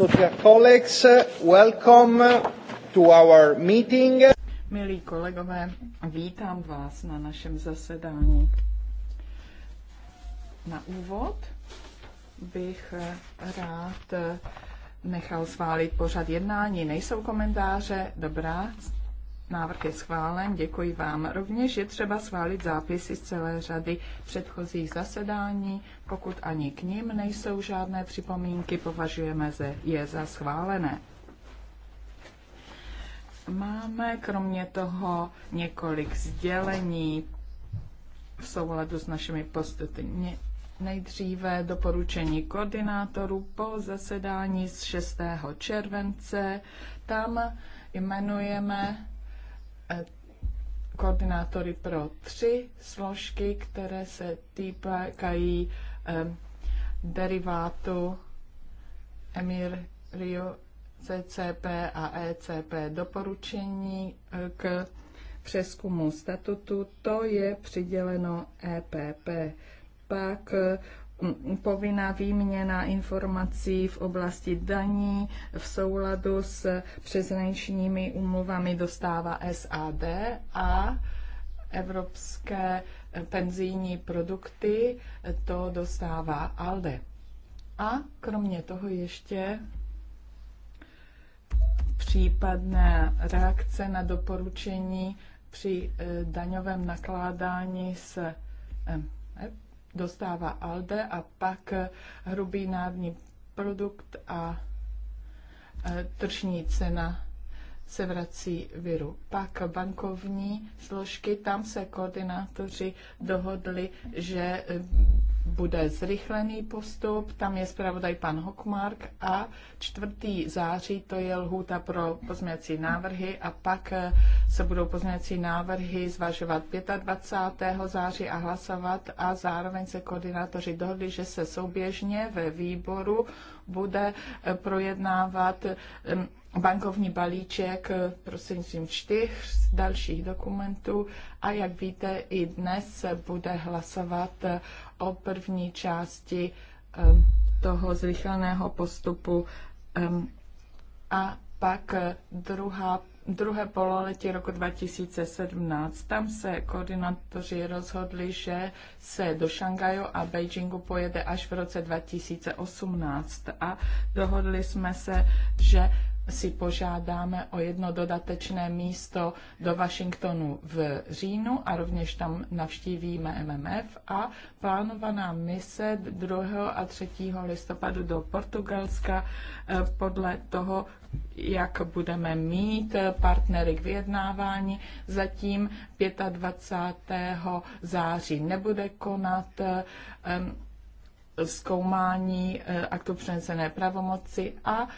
So, dear colleagues, welcome to our meeting. Milí kolegové, vítám vás na našem zasedání. Na úvod bych rád nechal schválit pořad jednání. Nejsou komentáře? Dobrá, Návrh je schválen, děkuji vám. Rovněž je třeba schválit zápisy z celé řady předchozích zasedání. Pokud ani k ním nejsou žádné připomínky, považujeme je za schválené. Máme kromě toho několik sdělení v souladu s našimi postupy. Nejdříve doporučení koordinátorů po zasedání z 6. července. Tam jmenujeme Eh, koordinátory pro tři složky, které se týkají eh, derivátu Emir Rio CCP a ECP doporučení eh, k přeskumu statutu, to je přiděleno EPP. Pak povinná výměna informací v oblasti daní v souladu s přeshraničními umluvami dostává SAD a evropské penzijní produkty to dostává ALDE. A kromě toho ještě případné reakce na doporučení při eh, daňovém nakládání s eh, dostává ALDE a pak hrubý národní produkt a e, tržní cena se vrací viru. Pak bankovní složky, tam se koordinátoři dohodli, že e, bude zrychlený postup, tam je zpravodaj pan Hokmark a 4. září to je lhůta pro pozměňovací návrhy a pak eh, se budou pozměňovací návrhy zvažovat 25. září a hlasovat a zároveň se koordinátoři dohodli, že se souběžně ve výboru bude eh, projednávat eh, bankovní balíček eh, prostřednictvím čtyř dalších dokumentů a jak víte, i dnes se bude hlasovat eh, o první části eh, toho zrychleného postupu a pak druhá, druhé pololetí roku 2017. Tam se koordinátoři rozhodli, že se do Šangaju a Beijingu pojede až v roce 2018 a dohodli jsme se, že si požádáme o jedno dodatečné místo do Washingtonu v říjnu a rovněž tam navštívíme MMF a plánovaná mise 2. a 3. listopadu do Portugalska eh, podle toho, jak budeme mít eh, partnery k vyjednávání. Zatím 25. září nebude konat eh, zkoumání aktu přenesené pravomoci a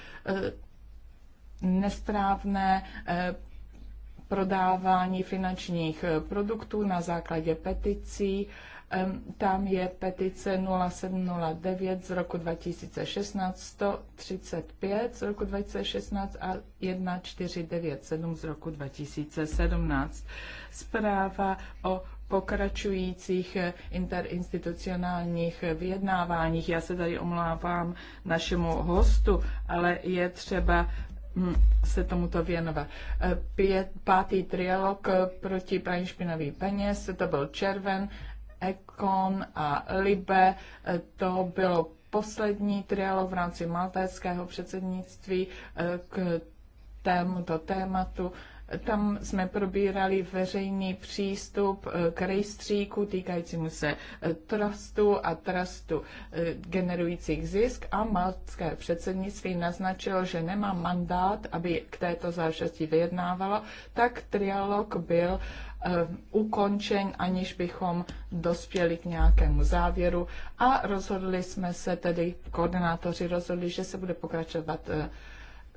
nesprávné eh, prodávání finančních eh, produktů na základě peticí. Tam je petice 0709 z roku 2016, 135 z roku 2016 a 1497 z roku 2017. Zpráva o pokračujících eh, interinstitucionálních vyjednáváních. Já se tady omlávám našemu hostu, ale je třeba Hm, se tomuto věnovat. Eh, pět, pátý trialog eh, proti praní špinavý peněz, to byl červen, Ekon a Libe, eh, to bylo poslední trialog v rámci maltéského předsednictví k tomuto tématu tam jsme probírali veřejný přístup eh, k rejstříku týkajícímu se eh, trustu a trustu eh, generujících zisk a maltské předsednictví naznačilo, že nemá mandát, aby k této záležitosti vyjednávalo, tak trialog byl ukončen, aniž bychom dospěli k nějakému závěru a rozhodli jsme se tedy, koordinátoři rozhodli, že se bude pokračovat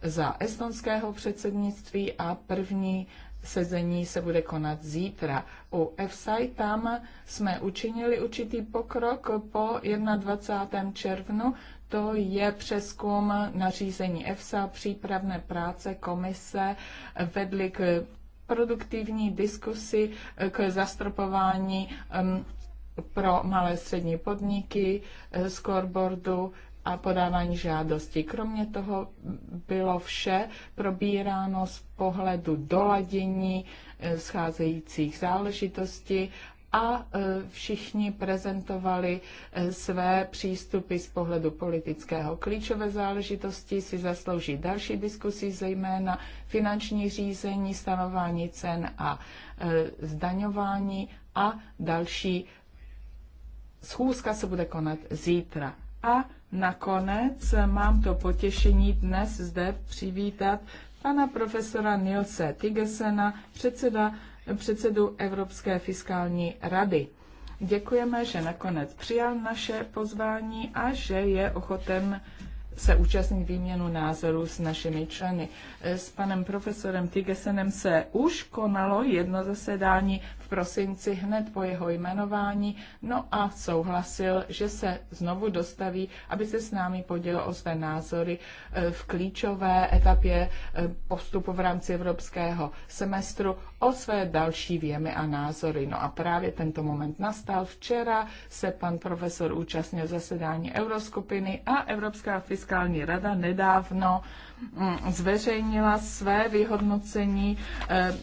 za estonského předsednictví a první sezení se bude konat zítra. U EFSAI tam jsme učinili určitý pokrok po 21. červnu. To je přeskum nařízení EFSA, přípravné práce komise vedly k produktivní diskusi k zastropování um, pro malé střední podniky, eh, scoreboardu a podávání žádostí. Kromě toho bylo vše probíráno z pohledu doladění eh, scházejících záležitostí a eh, všichni prezentovali eh, své přístupy z pohledu politického. Klíčové záležitosti si zaslouží další diskusy, zejména finanční řízení, stanování cen a zdaňování a další Schůzka se bude konat zítra. A nakonec mám to potěšení dnes zde přivítat pana profesora Nilse Tigesena, předseda, předsedu Evropské fiskální rady. Děkujeme, že nakonec přijal naše pozvání a že je ochoten se účastní výměnu názorů s našimi členy. E, s panem profesorem Tigesenem se už konalo jedno zasedání v prosinci hned po jeho jmenování, no a souhlasil, že se znovu dostaví, aby se s námi podělil o své názory e, v klíčové etapě e, postupu v rámci evropského semestru o své další věmy a názory. No a právě tento moment nastal. Včera se pan profesor účastnil zasedání Euroskupiny a Evropská fiskální rada nedávno mm, zveřejnila své vyhodnocení eh,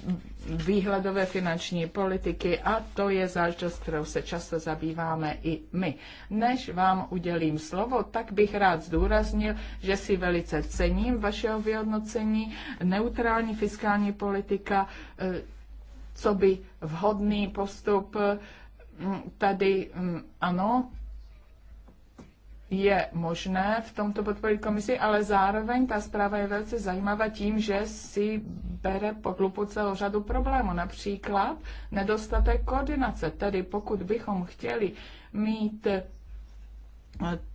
výhledové finanční politiky a to je záležitost, kterou se často zabýváme i my. Než vám udělím slovo, tak bych rád zdůraznil, že si velice cením vašeho vyhodnocení neutrální fiskální politika, eh, co by vhodný postup hm, tady hm, ano, je možné v tomto podporit komisi, ale zároveň ta zpráva je velice zajímavá tím, že si bere pod lupu celou řadu problémů, například nedostatek koordinace. Tedy pokud bychom chtěli mít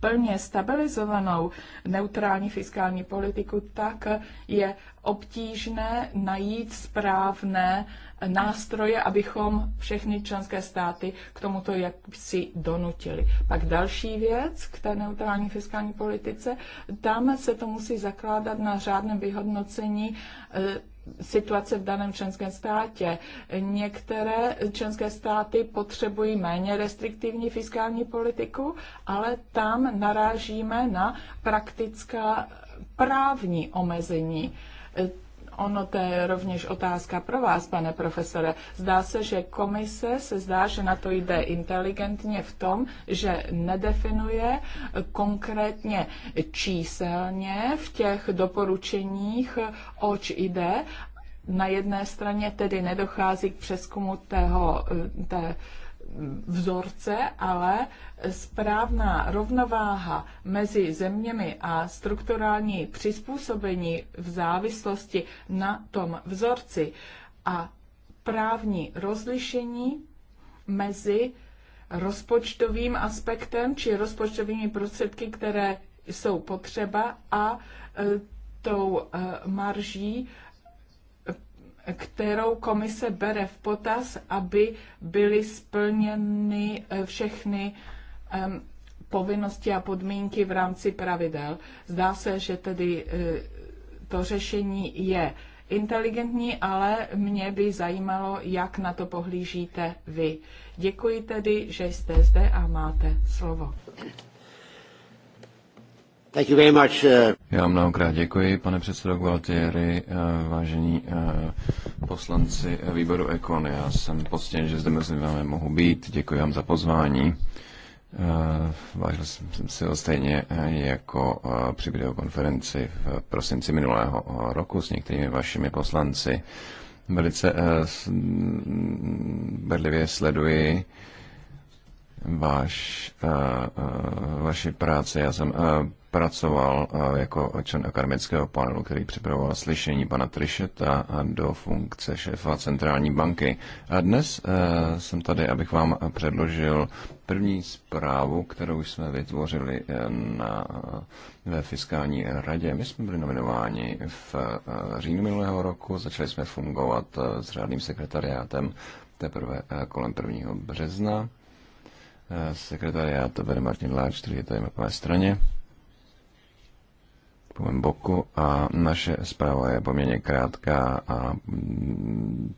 plně stabilizovanou neutrální fiskální politiku, tak je obtížné najít správné nástroje, abychom všechny členské státy k tomuto jak si donutili. Pak další věc k té neutrální fiskální politice, tam se to musí zakládat na řádném vyhodnocení eh, situace v daném členském státě. Některé členské státy potřebují méně restriktivní fiskální politiku, ale tam narážíme na praktická právní omezení Ono to je rovněž otázka pro vás, pane profesore. Zdá se, že komise se zdá, že na to jde inteligentně v tom, že nedefinuje konkrétně číselně v těch doporučeních, oč jde. Na jedné straně tedy nedochází k přeskumu tého, té vzorce, ale správná rovnováha mezi zeměmi a strukturální přizpůsobení v závislosti na tom vzorci a právní rozlišení mezi rozpočtovým aspektem či rozpočtovými prostředky, které jsou potřeba a e, tou e, marží kterou komise bere v potaz, aby byly splněny eh, všechny povinnosti a podmínky v rámci pravidel. Zdá se, že tedy eh, to řešení je inteligentní, ale mě by zajímalo, jak na to pohlížíte vy. Děkuji tedy, že jste zde a máte slovo. Thank you very much. Uh, Já mnohokrát děkuji, pane předsedo Gualtieri, eh, vážení eh, poslanci výboru Ekon. Já jsem poctěn, že zde mezi vámi mohu být. Děkuji vám za pozvání. Eh, vážil jsem si ho stejně jako při videokonferenci v prosinci minulého roku s některými vašimi poslanci. Velice bedlivě sleduji váš, vaši práci. Já jsem pracoval eh, jako člen akademického panelu, který připravoval slyšení pana Trišeta do funkce šéfa centrální banky. A dnes eh, jsem tady, abych vám předložil první zprávu, kterou jsme vytvořili eh, na, ve fiskální radě. My jsme byli nominováni v říjnu minulého roku, začali jsme fungovat s řádným sekretariátem teprve kolem 1. března. Sekretariát bude Martin Láč, který je tady na straně po mém boku a naše zpráva je poměrně krátká a mm,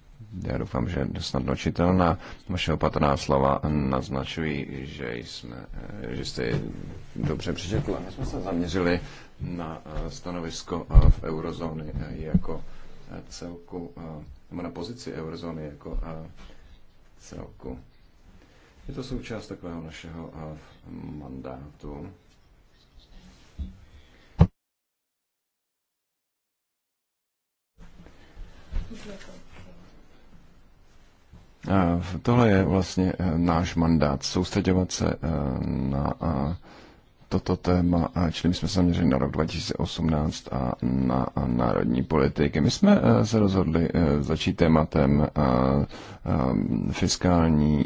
já doufám, že snadno čitelná. Vaše opatrná slova naznačují, že, jsme, eh, že jste je dobře přečetla. My jsme se zaměřili na eh, stanovisko eh, v eurozóny jako celku, nebo na pozici eurozóny jako celku. Je to součást takového našeho mandátu Tohle je vlastně eh, náš mandát, soustředovat se eh, na eh, toto téma, čili my jsme se zaměřili na rok 2018 a na národní politiky. My jsme se rozhodli začít tématem fiskální,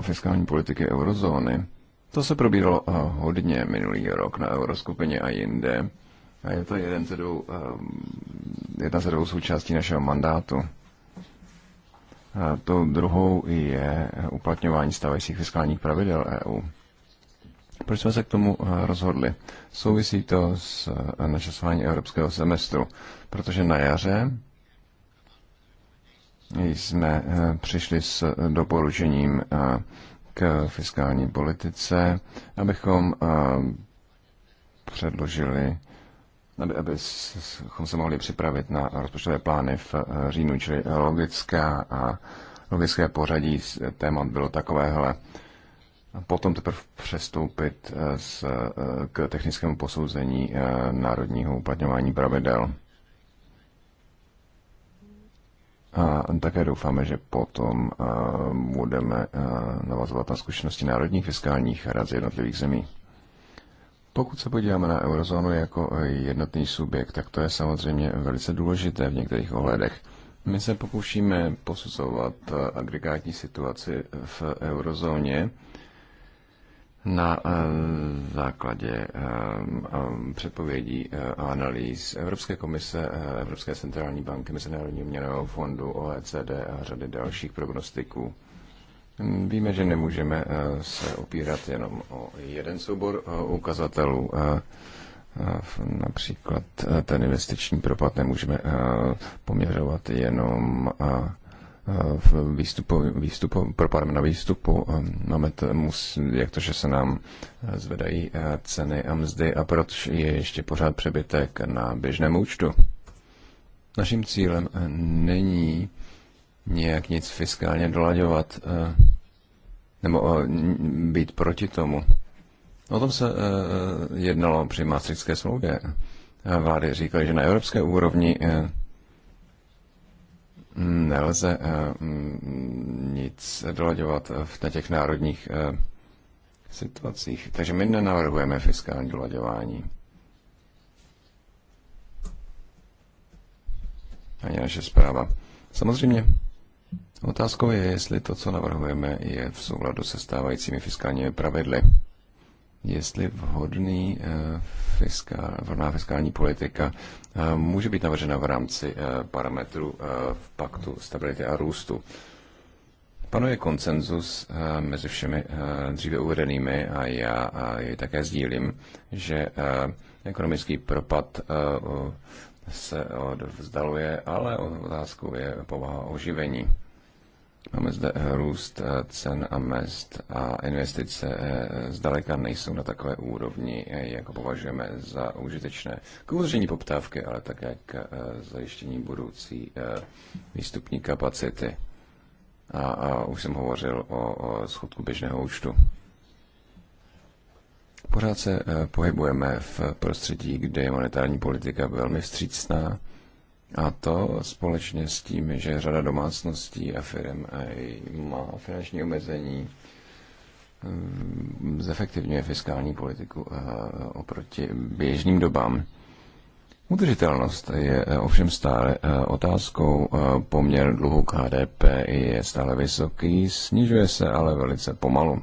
fiskální politiky eurozóny. To se probíralo hodně minulý rok na euroskupině a jinde. A je to jeden ze dvou, ehm, jedna ze dvou součástí našeho mandátu. A to druhou je uplatňování stávajících fiskálních pravidel EU. Proč jsme se k tomu eh, rozhodli? Souvisí to s eh, načasováním evropského semestru, protože na jaře jsme eh, přišli s doporučením k fiskální politice, abychom předložili aby, jsme se mohli připravit na rozpočtové plány v eh, říjnu, čili logická a logické pořadí témat bylo takovéhle. A potom teprve přestoupit eh, s, eh, k technickému posouzení národního uplatňování pravidel. A také doufáme, že potom budeme navazovat na zkušenosti národních fiskálních rad z jednotlivých zemí. Pokud se podíváme na eurozónu jako jednotný subjekt, tak to je samozřejmě velice důležité v některých ohledech. My se pokoušíme posuzovat agregátní situaci v eurozóně na eh, základě eh, eh, předpovědí a analýz Evropské komise, Evropské centrální banky, Mezinárodního měnového fondu, OECD a řady dalších prognostiků. Víme, že nemůžeme eh, se opírat jenom o jeden soubor eh, ukazatelů. Eh, například ten investiční propad nemůžeme poměřovat jenom v výstupu, výstupu, propadem na výstupu. Máme to, mus, jak to, že se nám zvedají ceny a mzdy a proč je ještě pořád přebytek na běžném účtu. Naším cílem není nějak nic fiskálně dolaďovat eh, nebo eh, být proti tomu. O tom se eh, jednalo při Maastrichtské smlouvě. Vlády říkaly, že na evropské úrovni nelze nic dolaďovat na těch národních situacích. Takže my nenavrhujeme fiskální dolaďování. Ani naše zpráva. Samozřejmě Otázkou je, jestli to, co navrhujeme, je v souladu se stávajícími fiskálními pravidly. Jestli vhodný eh, fiskál, vhodná fiskální politika eh, může být navržena v rámci eh, parametru v paktu stability a růstu. Panuje konsenzus mezi všemi dříve uvedenými a já je také sdílím, že ekonomický propad se vzdaluje, ale otázkou je povaha oživení. Máme zde eh, růst eh, cen a mest a investice eh, zdaleka nejsou na takové úrovni, jako považujeme za užitečné k uvoření poptávky, ale také k zajištění budoucí výstupní kapacity. A, a už jsem hovořil o, o schodku běžného účtu. Pořád se pohybujeme v prostředí, kde je monetární politika velmi vstřícná a to společně s tím, že řada domácností a firm eh, má finanční omezení, mm, zefektivňuje fiskální politiku eh, oproti běžným dobám. Udržitelnost je eh, ovšem stále otázkou. Poměr dluhu k HDP je stále vysoký, snižuje se ale velice pomalu.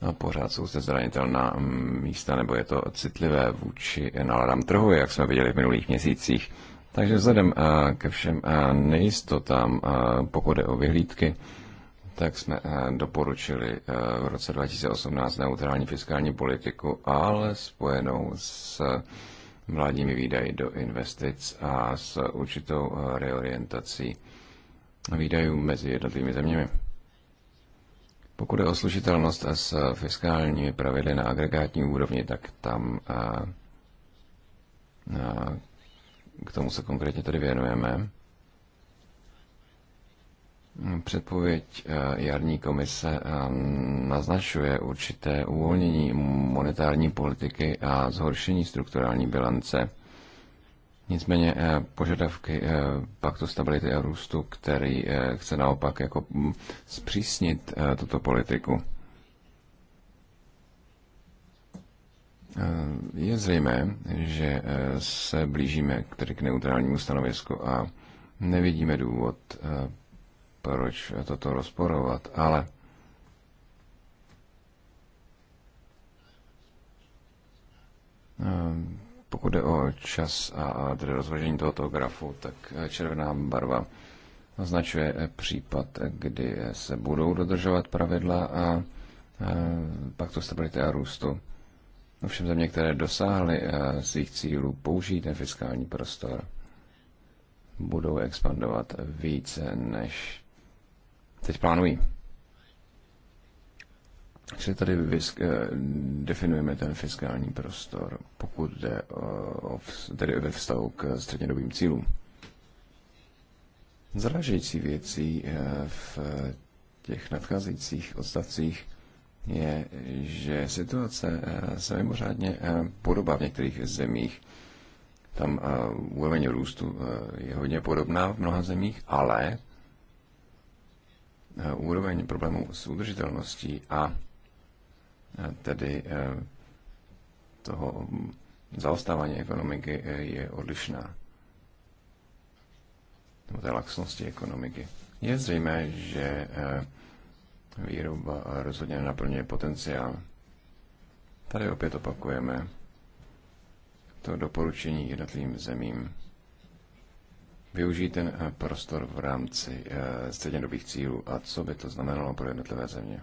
A pořád jsou se zranitelná mm, místa, nebo je to citlivé vůči náladám trhu, jak jsme viděli v minulých měsících. Takže vzhledem eh, ke všem eh, nejistotám, eh, pokud je o vyhlídky, tak jsme doporučili v roce 2018 neutrální fiskální politiku, ale spojenou s vládními výdaji do investic a s určitou reorientací výdajů mezi jednotlivými zeměmi. Pokud je o slušitelnost s fiskálními pravidly na agregátní úrovni, tak tam k tomu se konkrétně tady věnujeme. Předpověď eh, jarní komise eh, naznačuje určité uvolnění monetární politiky a zhoršení strukturální bilance. Nicméně eh, požadavky paktu stability a růstu, který chce naopak jako mm, zpřísnit tuto politiku. Eh, je zřejmé, že eh, se blížíme k, tedy k neutrálnímu stanovisku a nevidíme důvod, eh, proč toto rozporovat, ale pokud jde o čas a tedy rozložení tohoto grafu, tak červená barva označuje případ, kdy se budou dodržovat pravidla a paktu stability a růstu Ovšem země, které dosáhly eh, svých cílů použijí ten fiskální prostor, budou expandovat více než teď plánují. Čili tady vysk, eh, definujeme ten fiskální prostor, pokud jde o, tedy ve vztahu k střednědobým cílům. Zražející věcí eh, v těch nadcházejících odstavcích je, že situace eh, se mimořádně eh, podobá v některých zemích. Tam eh, úroveň růstu je hodně podobná v mnoha zemích, ale úroveň problémů s udržitelností a tedy toho zaostávání ekonomiky je odlišná. Nebo té laxnosti ekonomiky. Je zřejmé, že výroba a rozhodně naplňuje potenciál. Tady opět opakujeme to doporučení jednotlivým zemím. Využít ten eh, prostor v rámci eh, střednědobých cílů a co by to znamenalo pro jednotlivé země.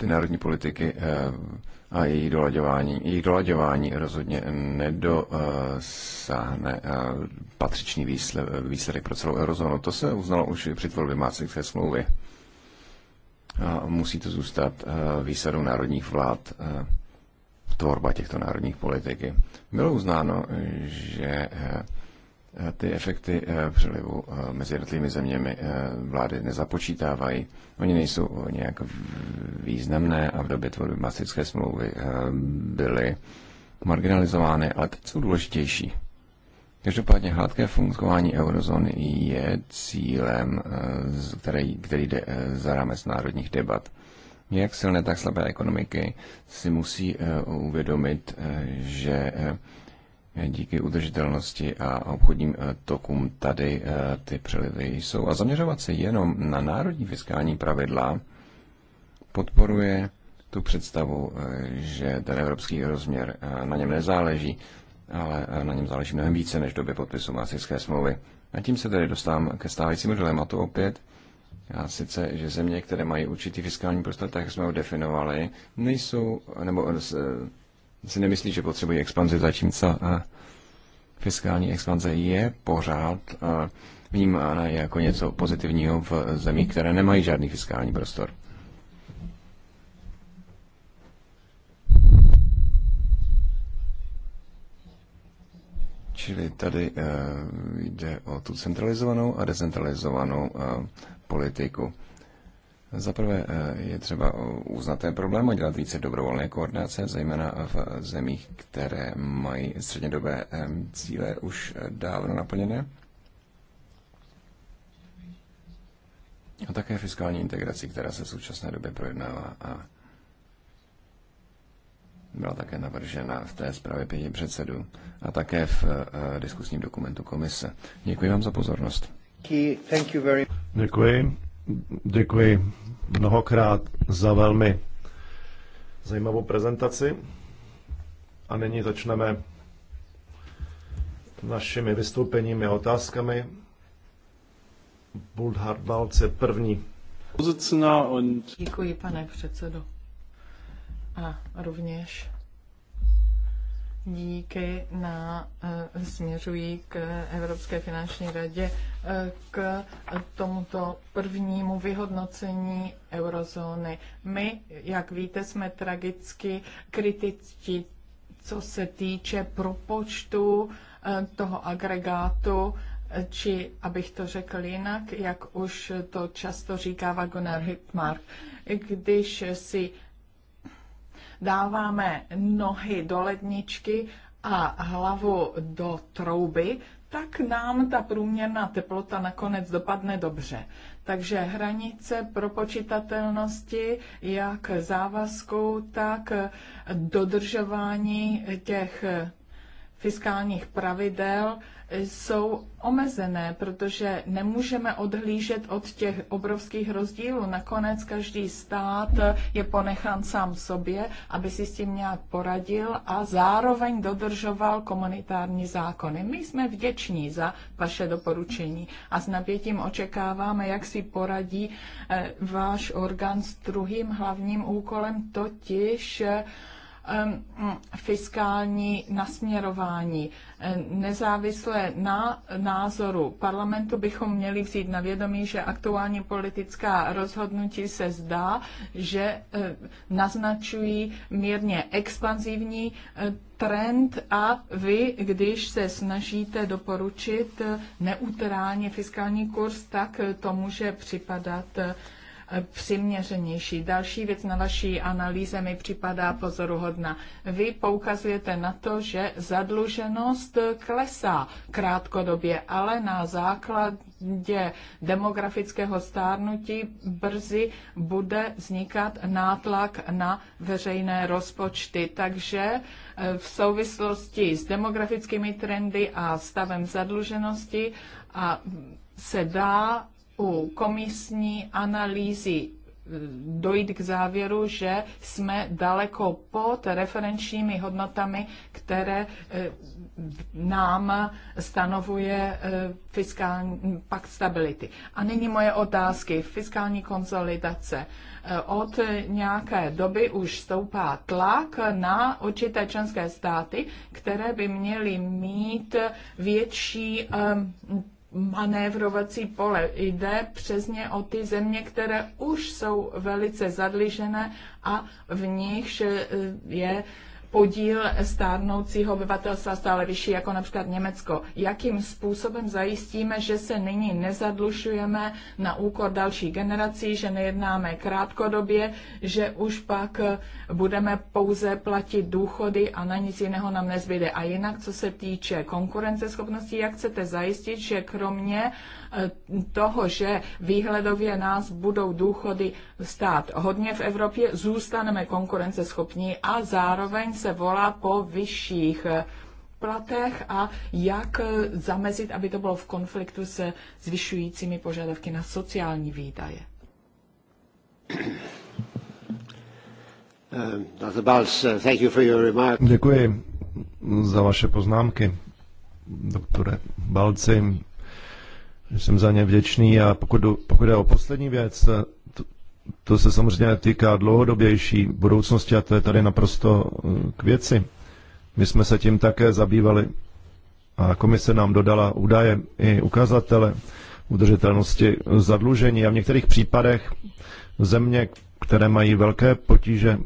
ty národní politiky eh, a její dolaďování. Její dolaďování rozhodně nedosáhne eh, patřičný výsledek pro celou eurozónu. To se uznalo už při tvorbě Mácevské smlouvy. A musí to zůstat eh, výsadou národních vlád tvorba těchto národních politiky. Bylo uznáno, že ty efekty eh, přelivu eh, mezi jednotlivými zeměmi eh, vlády nezapočítávají. Oni nejsou nějak významné a v době tvorby masické smlouvy byly marginalizovány, ale teď jsou důležitější. Každopádně hladké fungování eurozóny je cílem, který, který jde za rámec národních debat. Jak silné, tak slabé ekonomiky si musí uvědomit, že díky udržitelnosti a obchodním eh, tokům tady eh, ty přelivy jsou. A zaměřovat se jenom na národní fiskální pravidla podporuje tu představu, eh, že ten evropský rozměr na něm nezáleží, ale na něm záleží mnohem více než doby době podpisu masické smlouvy. A tím se tedy dostávám ke stávajícímu dilematu opět, a sice, že země, které mají určitý fiskální prostor, tak jsme ho definovali, nejsou, nebo si nemyslí, že potřebují expanzi, zatímco eh, fiskální expanze je pořád eh, vnímána jako něco pozitivního v zemích, které nemají žádný fiskální prostor. Čili tady eh, jde o tu centralizovanou a decentralizovanou politiku. Za prvé eh, je třeba uznat ten problém a dělat více dobrovolné koordinace, zejména v zemích, které mají střednědobé eh, cíle už eh, dávno naplněné. A také fiskální integraci, která se v současné době projednává a byla také navržena v té zprávě pěti předsedů a také v diskusním dokumentu komise. Děkuji vám za pozornost. Děkuji. Děkuji mnohokrát za velmi zajímavou prezentaci. A nyní začneme našimi vystoupeními a otázkami. Bulthard Balce první. Děkuji, pane předsedo. A rovněž díky na, eh, směřují k Evropské finanční radě eh, k tomuto prvnímu vyhodnocení eurozóny. My, jak víte, jsme tragicky kritičtí, co se týče propočtu eh, toho agregátu, či, abych to řekl jinak, jak už to často říká Gunnar Hickmark, když si dáváme nohy do ledničky a hlavu do trouby, tak nám ta průměrná teplota nakonec dopadne dobře. Takže hranice propočitatelnosti jak závazků, tak dodržování těch fiskálních pravidel jsou omezené, protože nemůžeme odhlížet od těch obrovských rozdílů. Nakonec každý stát je ponechán sám sobě, aby si s tím nějak poradil a zároveň dodržoval komunitární zákony. My jsme vděční za vaše doporučení a s napětím očekáváme, jak si poradí eh, váš orgán s druhým hlavním úkolem, totiž eh, Mm, fiskální nasměrování. Nezávisle na názoru parlamentu bychom měli vzít na vědomí, že aktuální politická rozhodnutí se zdá, že naznačují mírně expanzivní trend a vy, když se snažíte doporučit neutrálně fiskální kurz, tak to může připadat přiměřenější. Další věc na vaší analýze mi připadá pozoruhodná. Vy poukazujete na to, že zadluženost klesá krátkodobě, ale na základě demografického stárnutí brzy bude vznikat nátlak na veřejné rozpočty. Takže e, v souvislosti s demografickými trendy a stavem zadluženosti a se dá u komisní analýzy eh, dojít k závěru, že jsme daleko pod referenčními hodnotami, které eh, nám stanovuje eh, fiskální pakt stability. A nyní moje otázky. Fiskální konsolidace. Od nějaké doby už stoupá tlak na určité členské státy, které by měly mít větší manévrovací pole. Jde přesně o ty země, které už jsou velice zadlužené a v nichž eh, je podíl stárnoucího obyvatelstva stále vyšší, jako například Německo. Jakým způsobem zajistíme, že se nyní nezadlušujeme na úkor další generací, že nejednáme krátkodobě, že už pak budeme pouze platit důchody a na nic jiného nám nezbyde. A jinak, co se týče konkurenceschopnosti, jak chcete zajistit, že kromě toho, že výhledově nás budou důchody stát hodně v Evropě, zůstaneme konkurenceschopní a zároveň se volá po vyšších eh, platech a jak eh, zamezit, aby to bylo v konfliktu se zvyšujícími požadavky na sociální výdaje. Uh, uh, Děkuji za vaše poznámky, doktore Balci. Jsem za ně vděčný a pokud, pokud je o poslední věc, to, to se samozřejmě týká dlouhodobější budoucnosti a to je tady naprosto eh, k věci. My jsme se tím také zabývali a komise nám dodala údaje i ukazatele udržitelnosti zadlužení a v některých případech země, které mají velké potíže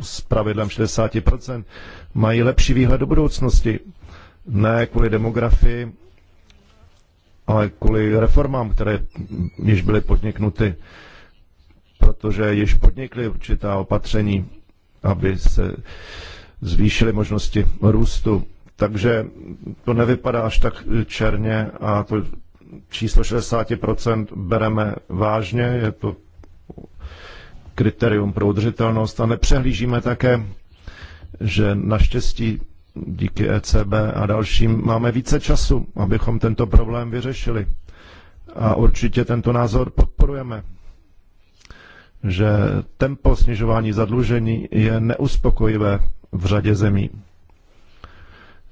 s pravidlem 60%, mají lepší výhled do budoucnosti. Ne kvůli demografii, ale kvůli reformám, které již byly podniknuty, protože již podnikly určitá opatření, aby se zvýšily možnosti růstu. Takže to nevypadá až tak černě a to číslo 60% bereme vážně, je to kritérium pro udržitelnost a nepřehlížíme také, že naštěstí díky ECB a dalším máme více času, abychom tento problém vyřešili. A určitě tento názor podporujeme, že tempo snižování zadlužení je neuspokojivé v řadě zemí.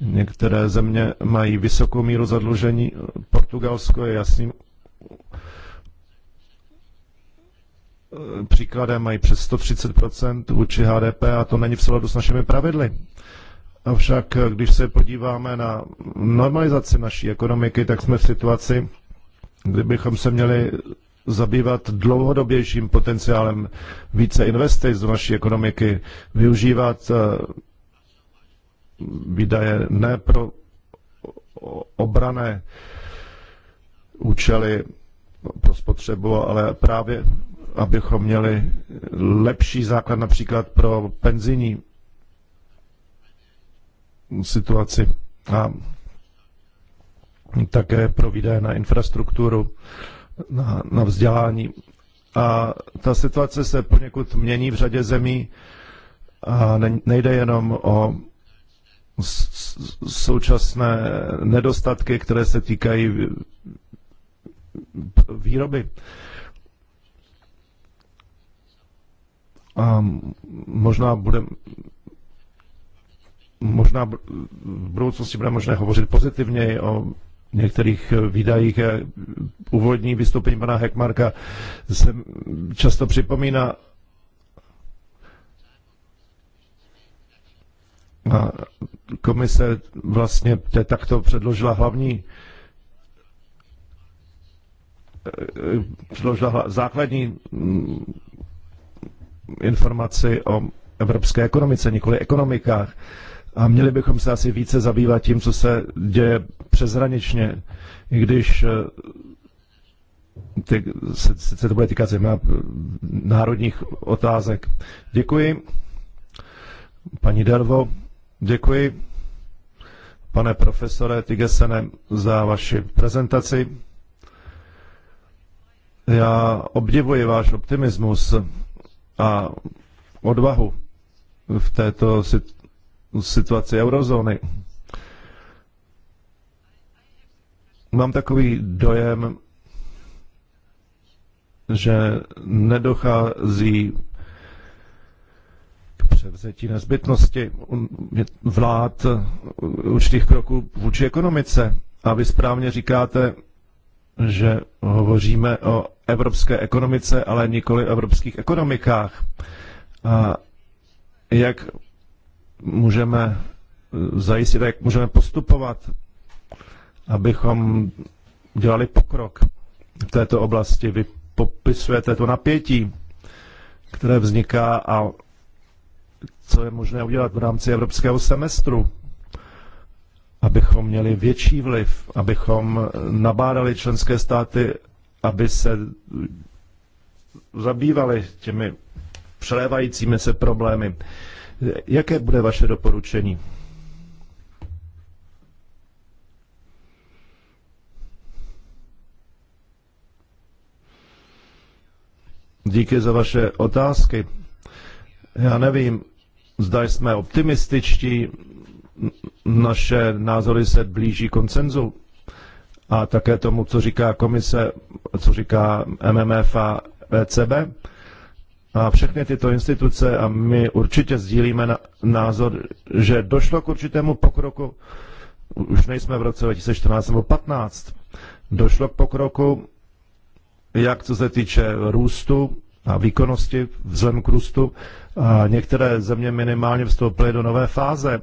Některé země mají vysokou míru zadlužení, Portugalsko je jasným eh, příkladem, mají přes 130% vůči HDP a to není v souladu s našimi pravidly. Avšak když se podíváme na normalizaci naší ekonomiky, tak jsme v situaci, kdybychom se měli zabývat dlouhodobějším potenciálem více investic do naší ekonomiky, využívat eh, výdaje ne pro obrané účely pro spotřebu, ale právě abychom měli lepší základ například pro penzijní situaci a také pro výdaje na infrastrukturu, na, na vzdělání. A ta situace se poněkud mění v řadě zemí a nejde jenom o současné nedostatky, které se týkají výroby. A možná bude, možná v budoucnosti bude možné hovořit pozitivněji o některých výdajích. Úvodní vystoupení pana Hekmarka se často připomíná a komise vlastně takto předložila hlavní předložila základní mm, informaci o evropské ekonomice, nikoli ekonomikách. A měli bychom se asi více zabývat tím, co se děje přeshraničně, i když eh, ty, se, se to bude týkat zejména eh, národních otázek. Děkuji. Paní Dervo, děkuji. Pane profesore Tigesene, za vaši prezentaci. Já obdivuji váš optimismus a odvahu v této situaci eurozóny. Mám takový dojem, že nedochází k převzetí nezbytnosti vlád určitých kroků vůči ekonomice. A vy správně říkáte, že hovoříme o evropské ekonomice, ale nikoli o evropských ekonomikách. A jak můžeme eh, zajistit, jak můžeme postupovat, abychom dělali pokrok v této oblasti. Vy popisujete to napětí, které vzniká a co je možné udělat v rámci evropského semestru, abychom měli větší vliv, abychom nabádali členské státy, aby se zabývali těmi přelévajícími se problémy. Jaké bude vaše doporučení? Díky za vaše otázky. Já nevím, zda jsme optimističtí, naše názory se blíží koncenzu a také tomu, co říká komise, co říká MMF a ECB a všechny tyto instituce a my určitě sdílíme na, názor, že došlo k určitému pokroku, už nejsme v roce 2014 nebo 2015, došlo k pokroku, jak co se týče růstu a výkonnosti vzhledem k růstu. A některé země minimálně vstoupily do nové fáze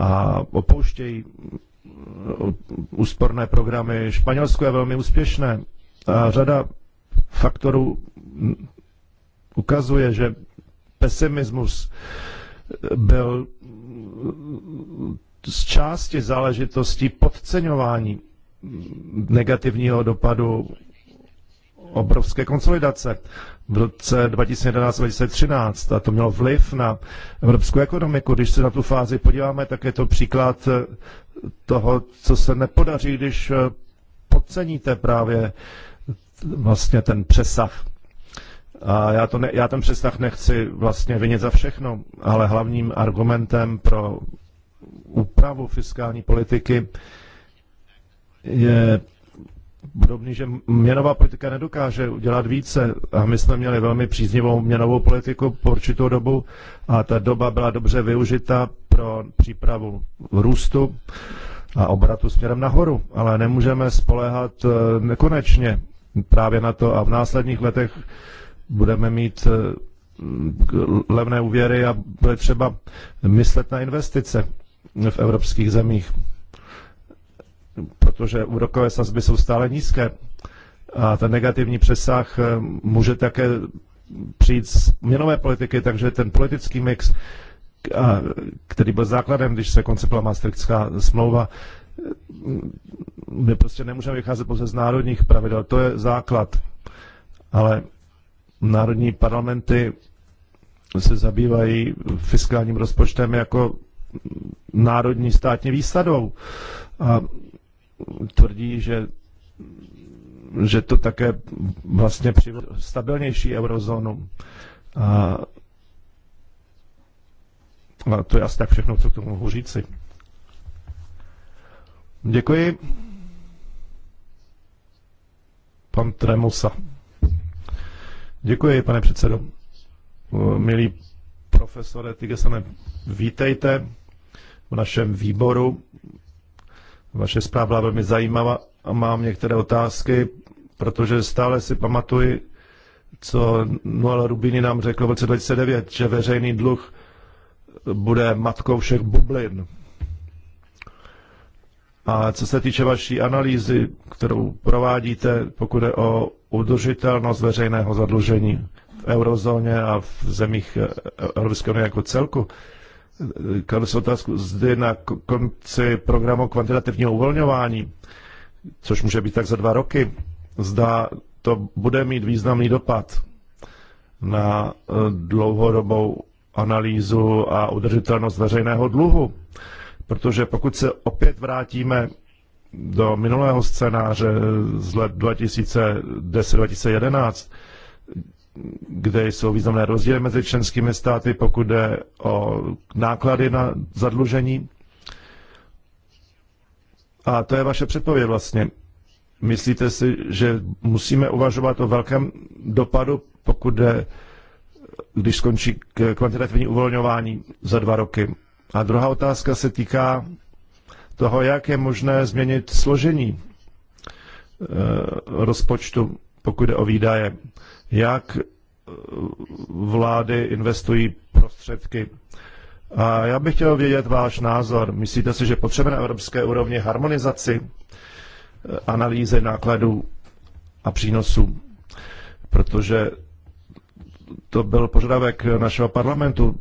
a opouštějí úsporné programy. Španělsko je velmi úspěšné a řada faktorů ukazuje, že pesimismus byl z části záležitostí podceňování negativního dopadu obrovské konsolidace v roce 2011-2013 a to mělo vliv na evropskou ekonomiku. Když se na tu fázi podíváme, tak je to příklad toho, co se nepodaří, když podceníte právě vlastně ten přesah a já, to ne, já ten přesah nechci vlastně vinit za všechno, ale hlavním argumentem pro úpravu fiskální politiky je podobný, že měnová politika nedokáže udělat více. A my jsme měli velmi příznivou měnovou politiku po určitou dobu a ta doba byla dobře využita pro přípravu růstu a obratu směrem nahoru. Ale nemůžeme spoléhat eh, nekonečně právě na to a v následních letech budeme mít eh, levné úvěry a bude třeba myslet na investice v evropských zemích, protože úrokové sazby jsou stále nízké a ten negativní přesah eh, může také přijít z měnové politiky, takže ten politický mix, který byl základem, když se koncipovala Maastrichtská smlouva, my prostě nemůžeme vycházet pouze z národních pravidel, to je základ. Ale národní parlamenty se zabývají fiskálním rozpočtem jako národní státní výsadou a tvrdí, že, že to také vlastně při stabilnější eurozónu. A, a to je asi tak všechno, co k tomu mohu říci. Děkuji. Pan Tremusa. Děkuji, pane předsedo. Milí profesore Tigesane, vítejte v našem výboru. Vaše zpráva byla velmi zajímavá a mám některé otázky, protože stále si pamatuji, co Noel Rubini nám řekl v roce 2009, že veřejný dluh bude matkou všech bublin. A co se týče vaší analýzy, kterou provádíte, pokud je o udržitelnost veřejného zadlužení v eurozóně a v zemích eh, Evropské unie jako celku. Eh, kladu se otázku zde na konci programu kvantitativního uvolňování, což může být tak za dva roky, zda to bude mít významný dopad na eh, dlouhodobou analýzu a udržitelnost veřejného dluhu. Protože pokud se opět vrátíme do minulého scénáře z let 2010-2011, kde jsou významné rozdíly mezi členskými státy, pokud jde o náklady na zadlužení. A to je vaše předpověď vlastně. Myslíte si, že musíme uvažovat o velkém dopadu, pokud jde, když skončí kvantitativní uvolňování za dva roky? A druhá otázka se týká toho, jak je možné změnit složení eh, rozpočtu, pokud jde o výdaje, jak eh, vlády investují prostředky. A já bych chtěl vědět váš názor. Myslíte si, že potřebujeme na evropské úrovni harmonizaci eh, analýzy nákladů a přínosů? Protože to byl požadavek našeho parlamentu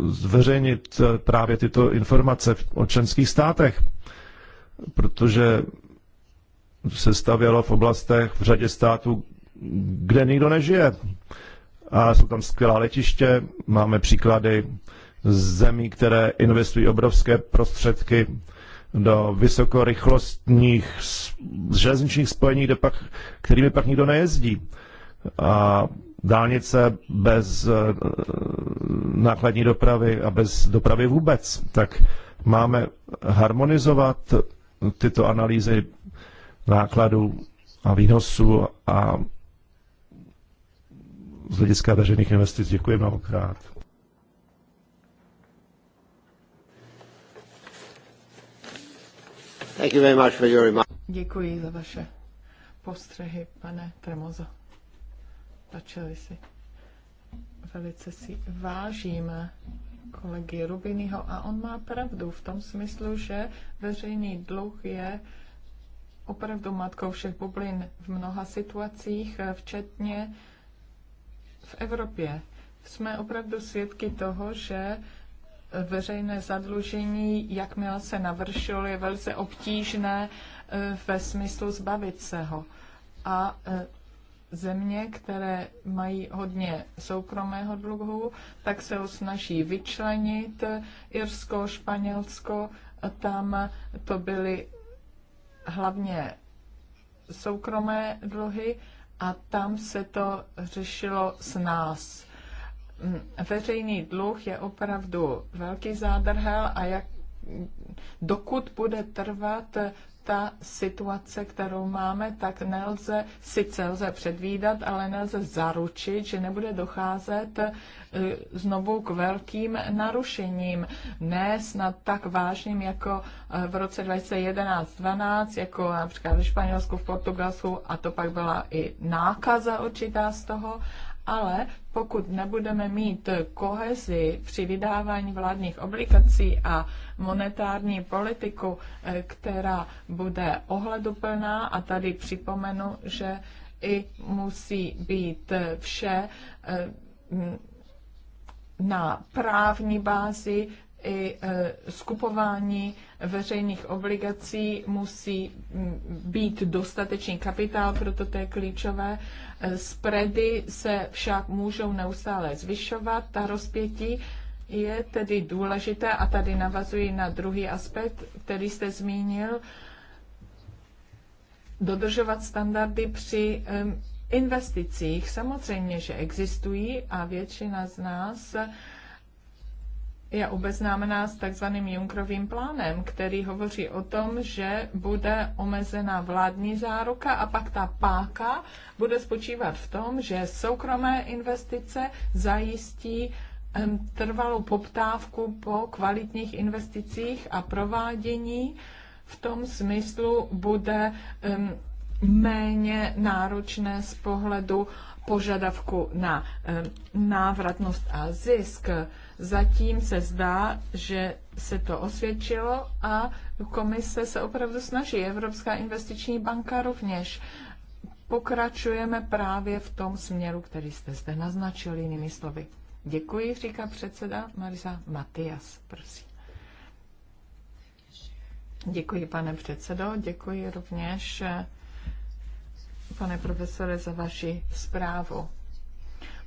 zveřejnit eh, právě tyto informace o členských státech, protože se stavělo v oblastech v řadě států, kde nikdo nežije. A jsou tam skvělá letiště, máme příklady zemí, které investují obrovské prostředky do vysokorychlostních železničních spojení, kde pak, kterými pak nikdo nejezdí. A dálnice bez eh, nákladní dopravy a bez dopravy vůbec, tak máme harmonizovat tyto analýzy nákladů a výnosů a z hlediska veřejných investic. Děkuji mnohokrát. Děkuji za vaše postřehy, pane Tremozo začali si. Velice si vážím kolegy Rubinyho a on má pravdu v tom smyslu, že veřejný dluh je opravdu matkou všech bublin v mnoha situacích, včetně v Evropě. Jsme opravdu svědky toho, že veřejné zadlužení, jakmile se navršilo, je velice obtížné eh, ve smyslu zbavit se ho. A eh, země, které mají hodně soukromého dluhu, tak se ho snaží vyčlenit. Irsko, Španělsko, tam to byly hlavně soukromé dluhy a tam se to řešilo s nás. Mm, veřejný dluh je opravdu velký zádrhel a jak dokud bude trvat ta situace, kterou máme, tak nelze, sice lze předvídat, ale nelze zaručit, že nebude docházet e, znovu k velkým narušením. Ne snad tak vážným jako e, v roce 2011-12, jako například ve Španělsku, v Portugalsku, a to pak byla i nákaza určitá z toho, ale pokud nebudeme mít kohezi při vydávání vládních obligací a monetární politiku, eh, která bude ohleduplná, a tady připomenu, že i musí být eh, vše eh, na právní bázi, i e, skupování veřejných obligací musí být dostatečný kapitál, proto to je klíčové. E, spready se však můžou neustále zvyšovat, ta rozpětí je tedy důležité a tady navazuji na druhý aspekt, který jste zmínil, dodržovat standardy při investicích. Samozřejmě, že existují a většina z nás je obeznámená s takzvaným Junkrovým plánem, který hovoří o tom, že bude omezena vládní záruka a pak ta páka bude spočívat v tom, že soukromé investice zajistí trvalou poptávku po kvalitních investicích a provádění v tom smyslu bude méně náročné z pohledu požadavku na návratnost a zisk Zatím se zdá, že se to osvědčilo a komise se opravdu snaží. Evropská investiční banka rovněž. Pokračujeme právě v tom směru, který jste zde naznačili, jinými slovy. Děkuji, říká předseda Marisa Matias, prosím. Děkuji, pane předsedo, děkuji rovněž, pane profesore, za vaši zprávu.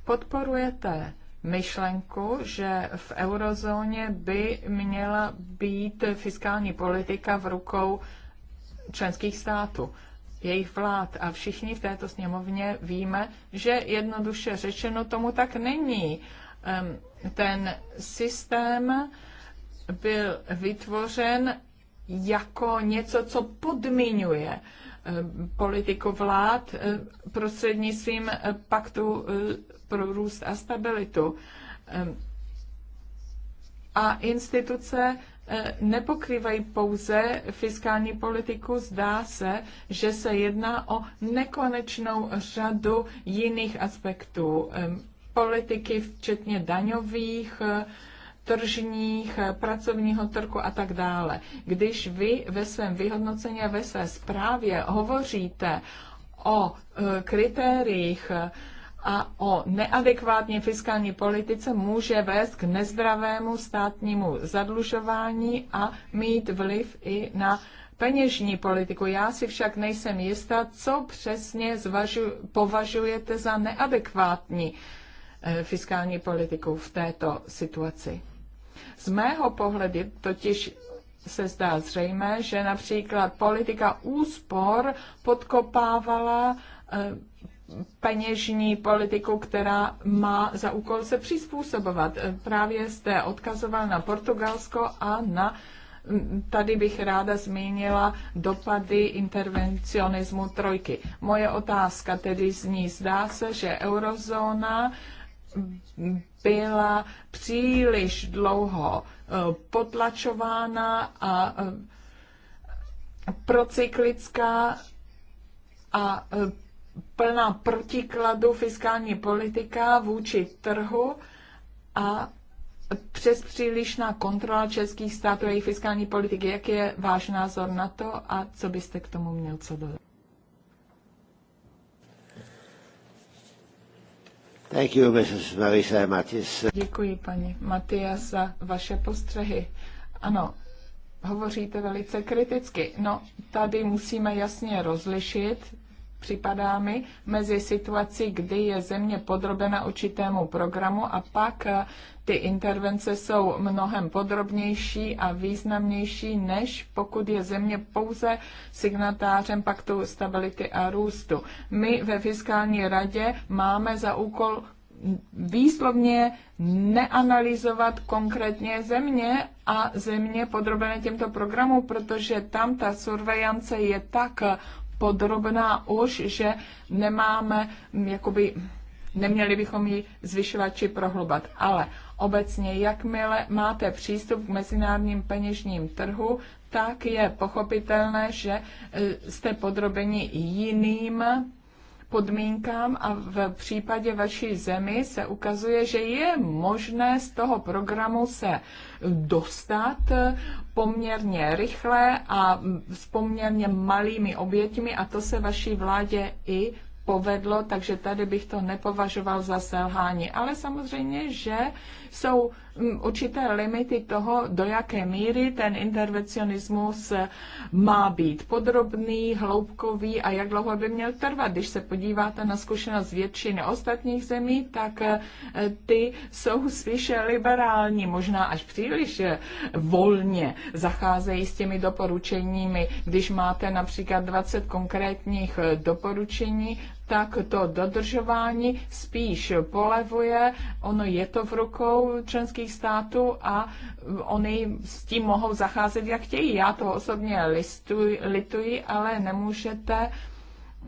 Podporujete myšlenku, že v eurozóně by měla být fiskální politika v rukou členských států, jejich vlád. A všichni v této sněmovně víme, že jednoduše řečeno tomu tak není. Ten systém byl vytvořen jako něco, co podmiňuje politiku vlád prostřednictvím paktu pro růst a stabilitu. A instituce eh, nepokrývají pouze fiskální politiku, zdá se, že se jedná o nekonečnou řadu jiných aspektů politiky, včetně daňových, tržních, pracovního trhu a tak dále. Když vy ve svém vyhodnocení a ve své zprávě hovoříte o eh, kritériích, a o neadekvátní fiskální politice může vést k nezdravému státnímu zadlužování a mít vliv i na peněžní politiku. Já si však nejsem jistá, co přesně zvažu, považujete za neadekvátní eh, fiskální politiku v této situaci. Z mého pohledu totiž se zdá zřejmé, že například politika úspor podkopávala eh, peněžní politiku, která má za úkol se přizpůsobovat. Právě jste odkazoval na Portugalsko a na Tady bych ráda zmínila dopady intervencionismu trojky. Moje otázka tedy zní, zdá se, že eurozóna byla příliš dlouho eh, potlačována a eh, procyklická a eh, plná protikladu fiskální politika vůči trhu a přes přílišná kontrola českých států a jejich fiskální politiky. Jak je váš názor na to a co byste k tomu měl co dodat? Thank you, Mrs. Marisa Matis. Děkuji, paní Matia, za vaše postřehy. Ano, hovoříte velice kriticky. No, tady musíme jasně rozlišit připadá mi, mezi situací, kdy je země podrobena určitému programu a pak eh, ty intervence jsou mnohem podrobnější a významnější, než pokud je země pouze signatářem paktu stability a růstu. My ve fiskální radě máme za úkol výslovně neanalyzovat konkrétně země a země podrobené těmto programům, protože tam ta surveillance je tak podrobná už, že nemáme, mm, jakoby, neměli bychom ji zvyšovat či prohlubat. Ale obecně, jakmile máte přístup k mezinárodním peněžním trhu, tak je pochopitelné, že e, jste podrobeni jiným podmínkám a v případě vaší zemi se ukazuje, že je možné z toho programu se dostat poměrně rychle a s poměrně malými oběťmi a to se vaší vládě i povedlo, takže tady bych to nepovažoval za selhání. Ale samozřejmě, že jsou určité limity toho, do jaké míry ten intervencionismus má být podrobný, hloubkový a jak dlouho by měl trvat. Když se podíváte na zkušenost většiny ostatních zemí, tak eh, ty jsou spíše liberální, možná až příliš eh, volně zacházejí s těmi doporučeními. Když máte například 20 konkrétních eh, doporučení, tak to dodržování spíš polevuje, ono je to v rukou členských států a oni s tím mohou zacházet, jak chtějí. Já to osobně listuji, lituji, ale nemůžete uh,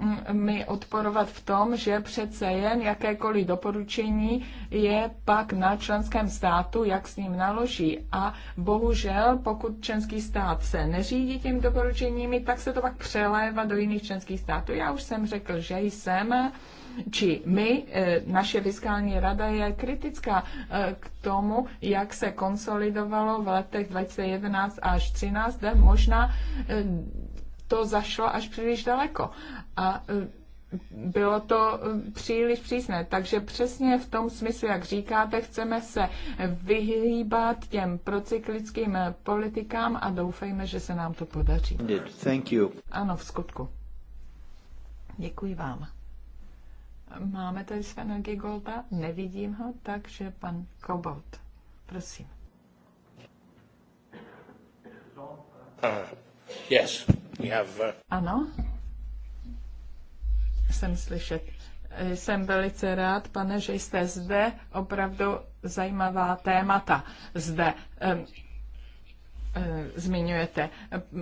Mm, mi odporovat v tom, že přece jen jakékoliv doporučení je pak na členském státu, jak s ním naloží. A bohužel, pokud členský stát se neřídí tím doporučeními, tak se to pak přelévá do jiných členských států. Já už jsem řekl, že jsem či my, eh, naše fiskální rada je kritická eh, k tomu, jak se konsolidovalo v letech 2011 až 2013, možná eh, to zašlo až příliš daleko a e, bylo to e, příliš přísné. Takže přesně v tom smyslu, jak říkáte, chceme se vyhýbat těm procyklickým e, politikám a doufejme, že se nám to podaří. Thank you. Ano, v skutku. Děkuji vám. Máme tady Svena Gigolda, nevidím ho, takže pan Kobold, prosím. Uh, yes, we have, uh... Ano, jsem slyšet. Jsem velice rád, pane, že jste zde. Opravdu zajímavá témata zde. Eh, zmiňujete.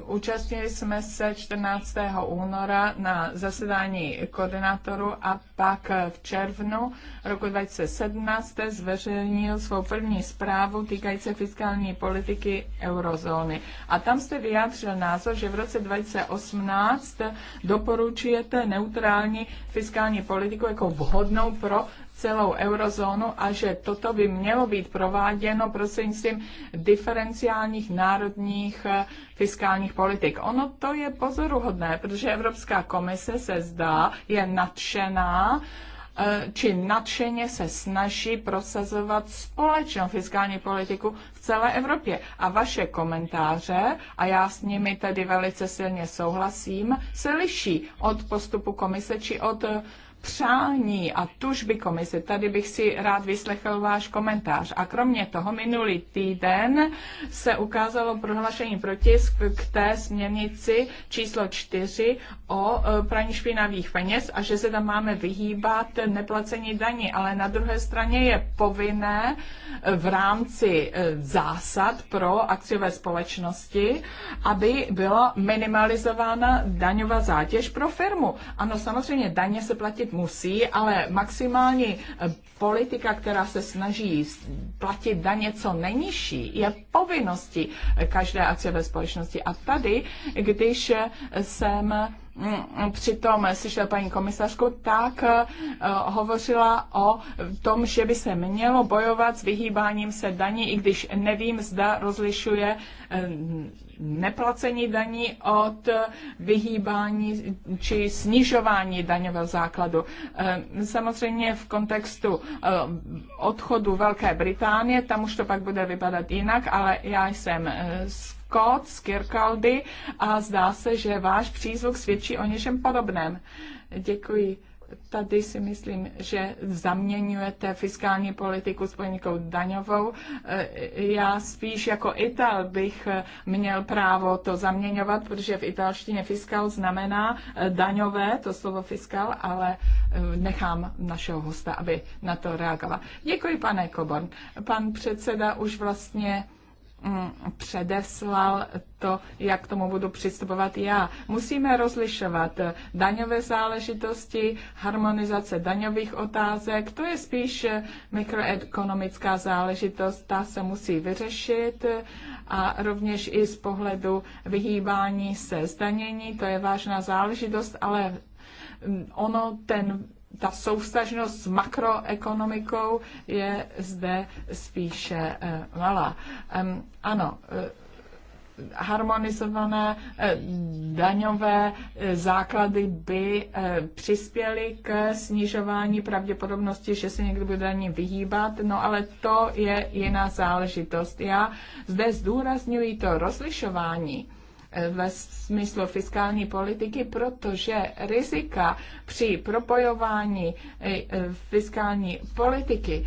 Účastnili jsme se 14. února na zasedání koordinátoru a pak v červnu roku 2017 zveřejnil svou první zprávu týkající se fiskální politiky eurozóny. A tam jste vyjádřil názor, že v roce 2018 doporučujete neutrální fiskální politiku jako vhodnou pro celou eurozónu a že toto by mělo být prováděno prostřednictvím diferenciálních národních eh, fiskálních politik. Ono to je pozoruhodné, protože Evropská komise se zdá, je nadšená eh, či nadšeně se snaží prosazovat společnou fiskální politiku v celé Evropě. A vaše komentáře, a já s nimi tedy velice silně souhlasím, se liší od postupu komise či od eh, přání a tužby komise. Tady bych si rád vyslechl váš komentář. A kromě toho minulý týden se ukázalo prohlášení protisk k té směrnici číslo 4 o e, praní špinavých peněz a že se tam máme vyhýbat neplacení daní, ale na druhé straně je povinné e, v rámci e, zásad pro akciové společnosti, aby byla minimalizována daňová zátěž pro firmu. Ano, samozřejmě daně se platit musí, ale maximální eh, politika, která se snaží platit daně něco nejnižší, je povinnosti eh, každé akce ve společnosti. A tady, když eh, jsem mm, přitom slyšel paní komisařku, tak hovořila o tom, že by se mělo bojovat s vyhýbáním se daní, i když nevím, zda rozlišuje neplacení daní od vyhýbání či snižování daňového základu. Ehm, samozřejmě v kontextu ehm, odchodu Velké Británie, tam už to pak bude vypadat jinak, ale já jsem ehm, Scott z Kirkaldy a zdá se, že váš přízvuk svědčí o něčem podobném. Děkuji tady si myslím, že zaměňujete fiskální politiku s politikou daňovou. E, já spíš jako Ital bych e, měl právo to zaměňovat, protože v italštině fiskal znamená e, daňové, to slovo fiskal, ale nechám našeho hosta, aby na to reagoval. Děkuji, pane Koborn. Pan předseda už vlastně Mm, předeslal to, jak k tomu budu přistupovat já. Musíme rozlišovat daňové záležitosti, harmonizace daňových otázek, to je spíš mikroekonomická záležitost, ta se musí vyřešit a rovněž i z pohledu vyhýbání se zdanění, to je vážná záležitost, ale mm, ono ten ta soustažnost s makroekonomikou je zde spíše eh, malá. Ano, eh, harmonizované eh, daňové základy by přispěly k snižování pravděpodobnosti, že se někdo bude daní vyhýbat, no ale to je jiná záležitost. Já zde zdůrazňuji to rozlišování v smyslu fiskální politiky, protože rizika při propojování eh, fiskální politiky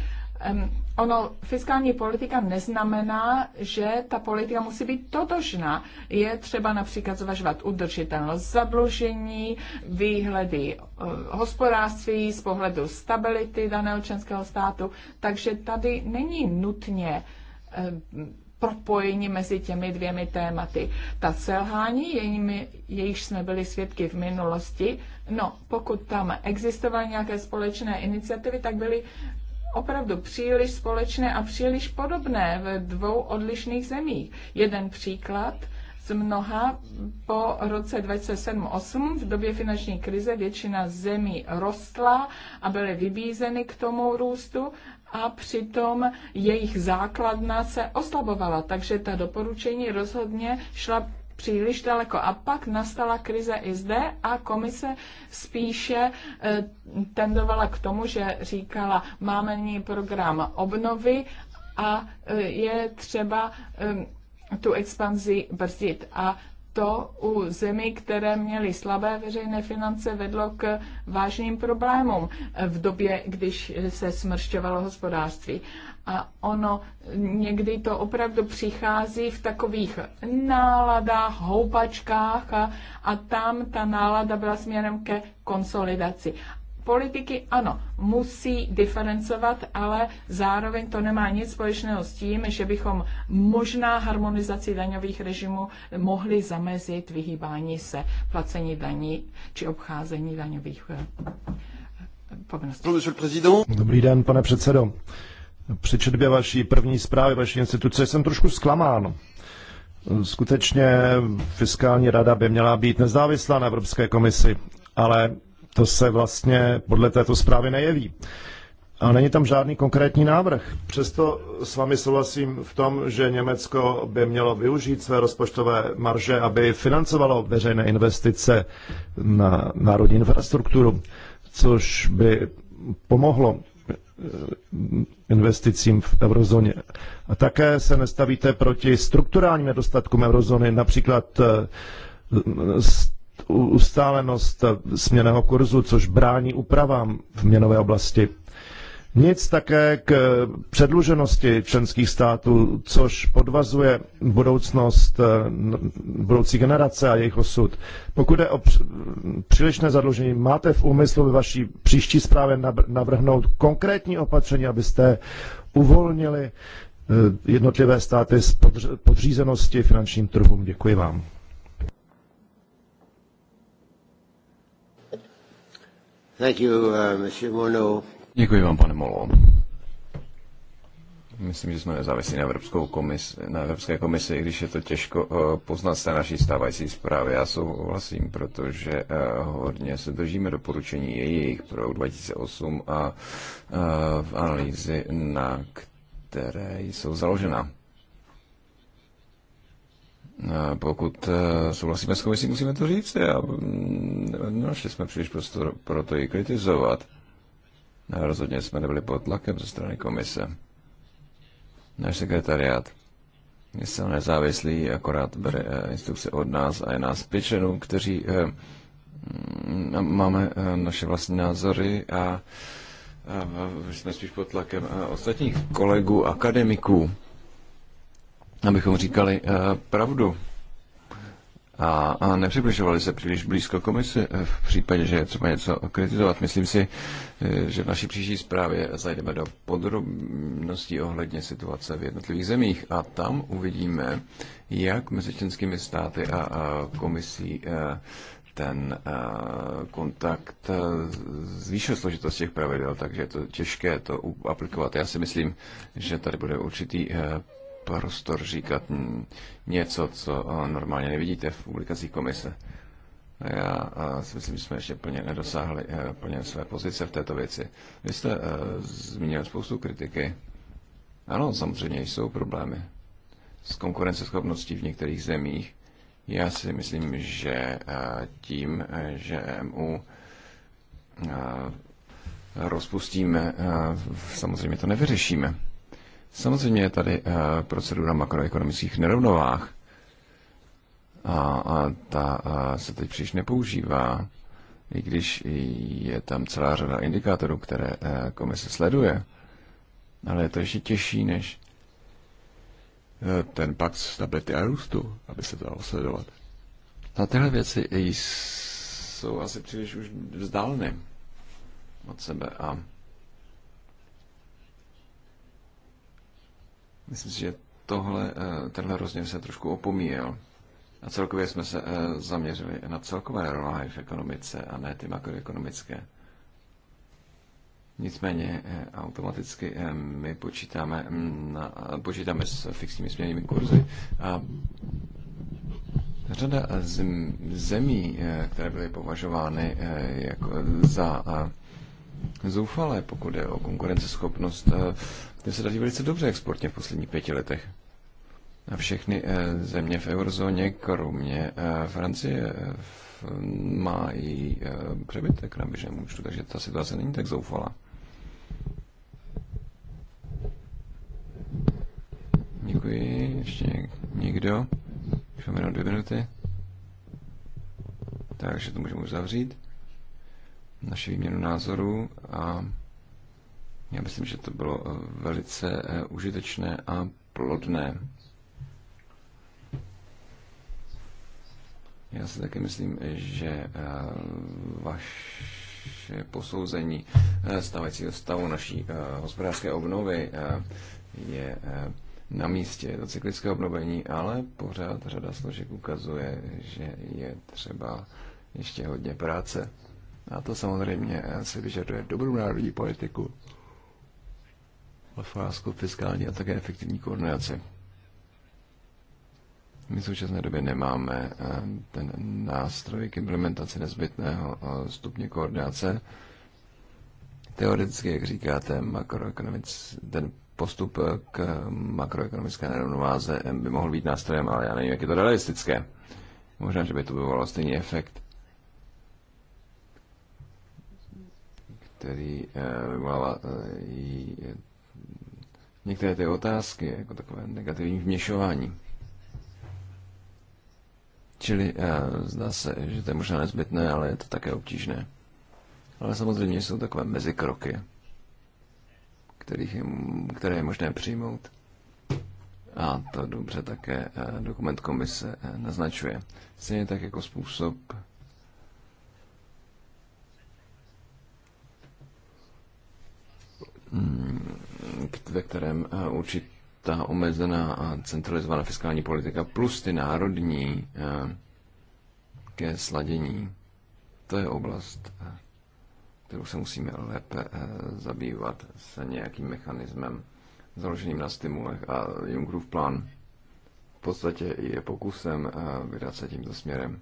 Ono, fiskální politika neznamená, že ta politika musí být totožná. Je třeba například zvažovat udržitelnost zadlužení, výhledy eh, hospodářství z pohledu stability daného členského státu. Takže tady není nutně eh, propojení mezi těmi dvěmi tématy. Ta selhání, jejími, jejíž jsme byli svědky v minulosti, no, pokud tam existovaly nějaké společné iniciativy, tak byly opravdu příliš společné a příliš podobné ve dvou odlišných zemích. Jeden příklad z mnoha po roce 2007-2008 v době finanční krize většina zemí rostla a byly vybízeny k tomu růstu a přitom jejich základna se oslabovala, takže ta doporučení rozhodně šla příliš daleko. A pak nastala krize i zde a komise spíše e, tendovala k tomu, že říkala, máme nyní program obnovy a e, je třeba e, tu expanzi brzdit. A to u zemí, které měly slabé veřejné finance, vedlo k vážným problémům v době, když se smršťovalo hospodářství. A ono někdy to opravdu přichází v takových náladách, houpačkách a, a tam ta nálada byla směrem ke konsolidaci politiky ano, musí diferencovat, ale zároveň to nemá nic společného s tím, že bychom možná harmonizací daňových režimů mohli zamezit vyhýbání se placení daní či obcházení daňových eh, povinností. Dobrý den, pane předsedo. Při četbě vaší první zprávy, vaší instituce jsem trošku zklamán. Skutečně fiskální rada by měla být nezávislá na Evropské komisi, ale to se vlastně podle této zprávy nejeví. A není tam žádný konkrétní návrh. Přesto s vámi souhlasím v tom, že Německo by mělo využít své rozpočtové marže, aby financovalo veřejné investice na národní infrastrukturu, což by pomohlo eh, investicím v eurozóně. A také se nestavíte proti strukturálním nedostatkům eurozóny, například eh, ustálenost směného kurzu, což brání úpravám v měnové oblasti. Nic také k předluženosti členských států, což podvazuje budoucnost eh, budoucí generace a jejich osud. Pokud je o přílišné zadlužení, máte v úmyslu ve vaší příští zprávě navrhnout konkrétní opatření, abyste uvolnili eh, jednotlivé státy z podřízenosti finančním trhům. Děkuji vám. Uh, Děkuji vám, pane Molo. Myslím, že jsme nezávislí na, Evropskou komisi, na Evropské komisi, i když je to těžko uh, poznat z té naší stávající zprávy. Já souhlasím, protože uh, hodně se držíme doporučení jejich pro 2008 a v analýzy, na které jsou založena pokud e, souhlasíme s komisí, musíme to říct a mm, nenašli jsme příliš prostor pro to i kritizovat. A rozhodně jsme nebyli pod tlakem ze strany komise. Náš sekretariát je se nezávislý, akorát bere e, instrukce od nás a je nás pěčenů, kteří e, mm, máme naše vlastní názory a jsme spíš pod tlakem ostatních kolegů, akademiků abychom říkali eh, pravdu a, a nepřibližovali se příliš blízko komisi eh, v případě, že je třeba něco kritizovat. Myslím si, eh, že v naší příští zprávě zajdeme do podrobností ohledně situace v jednotlivých zemích a tam uvidíme, jak mezi členskými státy a, a komisí a, ten kontakt zvýšil složitost těch pravidel, takže je to těžké to aplikovat. Já si myslím, že tady bude určitý prostor říkat něco, co eh, normálně nevidíte v publikacích komise. Já eh, si myslím, že jsme ještě plně nedosáhli eh, plně své pozice v této věci. Vy jste zmínil spoustu kritiky. Ano, samozřejmě jsou problémy s konkurenceschopností v některých zemích. Já si myslím, že tím, že EMU rozpustíme, samozřejmě to nevyřešíme. Samozřejmě je tady eh, procedura makroekonomických nerovnovách a, a ta a eh, se teď příliš nepoužívá, i když je tam celá řada indikátorů, které eh, komise sleduje, ale je to ještě těžší než ten pakt stability a růstu, aby se to dalo sledovat. A tyhle věci jsou asi příliš už vzdálené. od sebe a Myslím si, že tohle, eh, tenhle rozměr se trošku opomíjel. A celkově jsme se eh, zaměřili na celkové rovnováhy v ekonomice a ne ty makroekonomické. Nicméně eh, automaticky my počítáme, mm, na, počítáme s fixními směnými kurzy a řada zemí, které byly považovány jako za zoufalé, pokud je o konkurenceschopnost, mně se daří velice dobře exportně v posledních pěti letech. A všechny eh, země v eurozóně, kromě eh, Francie, eh, má i přebytek na běžném účtu, takže ta situace není tak zoufalá. Děkuji. Ještě někdo? Už máme jenom dvě minuty. Takže to můžeme už zavřít. Naši výměnu názorů a já myslím, že to bylo eh, velice eh, užitečné a plodné. Já si taky myslím, že eh, vaše posouzení stávajícího stavu naší hospodářské obnovy je na místě. do cyklické obnovení, ale pořád řada složek ukazuje, že je třeba ještě hodně práce. A to samozřejmě se vyžaduje dobrou národní politiku hospodářskou, fiskální a také efektivní koordinaci. My v současné době nemáme eh, ten nástroj k implementaci nezbytného eh, stupně koordinace. Teoreticky, jak říkáte, makroekonomic, ten postup k makroekonomické nerovnováze eh, by mohl být nástrojem, ale já nevím, jak je to realistické. Možná, že by to vyvolalo stejný efekt, který vyvolává některé ty otázky, jako takové negativní vměšování. Čili uh, zdá se, že to je možná nezbytné, ale je to také obtížné. Ale samozřejmě jsou takové mezikroky, kterých je, které je možné přijmout. A to dobře také eh, dokument komise eh, naznačuje. Stejně tak jako způsob, ve kterém eh, určitá omezená a centralizovaná fiskální politika plus ty národní eh, ke sladění, to je oblast, eh, kterou se musíme lépe zabývat s nějakým mechanismem založeným na stimulech a Junckerův plán v podstatě je pokusem vydat se tímto směrem.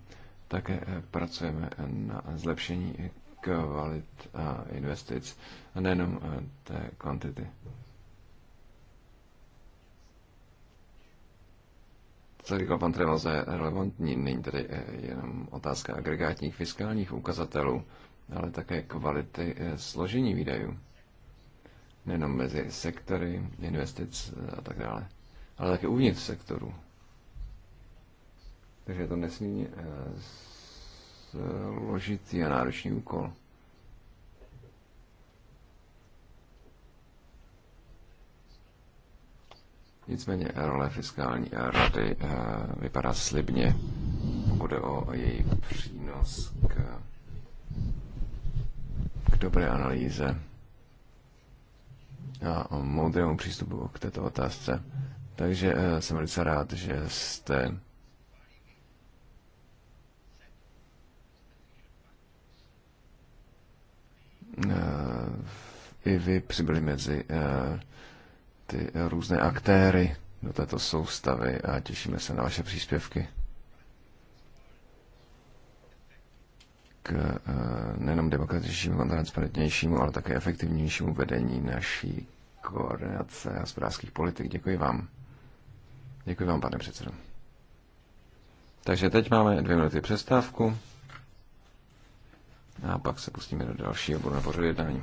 Také pracujeme na zlepšení kvalit a investic a nejenom e, té kvantity. Co říkal pan Tremoz, je relevantní. Není tedy e, jenom otázka agregátních fiskálních ukazatelů, ale také kvality e, složení výdajů. Nejenom mezi sektory, investic a tak dále, ale také uvnitř sektoru. Takže je to nesmírně složitý a náročný úkol. Nicméně role fiskální rady eh, vypadá slibně, pokud je o její přínos k, k dobré analýze a o moudrému přístupu k této otázce. Takže eh, jsem velice rád, že jste Eh, i vy přibyli mezi eh, ty různé aktéry do této soustavy a těšíme se na vaše příspěvky. k eh, nejenom demokratičnímu a transparentnějšímu, ale také efektivnějšímu vedení naší koordinace hospodářských politik. Děkuji vám. Děkuji vám, pane předsedo. Takže teď máme dvě minuty přestávku. A pak se pustíme do dalšího bodu na pořadu jednání.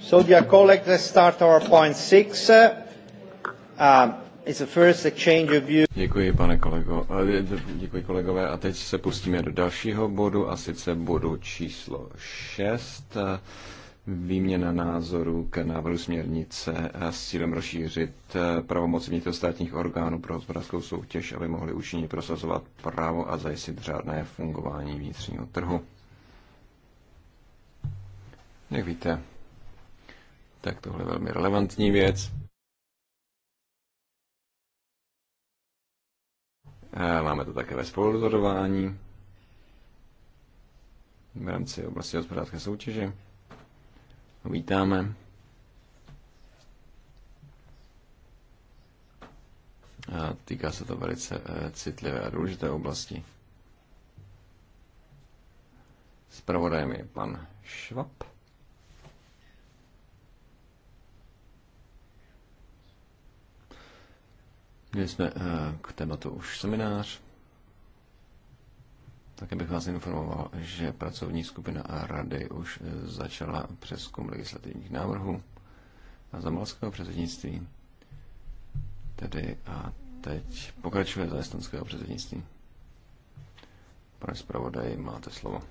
So, dear colleagues, let's start our point six. Uh, it's the first exchange of views. Děkuji, pane kolego. Eh, děkuji, kolegové. A teď se pustíme do dalšího bodu, a sice bodu číslo 6. Výměna názorů k návrhu směrnice eh, s cílem rozšířit eh, pravomoci vnitrostátních orgánů pro hospodářskou soutěž, aby mohli účinně prosazovat právo a zajistit řádné fungování vnitřního trhu. Jak víte, tak tohle je velmi relevantní věc. Máme to také ve spolurozhodování v rámci oblasti hospodářské soutěže. Vítáme. A týká se to velice eh, citlivé a důležité oblasti. Spravodajem je pan Švab. Měli jsme eh, k tématu už seminář. Také bych vás informoval, že pracovní skupina a rady už eh, začala přeskum legislativních návrhů a zamalského předsednictví. Tedy a teď pokračuje za estonského předsednictví. Pane zpravodaj, máte slovo.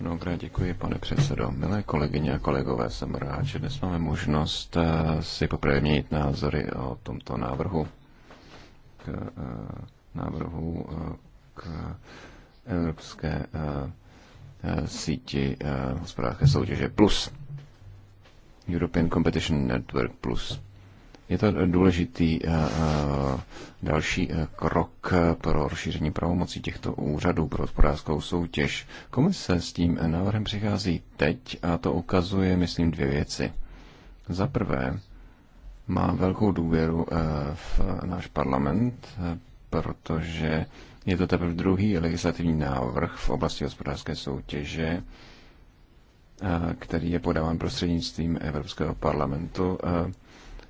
Mnohokrát děkuji, pane předsedo. Milé kolegyně a kolegové, jsem rád, že dnes máme možnost eh, si poprvé měnit názory o tomto návrhu. K eh, návrhu eh, k evropské síti hospodářské soutěže Plus. European Competition Network Plus. Je to důležitý eh, eh, další eh, krok pro rozšíření pravomocí těchto úřadů pro hospodářskou soutěž. Komise s tím návrhem přichází teď a to ukazuje, myslím, dvě věci. Za prvé, má velkou důvěru v náš parlament, protože je to teprve druhý legislativní návrh v oblasti hospodářské soutěže, který je podáván prostřednictvím Evropského parlamentu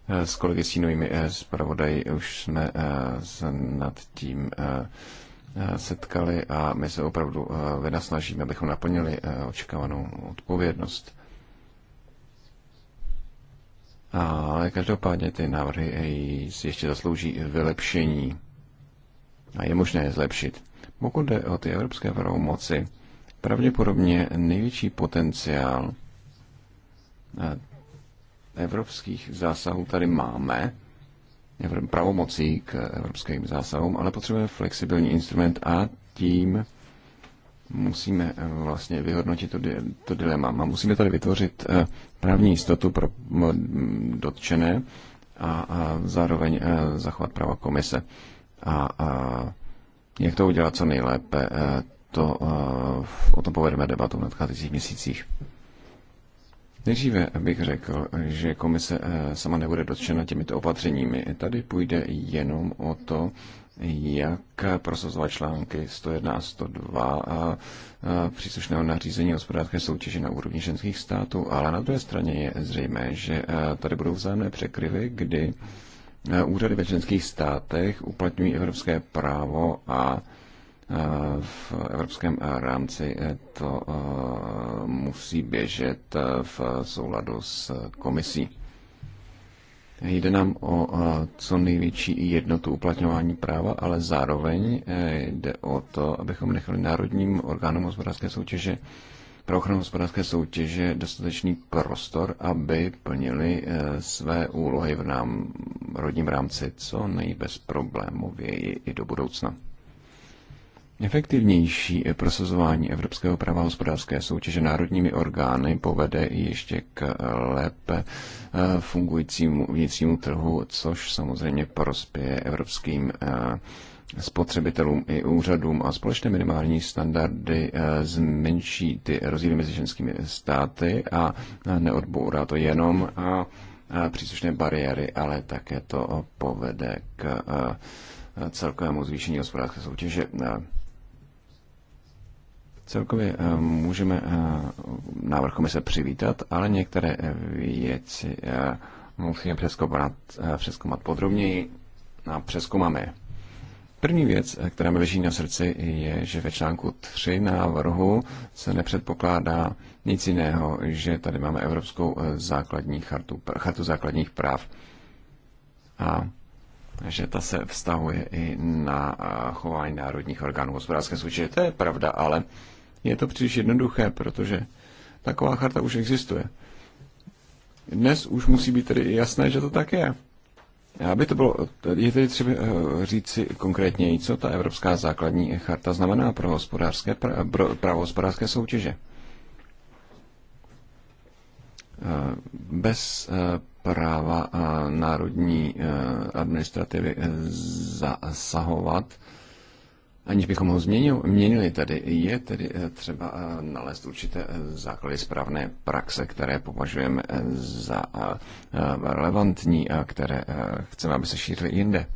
s kolegy Sínovými eh, zpravodaji už jsme eh, se nad tím eh, setkali a my se opravdu vynasnažíme, abychom naplnili očekávanou odpovědnost. Ale každopádně ty návrhy si ještě zaslouží vylepšení a je možné je zlepšit. Pokud jde o ty evropské moci, pravděpodobně největší potenciál evropských zásahů tady máme, pravomocí k evropským zásahům, ale potřebujeme flexibilní instrument a tím musíme eh, vlastně vyhodnotit to, to dilema. A musíme tady vytvořit eh, právní jistotu pro mm, dotčené a, a zároveň eh, zachovat práva komise. A, a jak to udělat co nejlépe, to o tom povedeme debatu v nadcházejících měsících. Nejdříve bych řekl, že komise eh, sama nebude dotčena těmito opatřeními. Tady půjde jenom o to, jak prosazovat články 101 a 102 a eh, eh, příslušného nařízení hospodářské soutěže na úrovni ženských států, ale na druhé straně je zřejmé, že tady budou vzájemné překryvy, kdy úřady ve ženských státech uplatňují evropské právo a v evropském rámci eh, to eh, musí běžet eh, v souladu s komisí. Jde nám o co největší jednotu uplatňování práva, ale zároveň jde o to, abychom nechali národním orgánům hospodářské soutěže pro ochranu hospodářské soutěže dostatečný prostor, aby plnili své úlohy v nám rodním rámci co nejbezproblémověji i do budoucna. Efektivnější prosazování evropského práva hospodářské soutěže národními orgány povede ještě k lépe eh, fungujícímu vnitřnímu trhu, což samozřejmě prospěje evropským eh, spotřebitelům i úřadům a společné minimální standardy eh, zmenší ty rozdíly mezi ženskými státy a neodbourá to jenom a příslušné bariéry, ale také to povede k celkovému zvýšení hospodářské soutěže. Celkově eh, můžeme eh, návrh komise přivítat, ale některé eh, věci musíme přeskoumat, přeskoumat podrobněji a přeskoumáme je. První věc, která mi leží na srdci, je, že ve článku 3 návrhu se nepředpokládá nic jiného, že tady máme Evropskou základní chartu, chartu základních práv a že ta se vztahuje i na chování národních orgánů hospodářské soutěže. To je pravda, ale je to příliš jednoduché, protože taková charta už existuje. Dnes už musí být tedy jasné, že to tak je. Aby to bylo, je tedy třeba eh, říci konkrétněji, co ta Evropská základní charta znamená pro, hospodářské, pro právo hospodářské soutěže. Eh, bez eh, práva národní administrativy zasahovat aniž bychom ho změnil, měnili tady, je tedy eh, třeba eh, nalézt určité eh, základy správné praxe, které považujeme za relevantní a které chceme, aby se šířily jinde.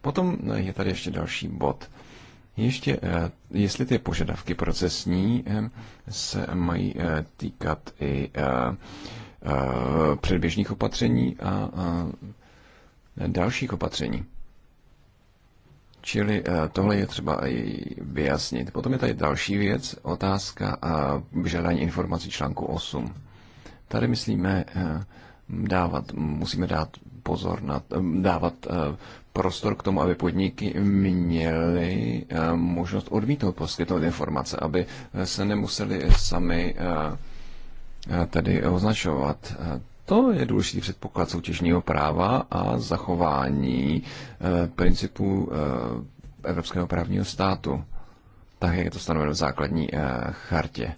Potom je tady ještě další bod. Ještě, jestli ty požadavky procesní se mají týkat i předběžných opatření a dalších opatření. Čili eh, tohle je třeba i vyjasnit. Potom je tady další věc, otázka a eh, vyžádání informací článku 8. Tady myslíme eh, dávat, musíme dát pozor na, dávat prostor k tomu, aby podniky měly možnost odmítnout poskytnout informace, aby se nemuseli sami tady označovat. To je důležitý předpoklad soutěžního práva a zachování eh, principů eh, evropského právního státu, tak jak je to stanoveno v základní eh, chartě.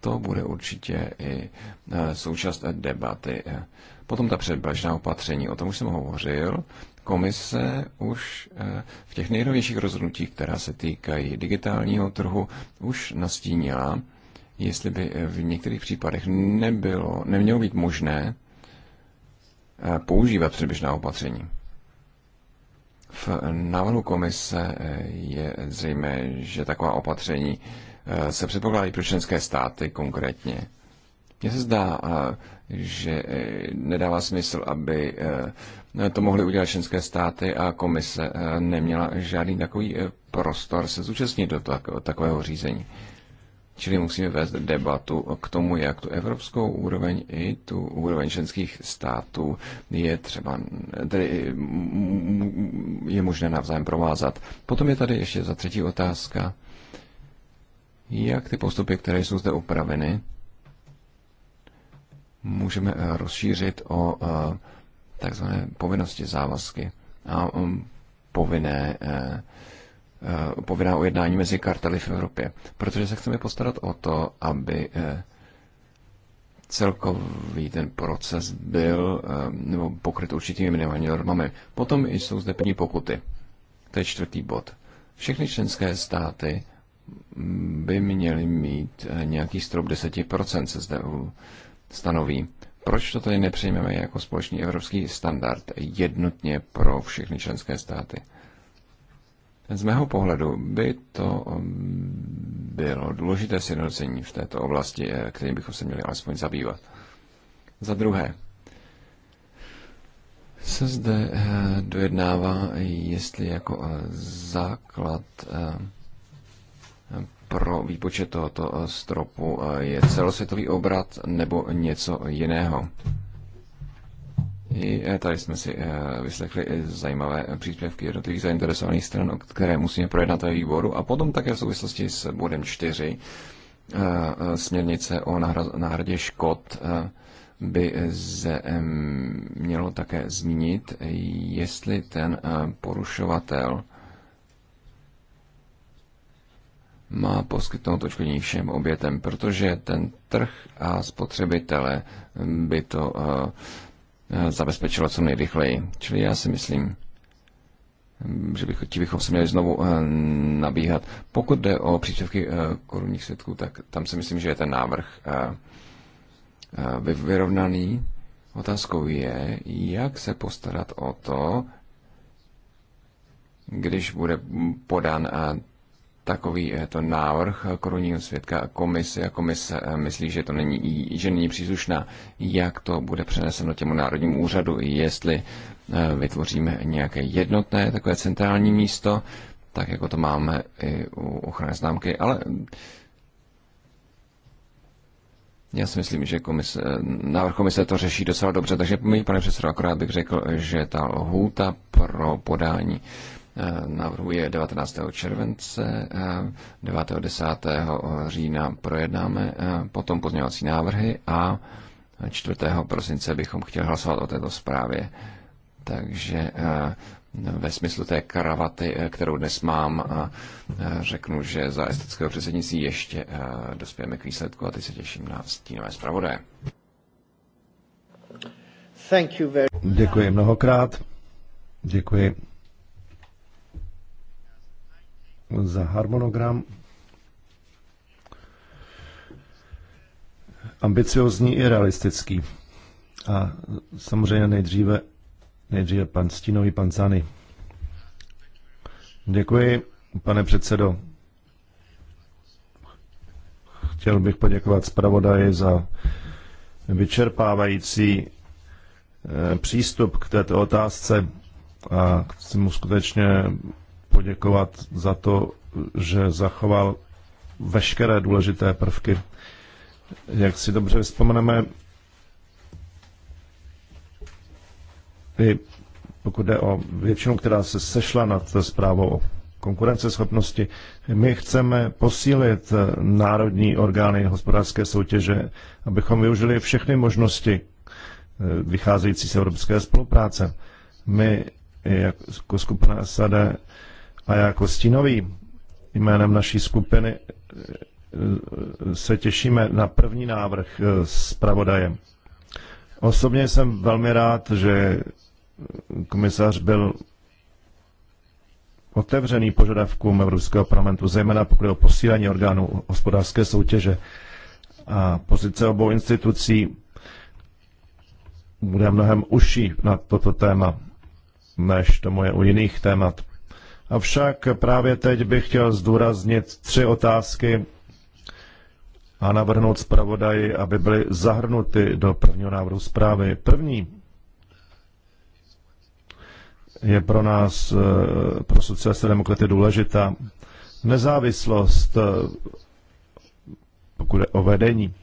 To bude určitě i součást debaty. Potom ta předběžná opatření, o tom už jsem hovořil. Komise už v těch nejnovějších rozhodnutích, která se týkají digitálního trhu, už nastínila, jestli by v některých případech nebylo, nemělo být možné Eh, používat předběžná opatření. V návrhu komise eh, je zřejmé, že taková opatření eh, se předpokládají pro členské státy konkrétně. Mně se zdá, že nedává smysl, aby to mohly udělat členské státy a komise neměla žádný takový prostor se zúčastnit do takového řízení. Čili musíme vést debatu k tomu, jak tu evropskou úroveň i tu úroveň členských států je třeba, tedy je možné navzájem provázat. Potom je tady ještě za třetí otázka, jak ty postupy, které jsou zde upraveny, můžeme eh, rozšířit o eh, takzvané povinnosti, závazky a mm, povinné eh, Eh, povinná ujednání mezi kartely v Evropě. Protože se chceme postarat o to, aby eh, celkový ten proces byl eh, nebo pokryt určitými minimální normami. Potom jsou zde pení pokuty. To je čtvrtý bod. Všechny členské státy by měly mít nějaký strop 10% se zde stanoví. Proč to tady nepřijmeme jako společný evropský standard jednotně pro všechny členské státy? Z mého pohledu by to um, bylo důležité sjednocení v této oblasti, eh, kterým bychom se měli alespoň zabývat. Za druhé, se zde eh, dojednává, jestli jako eh, základ pro výpočet tohoto stropu je celosvětový obrat nebo něco jiného. I e, tady jsme si e, vyslechli e, zajímavé příspěvky jednotlivých zainteresovaných stran, které musíme projednat ve výboru a potom také v souvislosti s bodem 4 směrnice o náhradě škod by se mělo také zmínit, jestli ten porušovatel má poskytnout očkodnění všem obětem, protože ten trh a spotřebitele by to Eh, zabezpečilo co nejrychleji. Čili já si myslím, mm, že bych, ti bychom se měli znovu eh, nabíhat. Pokud jde o příspěvky eh, korunních svědků, tak tam si myslím, že je ten návrh vyrovnaný. Otázkou je, jak se postarat o to, když bude podán takový eh, to návrh korunního světka a komise a komise eh, myslí, že to není, že není příslušná. Jak to bude přeneseno těmu národnímu úřadu, jestli eh, vytvoříme nějaké jednotné takové centrální místo, tak jako to máme i u ochrany známky, ale já si myslím, že komise, návrh komise to řeší docela dobře, takže mi, pane předsedo, akorát bych řekl, že ta lhůta pro podání návrhu je 19. července, 9. Eh, 10. října projednáme eh, potom pozměňovací návrhy a 4. prosince bychom chtěli hlasovat o této zprávě. Takže eh, ve smyslu té kravaty, kterou dnes mám, řeknu, že za estetického předsednictví ještě dospějeme k výsledku a ty se těším na stínové zpravodaje. Děkuji mnohokrát. Děkuji za harmonogram. Ambiciozní i realistický. A samozřejmě nejdříve, nejdříve pan Stínový, pan Zany. Děkuji, pane předsedo. Chtěl bych poděkovat zpravodaji za vyčerpávající eh, přístup k této otázce a chci mu skutečně poděkovat za to, že zachoval veškeré důležité prvky. Jak si dobře vzpomeneme, i pokud jde o většinu, která se sešla nad zprávou o konkurenceschopnosti, my chceme posílit národní orgány hospodářské soutěže, abychom využili všechny možnosti eh, vycházející z evropské spolupráce. My jako skupina SAD a já jako stínový jménem naší skupiny eh, eh, se těšíme na první návrh s eh, pravodajem. Osobně jsem velmi rád, že komisař byl otevřený požadavkům Evropského parlamentu, zejména pokud o posílení orgánů hospodářské soutěže a pozice obou institucí bude mnohem užší na toto téma, než tomu je u jiných témat. Avšak právě teď bych chtěl zdůraznit tři otázky a navrhnout zpravodaji, aby byly zahrnuty do prvního návrhu zprávy. První je pro nás, eh, pro sociální demokraty, důležitá nezávislost, eh, pokud je o vedení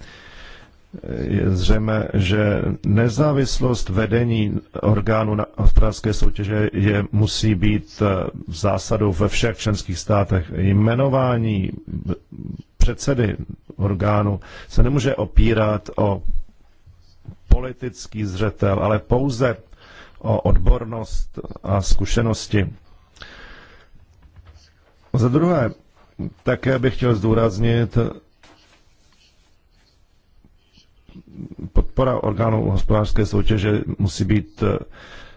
je zřejmé, že nezávislost vedení orgánu na hospodářské soutěže je, musí být eh, zásadou ve všech členských státech. Jmenování předsedy orgánu se nemůže opírat o politický zřetel, ale pouze o odbornost a zkušenosti. Za druhé, také bych chtěl zdůraznit, podpora orgánů hospodářské soutěže musí být eh,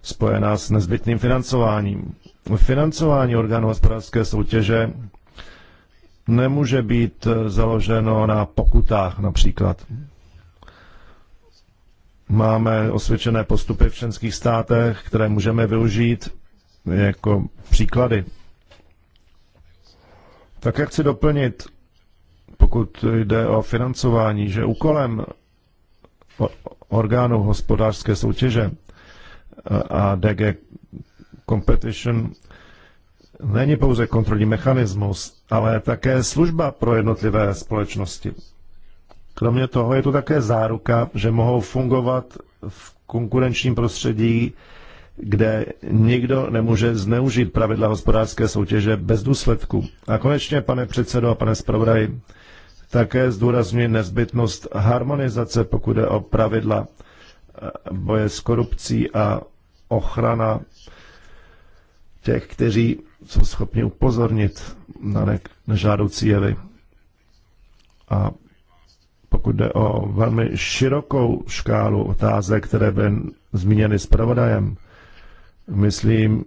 spojená s nezbytným financováním. Financování orgánů hospodářské soutěže nemůže být eh, založeno na pokutách například. Máme osvědčené postupy v členských státech, které můžeme využít jako příklady. Tak jak chci doplnit, pokud jde o financování, že úkolem orgánů hospodářské soutěže a DG Competition není pouze kontrolní mechanismus, ale také služba pro jednotlivé společnosti. Kromě toho je to také záruka, že mohou fungovat v konkurenčním prostředí, kde nikdo nemůže zneužít pravidla hospodářské soutěže bez důsledku. A konečně, pane předsedo a pane zpravodaji, také zdůrazňuje nezbytnost harmonizace, pokud je o pravidla eh, boje s korupcí a ochrana těch, kteří jsou schopni upozornit na nežádoucí jevy. A pokud jde o velmi širokou škálu otázek, které byly zmíněny s pravodajem, myslím,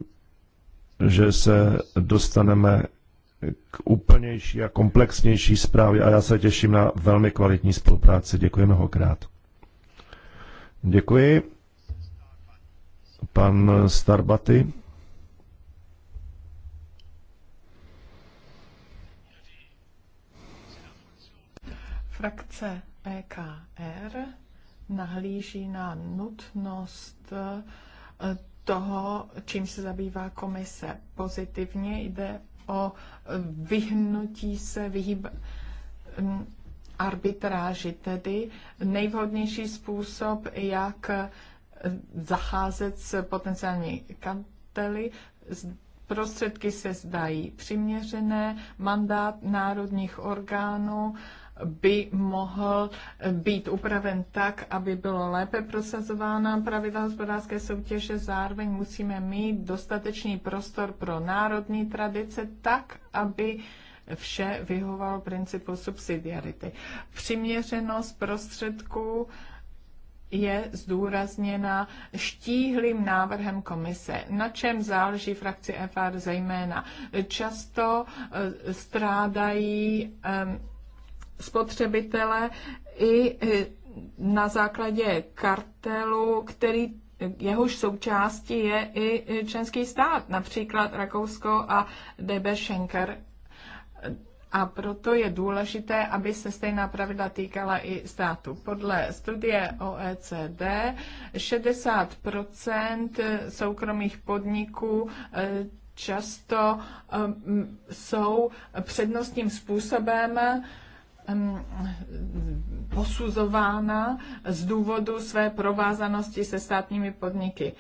že se dostaneme k úplnější a komplexnější zprávě a já se těším na velmi kvalitní spolupráci. Děkuji mnohokrát. Děkuji. Pan Starbaty. Frakce EKR nahlíží na nutnost eh, toho, čím se zabývá komise. Pozitivně jde o vyhnutí se vyhýb arbitráži, tedy nejvhodnější způsob, jak e, zacházet s potenciální kantely Prostředky se zdají přiměřené, mandát národních orgánů by mohl být upraven tak, aby bylo lépe prosazována pravidla hospodářské soutěže. Zároveň musíme mít dostatečný prostor pro národní tradice tak, aby vše vyhovalo principu subsidiarity. Přiměřenost prostředků je zdůrazněna štíhlým návrhem komise, na čem záleží frakci FR zejména. Často eh, strádají um, spotřebitele i e, na základě kartelu, který jehož součástí je i e, členský stát, například Rakousko a DB Schenker. A proto je důležité, aby se stejná pravidla týkala i státu. Podle studie OECD 60 soukromých podniků e, často jsou přednostním způsobem posuzována z důvodu své provázanosti se státními podniky.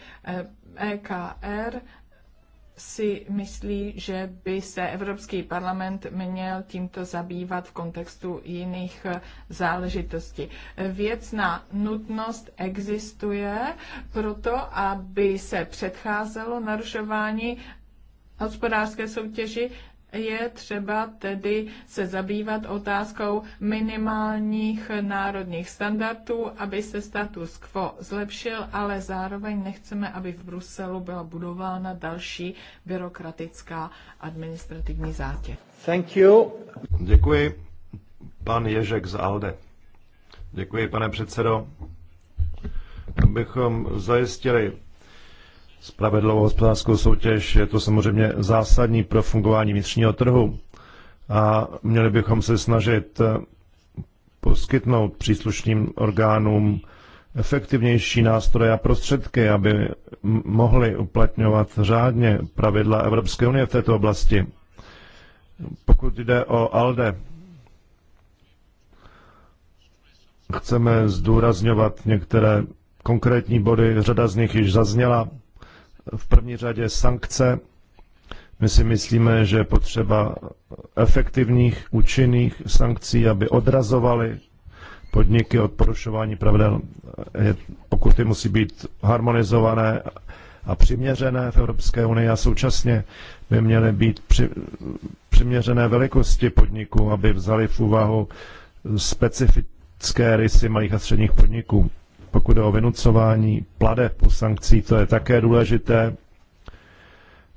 EKR e si myslí, že by se Evropský parlament měl tímto zabývat v kontextu jiných eh, záležitostí. Věcná nutnost existuje proto, aby se předcházelo narušování hospodářské soutěži, je třeba tedy se zabývat otázkou minimálních národních standardů, aby se status quo zlepšil, ale zároveň nechceme, aby v Bruselu byla budována další byrokratická administrativní zátěž. Thank you. Děkuji. Pan Ježek z ALDE. Děkuji, pane předsedo. Abychom zajistili spravedlivou hospodářskou soutěž. Je to samozřejmě zásadní pro fungování vnitřního trhu a měli bychom se snažit eh, poskytnout příslušným orgánům efektivnější nástroje a prostředky, aby mohli uplatňovat řádně pravidla Evropské unie v této oblasti. Pokud jde o ALDE, chceme zdůrazňovat některé konkrétní body, řada z nich již zazněla. V první řadě sankce. My si myslíme, že je potřeba efektivních, účinných sankcí, aby odrazovaly podniky od porušování pravidel. Pokuty musí být harmonizované a přiměřené v Evropské unii a současně by měly být při, přiměřené velikosti podniků, aby vzali v úvahu specifické rysy malých a středních podniků pokud jde o vynucování plade po sankcí, to je také důležité.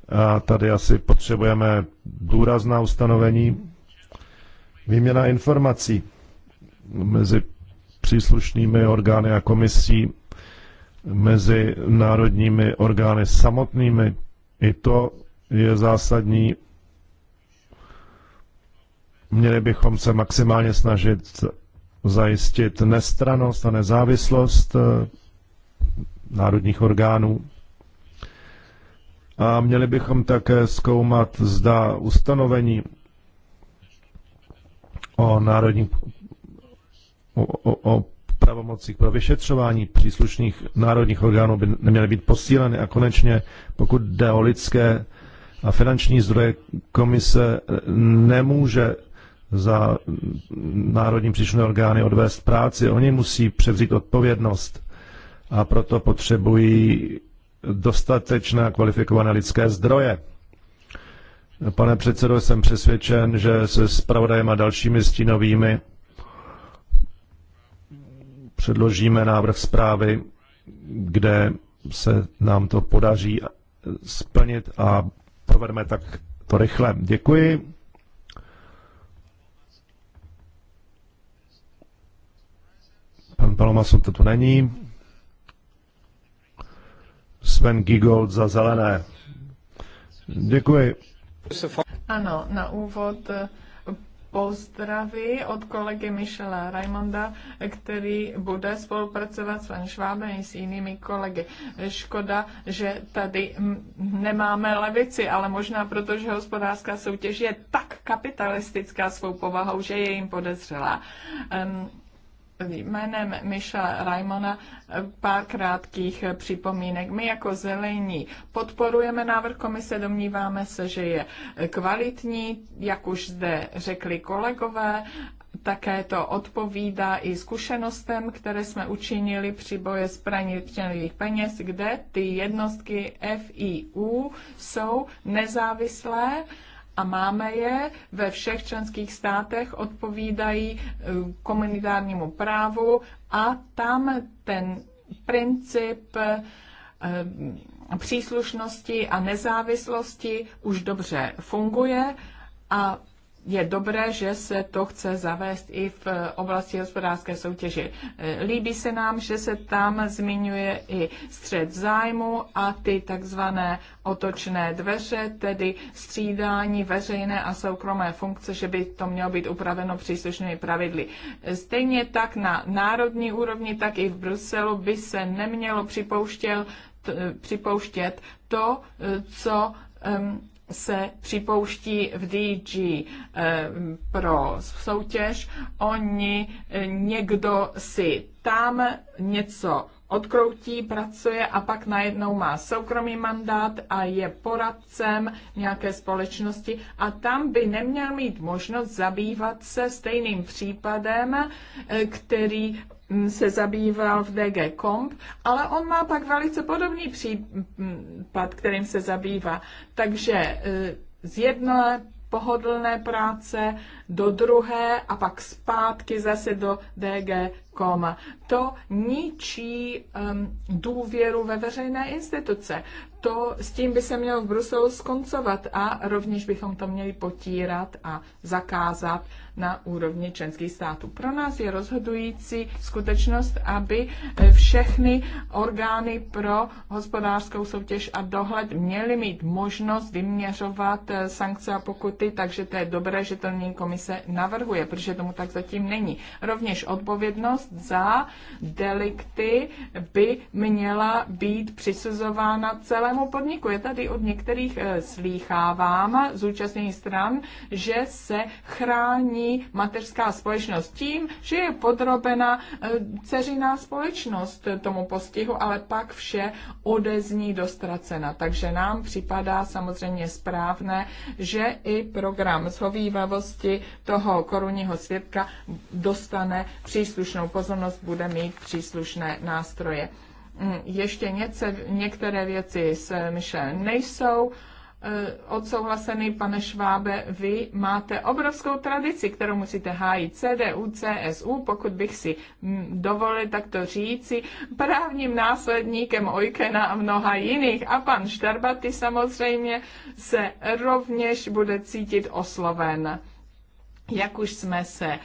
A tady asi potřebujeme důrazná ustanovení. Výměna informací mezi příslušnými orgány a komisí, mezi národními orgány samotnými. I to je zásadní. Měli bychom se maximálně snažit zajistit nestranost a nezávislost eh, národních orgánů. A měli bychom také zkoumat, zda ustanovení o národní o, o, o pravomocích pro vyšetřování příslušných národních orgánů by neměly být posíleny. A konečně, pokud jde o lidské a finanční zdroje, komise eh, nemůže za národní příslušné orgány odvést práci. Oni musí převzít odpovědnost a proto potřebují dostatečné a kvalifikované lidské zdroje. Pane předsedo, jsem přesvědčen, že se zpravodajem a dalšími stínovými předložíme návrh zprávy, kde se nám to podaří splnit a provedeme tak to rychle. Děkuji. Palomasu to tu není. Sven Gigold za zelené. Děkuji. Ano, na úvod eh, pozdravy od kolegy Michela Raimonda, který bude spolupracovat s Van Schwabem i s jinými kolegy. Škoda, že tady nemáme levici, ale možná proto, že hospodářská soutěž je tak kapitalistická svou povahou, že je jim podezřelá. Um, jménem Miša Raimona pár krátkých připomínek. My jako zelení podporujeme návrh komise, domníváme se, že je kvalitní, jak už zde řekli kolegové, také to odpovídá i zkušenostem, které jsme učinili při boje s praničených peněz, kde ty jednotky FIU jsou nezávislé a máme je ve všech členských státech, odpovídají eh, komunitárnímu právu a tam ten princip eh, příslušnosti a nezávislosti už dobře funguje a je dobré, že se to chce zavést i v eh, oblasti hospodářské soutěže. Eh, líbí se nám, že se tam zmiňuje i střed zájmu a ty takzvané otočné dveře, tedy střídání veřejné a soukromé funkce, že by to mělo být upraveno příslušnými pravidly. Eh, stejně tak na národní úrovni, tak i v Bruselu by se nemělo připouštět, to, co se připouští v DG eh, pro soutěž. Oni eh, někdo si tam něco odkroutí, pracuje a pak najednou má soukromý mandát a je poradcem nějaké společnosti a tam by neměl mít možnost zabývat se stejným případem, eh, který se zabýval v DG Comp, ale on má pak velice podobný případ, kterým se zabývá. Takže e, z jedné pohodlné práce do druhé a pak zpátky zase do DG Koma. To ničí um, důvěru ve veřejné instituce to s tím by se mělo v Bruselu skoncovat a rovněž bychom to měli potírat a zakázat na úrovni členských států. Pro nás je rozhodující skutečnost, aby všechny orgány pro hospodářskou soutěž a dohled měly mít možnost vyměřovat eh, sankce a pokuty, takže to je dobré, že to není komise navrhuje, protože tomu tak zatím není. Rovněž odpovědnost za delikty by měla být přisuzována celému samotného podniku. Je tady od některých eh, slýchávám zúčastněných stran, že se chrání mateřská společnost tím, že je podrobena eh, ceřiná společnost tomu postihu, ale pak vše odezní dostracena. Takže nám připadá samozřejmě správné, že i program zhovývavosti toho korunního světka dostane příslušnou pozornost, bude mít příslušné nástroje. Mm, ještě něce, některé věci s Michelem nejsou eh, odsouhlaseny. pane Švábe, vy máte obrovskou tradici, kterou musíte hájit CDU, CSU, pokud bych si mm, dovolil takto říci, právním následníkem Ojkena a mnoha jiných. A pan Štarbaty samozřejmě se rovněž bude cítit osloven jak už jsme se e,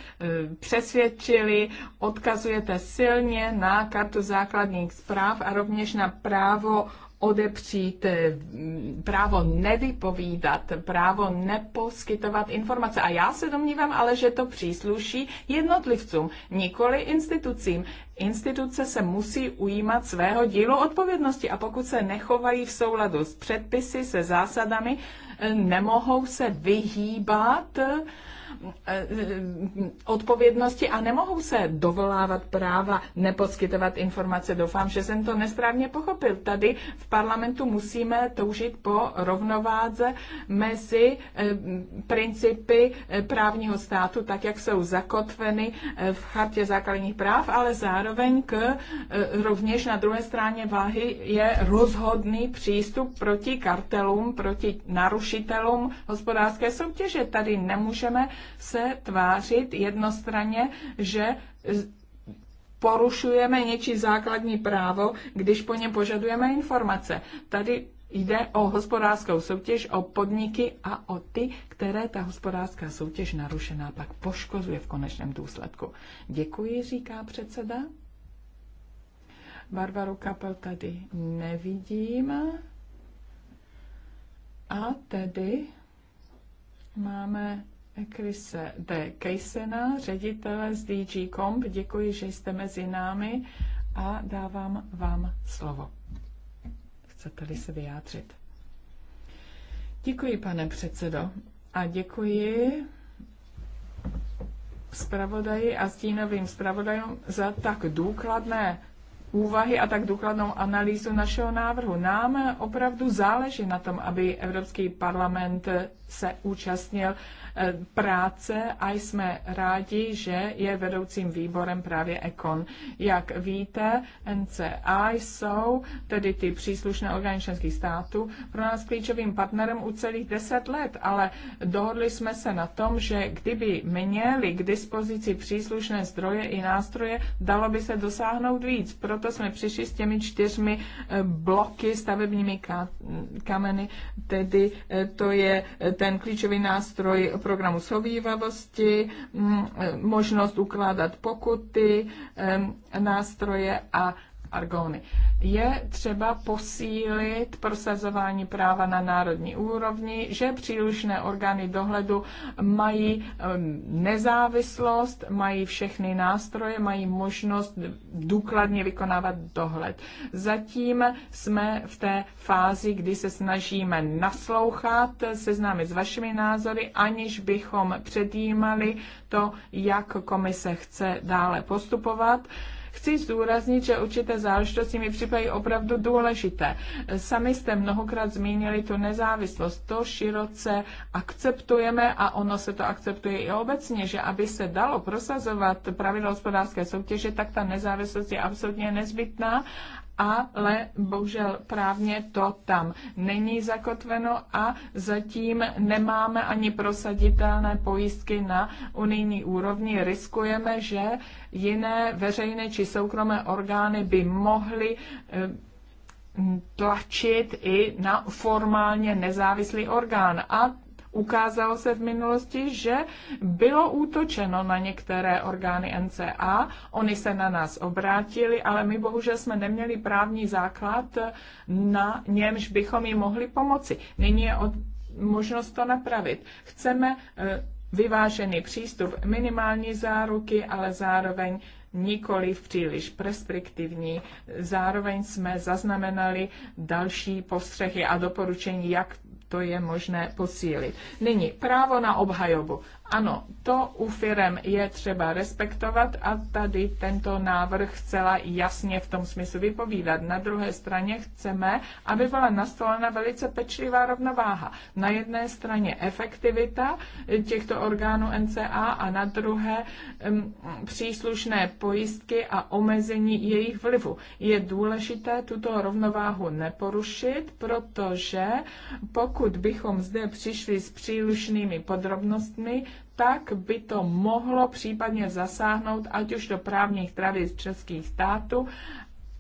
přesvědčili, odkazujete silně na kartu základních zpráv a rovněž na právo odepřít e, právo nevypovídat, právo neposkytovat informace. A já se domnívám ale, že to přísluší jednotlivcům, nikoli institucím. Instituce se musí ujímat svého dílu odpovědnosti a pokud se nechovají v souladu s předpisy, se zásadami, e, nemohou se vyhýbat Eh, eh, odpovědnosti a nemohou se dovolávat práva neposkytovat informace. Doufám, že jsem to nesprávně pochopil. Tady v parlamentu musíme toužit po rovnováze mezi eh, principy právního státu, tak jak jsou zakotveny v chartě základních práv, ale zároveň k rovněž na druhé straně váhy je rozhodný přístup proti kartelům, proti narušitelům hospodářské soutěže. Tady nemůžeme se tvářit jednostranně, že porušujeme něčí základní právo, když po něm požadujeme informace. Tady jde o hospodářskou soutěž, o podniky a o ty, které ta hospodářská soutěž narušená pak poškozuje v konečném důsledku. Děkuji, říká předseda. Barbaru Kapel tady nevidím. A tedy máme Krise D. Kejsena, ředitele z DG Comp. Děkuji, že jste mezi námi a dávám vám slovo. Chcete-li se vyjádřit? Děkuji, pane předsedo, a děkuji zpravodaji a stínovým zpravodajům za tak důkladné úvahy a tak důkladnou analýzu našeho návrhu. Nám opravdu záleží na tom, aby Evropský parlament se účastnil Eh, práce a jsme rádi, že je vedoucím výborem právě Ekon. Jak víte, NCA jsou, tedy ty příslušné orgány členských států, pro nás klíčovým partnerem u celých deset let, ale dohodli jsme se na tom, že kdyby měli k dispozici příslušné zdroje i nástroje, dalo by se dosáhnout víc. Proto jsme přišli s těmi čtyřmi eh, bloky stavebními kameny, tedy eh, to je ten klíčový nástroj programu sovývavosti, mm, e, možnost ukládat pokuty, e, nástroje a argóny. Je třeba posílit prosazování práva na národní úrovni, že příslušné orgány dohledu mají nezávislost, mají všechny nástroje, mají možnost důkladně vykonávat dohled. Zatím jsme v té fázi, kdy se snažíme naslouchat, seznámit s vašimi názory, aniž bychom předjímali to, jak komise chce dále postupovat. Chci zdůraznit, že určité záležitosti mi připadají opravdu důležité. Sami jste mnohokrát zmínili tu nezávislost. To široce akceptujeme a ono se to akceptuje i obecně, že aby se dalo prosazovat pravidla hospodářské soutěže, tak ta nezávislost je absolutně nezbytná ale bohužel právně to tam není zakotveno a zatím nemáme ani prosaditelné pojistky na unijní úrovni. Riskujeme, že jiné veřejné či soukromé orgány by mohly eh, tlačit i na formálně nezávislý orgán. A ukázalo se v minulosti, že bylo útočeno na některé orgány NCA, oni se na nás obrátili, ale my bohužel jsme neměli právní základ, na němž bychom jim mohli pomoci. Nyní je od možnost to napravit. Chceme eh, vyvážený přístup, minimální záruky, ale zároveň nikoli příliš perspektivní. Zároveň jsme zaznamenali další postřehy a doporučení, jak to je možné posílit. Nyní právo na obhajobu. Ano, to u firem je třeba respektovat a tady tento návrh chcela jasně v tom smyslu vypovídat. Na druhé straně chceme, aby byla nastolena velice pečlivá rovnováha. Na jedné straně efektivita těchto orgánů NCA a na druhé um, příslušné pojistky a omezení jejich vlivu. Je důležité tuto rovnováhu neporušit, protože pokud bychom zde přišli s přílišnými podrobnostmi, tak by to mohlo případně zasáhnout ať už do právních tradic českých států,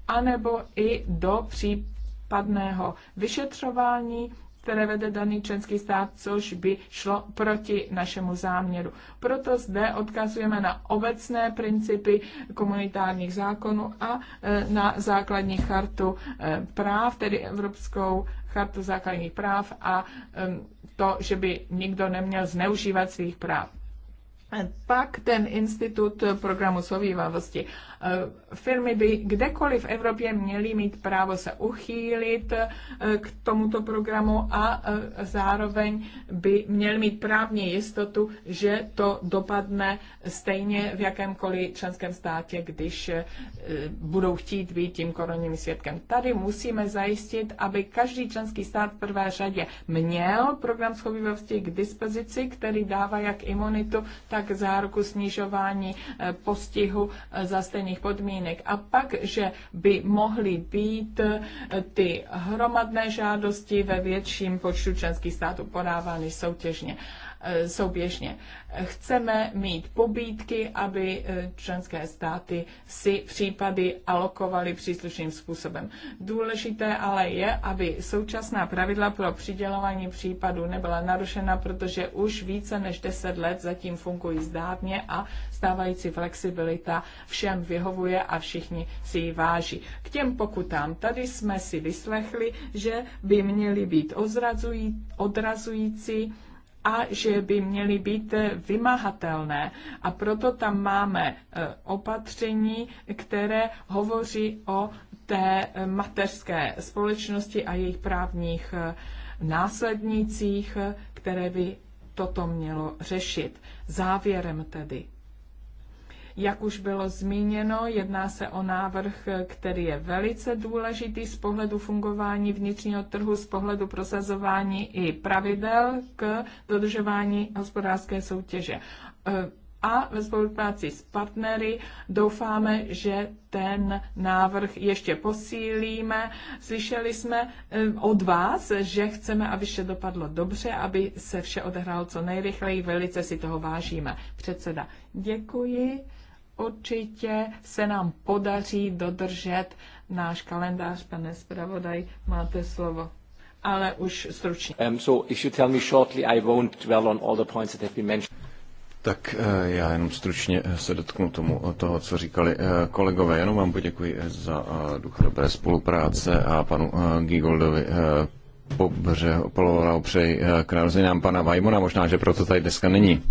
anebo i do případného vyšetřování které vede daný členský stát, což by šlo proti našemu záměru. Proto zde odkazujeme na obecné principy komunitárních zákonů a e, na základní chartu e, práv, tedy Evropskou chartu základních práv a e, to, že by nikdo neměl zneužívat svých práv pak ten institut programu sovývavosti. E, firmy by kdekoliv v Evropě měly mít právo se uchýlit e, k tomuto programu a e, zároveň by měly mít právně jistotu, že to dopadne stejně v jakémkoliv členském státě, když budou chtít být tím koronním svědkem. Tady musíme zajistit, aby každý členský stát v prvé řadě měl program schovivosti, k dispozici, který dává jak imunitu, tak tak záruku snižování eh, postihu eh, za stejných podmínek. A pak, že by mohly být eh, ty hromadné žádosti ve větším počtu členských států podávány soutěžně. Eh, souběžně. Chceme mít pobídky, aby eh, členské státy si případy alokovaly příslušným způsobem. Důležité ale je, aby současná pravidla pro přidělování případů nebyla narušena, protože už více než 10 let zatím fungují zdárně a stávající flexibilita všem vyhovuje a všichni si ji váží. K těm pokutám tady jsme si vyslechli, že by měly být odrazující, a že by měly být vymahatelné. A proto tam máme e, opatření, které hovoří o té mateřské společnosti a jejich právních e, následnících, e, které by toto mělo řešit. Závěrem tedy jak už bylo zmíněno, jedná se o návrh, který je velice důležitý z pohledu fungování vnitřního trhu, z pohledu prosazování i pravidel k dodržování hospodářské soutěže. Eh, a ve spolupráci s partnery doufáme, že ten návrh ještě posílíme. Slyšeli jsme eh, od vás, že chceme, aby vše dopadlo dobře, aby se vše odehrálo co nejrychleji. Velice si toho vážíme. Předseda, děkuji určitě se nám podaří dodržet náš kalendář. Pane zpravodaj, máte slovo. Ale už stručně. Um, so Tak eh, já jenom stručně eh, se dotknu tomu eh, toho, co říkali kolegové. Jenom vám poděkuji za duch dobré spolupráce a panu Gigoldovi Pobře, Polovrau přeji k nám pana Vajmona. Možná, že proto tady dneska není.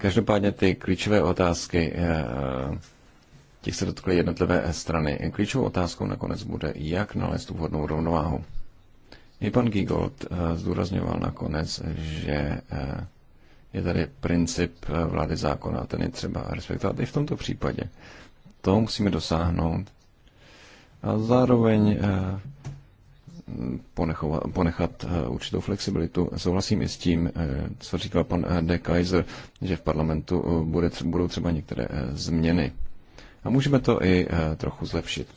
Každopádně ty klíčové otázky, eh, těch se dotkly jednotlivé strany. Klíčovou otázkou nakonec bude, jak nalézt tu vhodnou rovnováhu. I pan Gigold eh, zdůrazňoval nakonec, že eh, je tady princip vlády zákona, ten je třeba respektovat i v tomto případě. To musíme dosáhnout. A zároveň ponechovat, ponechat eh, určitou flexibilitu. Souhlasím i s tím, eh, co říkal pan eh, De Kaiser, že v parlamentu bude, budou třeba některé změny. A můžeme to i trochu zlepšit.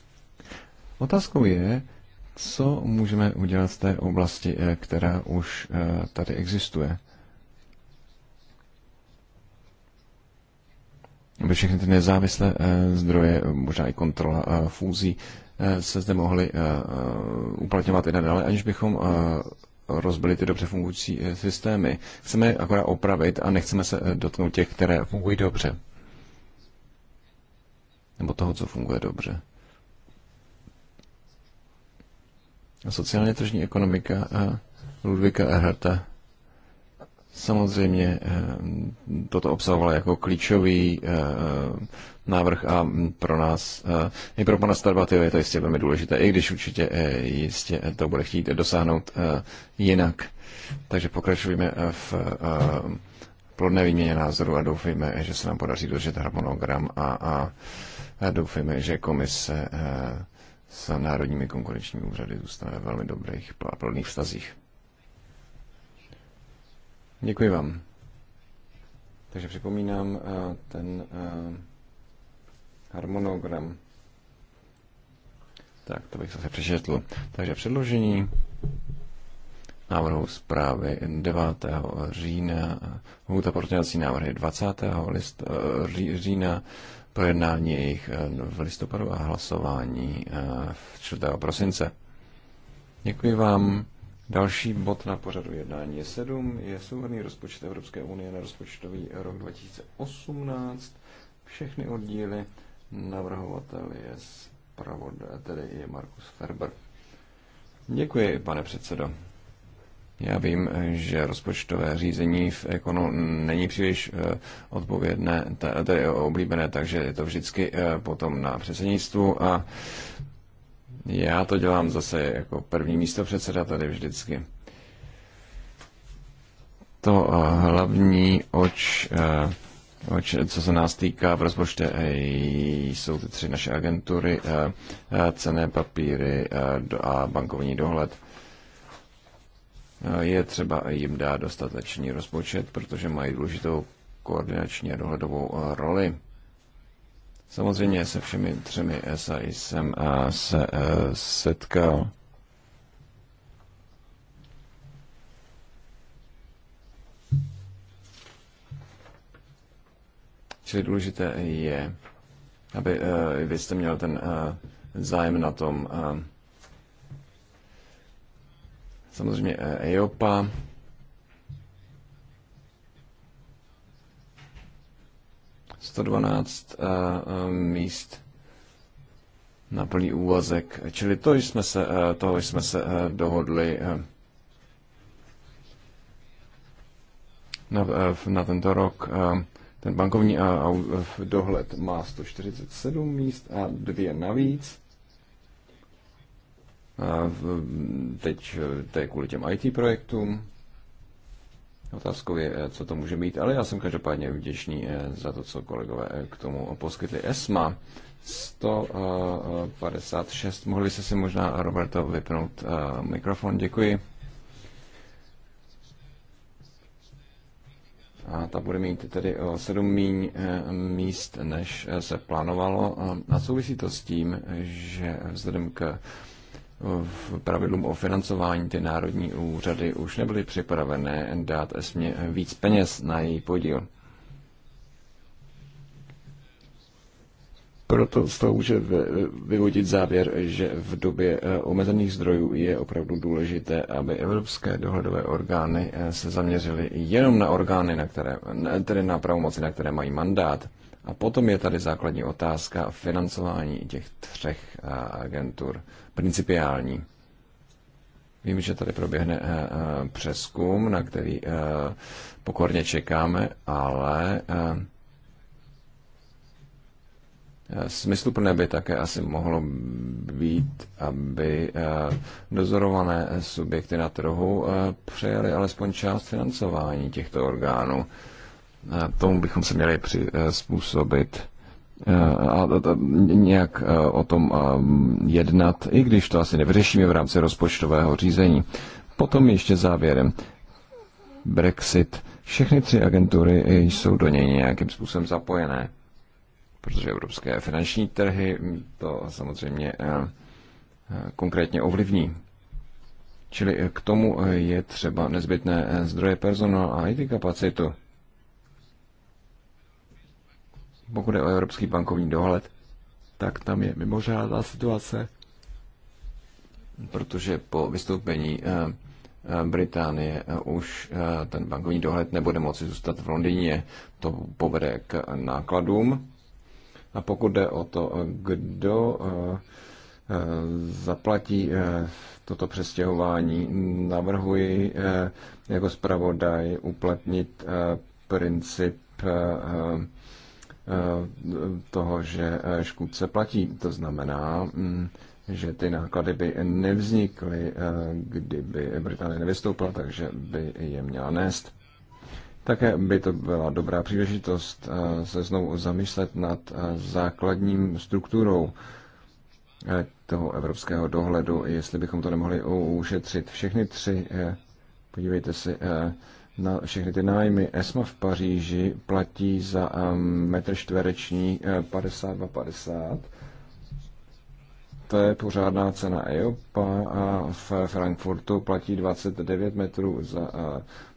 Otázkou je, co můžeme udělat z té oblasti, která už tady existuje. aby všechny ty nezávislé zdroje, možná i kontrola fúzí, Eh, se zde mohly eh, eh, uplatňovat i nadále, aniž bychom rozbili ty dobře fungující systémy. Chceme je akorát opravit a nechceme se dotknout těch, které fungují dobře. Nebo toho, co funguje dobře. Sociálně tržní ekonomika a Ludvika Erharta samozřejmě toto obsahovala jako klíčový návrh a pro nás, eh, i pro pana Starbatyho je to jistě velmi důležité, i když určitě eh, jistě to bude chtít dosáhnout eh, jinak. Takže pokračujeme v plodné výměně názoru a doufejme, že se nám podaří dodržet harmonogram a, a, a doufejme, že komise s národními konkurenčními úřady zůstane ve velmi dobrých a plodných vztazích. Děkuji vám. Takže připomínám ten harmonogram. Tak, to bych zase přečetl. Takže předložení návrhu zprávy 9. října, hůta pro návrhy 20. List, eh, října, projednání jejich eh, v listopadu a hlasování eh, v 4. prosince. Děkuji vám. Další bod na pořadu jednání je 7. Je souhrný rozpočet Evropské unie na rozpočtový rok 2018. Všechny oddíly. Navrhovatel je zpravodaj, tedy je Markus Ferber. Děkuji, pane předsedo. Já vím, že rozpočtové řízení v Ekonu není příliš eh, odpovědné, tedy oblíbené, takže je to vždycky eh, potom na předsednictvu a já to dělám zase jako první místo předseda tady vždycky. To eh, hlavní, oč co se nás týká v rozpočte, eh, jsou ty tři naše agentury, eh, eh, cené papíry a bankovní dohled. Je třeba jim dát dostatečný rozpočet, protože mají důležitou koordinační a dohledovou roli. Samozřejmě se všemi třemi SAI jsem se setkal. Čili důležité je, aby uh, vy jste měl ten uh, zájem na tom. Uh, samozřejmě uh, EOPA. Sto dvanáct uh, míst na plný úvazek. Čili to jsme se, uh, toho jsme se uh, dohodli uh, na, na tento rok. Uh, ten bankovní a dohled má 147 míst a dvě navíc. A teď to je kvůli těm IT projektům. Otázkou je, eh, co to může být? ale já jsem každopádně vděčný eh, za to, co kolegové eh, k tomu poskytli. ESMA 156. Mohli jste si možná, Roberto, vypnout mikrofon. Děkuji. a ta bude mít tedy o eh, sedm míň eh, míst, než eh, se plánovalo. A souvisí to s tím, že vzhledem k v pravidlům o financování ty národní úřady už nebyly připravené dát esmě víc peněz na její podíl. Proto z toho může vyvodit závěr, že v době eh, omezených zdrojů je opravdu důležité, aby evropské dohledové orgány eh, se zaměřily jenom na orgány, na které, tedy na pravomoci, na které mají mandát. A potom je tady základní otázka financování těch třech eh, agentur, principiální. Vím, že tady proběhne přeskum, na který pokorně čekáme, ale Eh, smysluplné by také asi mohlo být, aby eh, dozorované subjekty na trhu eh, přejeli alespoň část financování těchto orgánů. Tomu bychom se měli přizpůsobit a nějak o tom jednat, i když to asi nevyřešíme v rámci rozpočtového řízení. Potom ještě závěrem. Brexit. Všechny tři agentury jsou do něj nějakým způsobem zapojené protože evropské finanční trhy to samozřejmě eh, eh, konkrétně ovlivní. Čili k tomu eh, je třeba nezbytné zdroje personál a IT kapacitu. Pokud je o evropský bankovní dohled, tak tam je mimořádná situace, protože po vystoupení Británie už ten bankovní dohled nebude moci zůstat v Londýně. To povede k nákladům a pokud jde o to, kdo eh, eh, zaplatí eh, toto přestěhování, navrhuji jako zpravodaj uplatnit princip toho, že škůdce platí. To znamená, hm, že ty náklady by nevznikly, kdyby Británie nevystoupila, takže by je měla nést. Také by to byla dobrá příležitost eh, se znovu zamyslet nad eh, základním strukturou eh, toho evropského dohledu, jestli bychom to nemohli ušetřit. Všechny tři, podívejte si, na všechny ty nájmy. ESMA v Paříži platí za metr čtvereční 52,50 to je pořádná cena EOPA a v Frankfurtu platí 29, metrů za,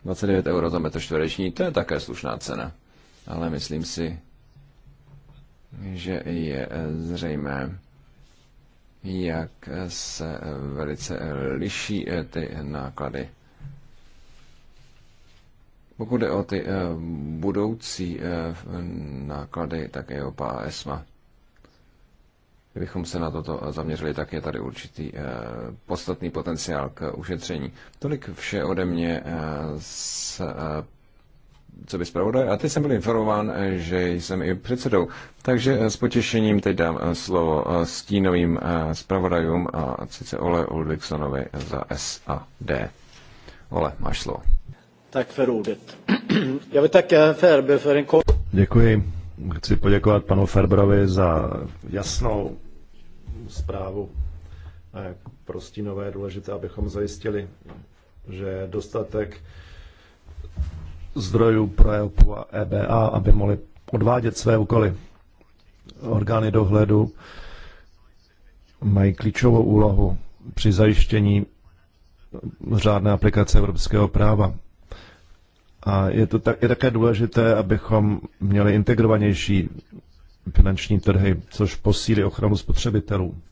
29 euro za metr čtvereční. To je také slušná cena. Ale myslím si, že je zřejmé, jak se velice liší ty náklady. Pokud jde o ty eh, budoucí eh, náklady, tak EOPA a ESMA Kdybychom se na toto zaměřili, tak je tady určitý eh, podstatný potenciál k ušetření. Tolik vše ode mě eh, s eh, co by zpravodaj. A teď jsem byl informován, že jsem i předsedou. Takže s potěšením teď dám slovo stínovým zpravodajům a sice Ole Ulriksonovi za SAD. Ole, máš slovo. Tak för Já bych také Ferber för Děkuji. Chci poděkovat panu Ferberovi za jasnou zprávu prostí je důležité, abychom zajistili, že dostatek zdrojů pro EOPu a EBA, aby mohli odvádět své úkoly. Orgány dohledu mají klíčovou úlohu při zajištění řádné aplikace evropského práva. A je, to tak, je také důležité, abychom měli integrovanější finanční trhy, což posílí ochranu spotřebitelů.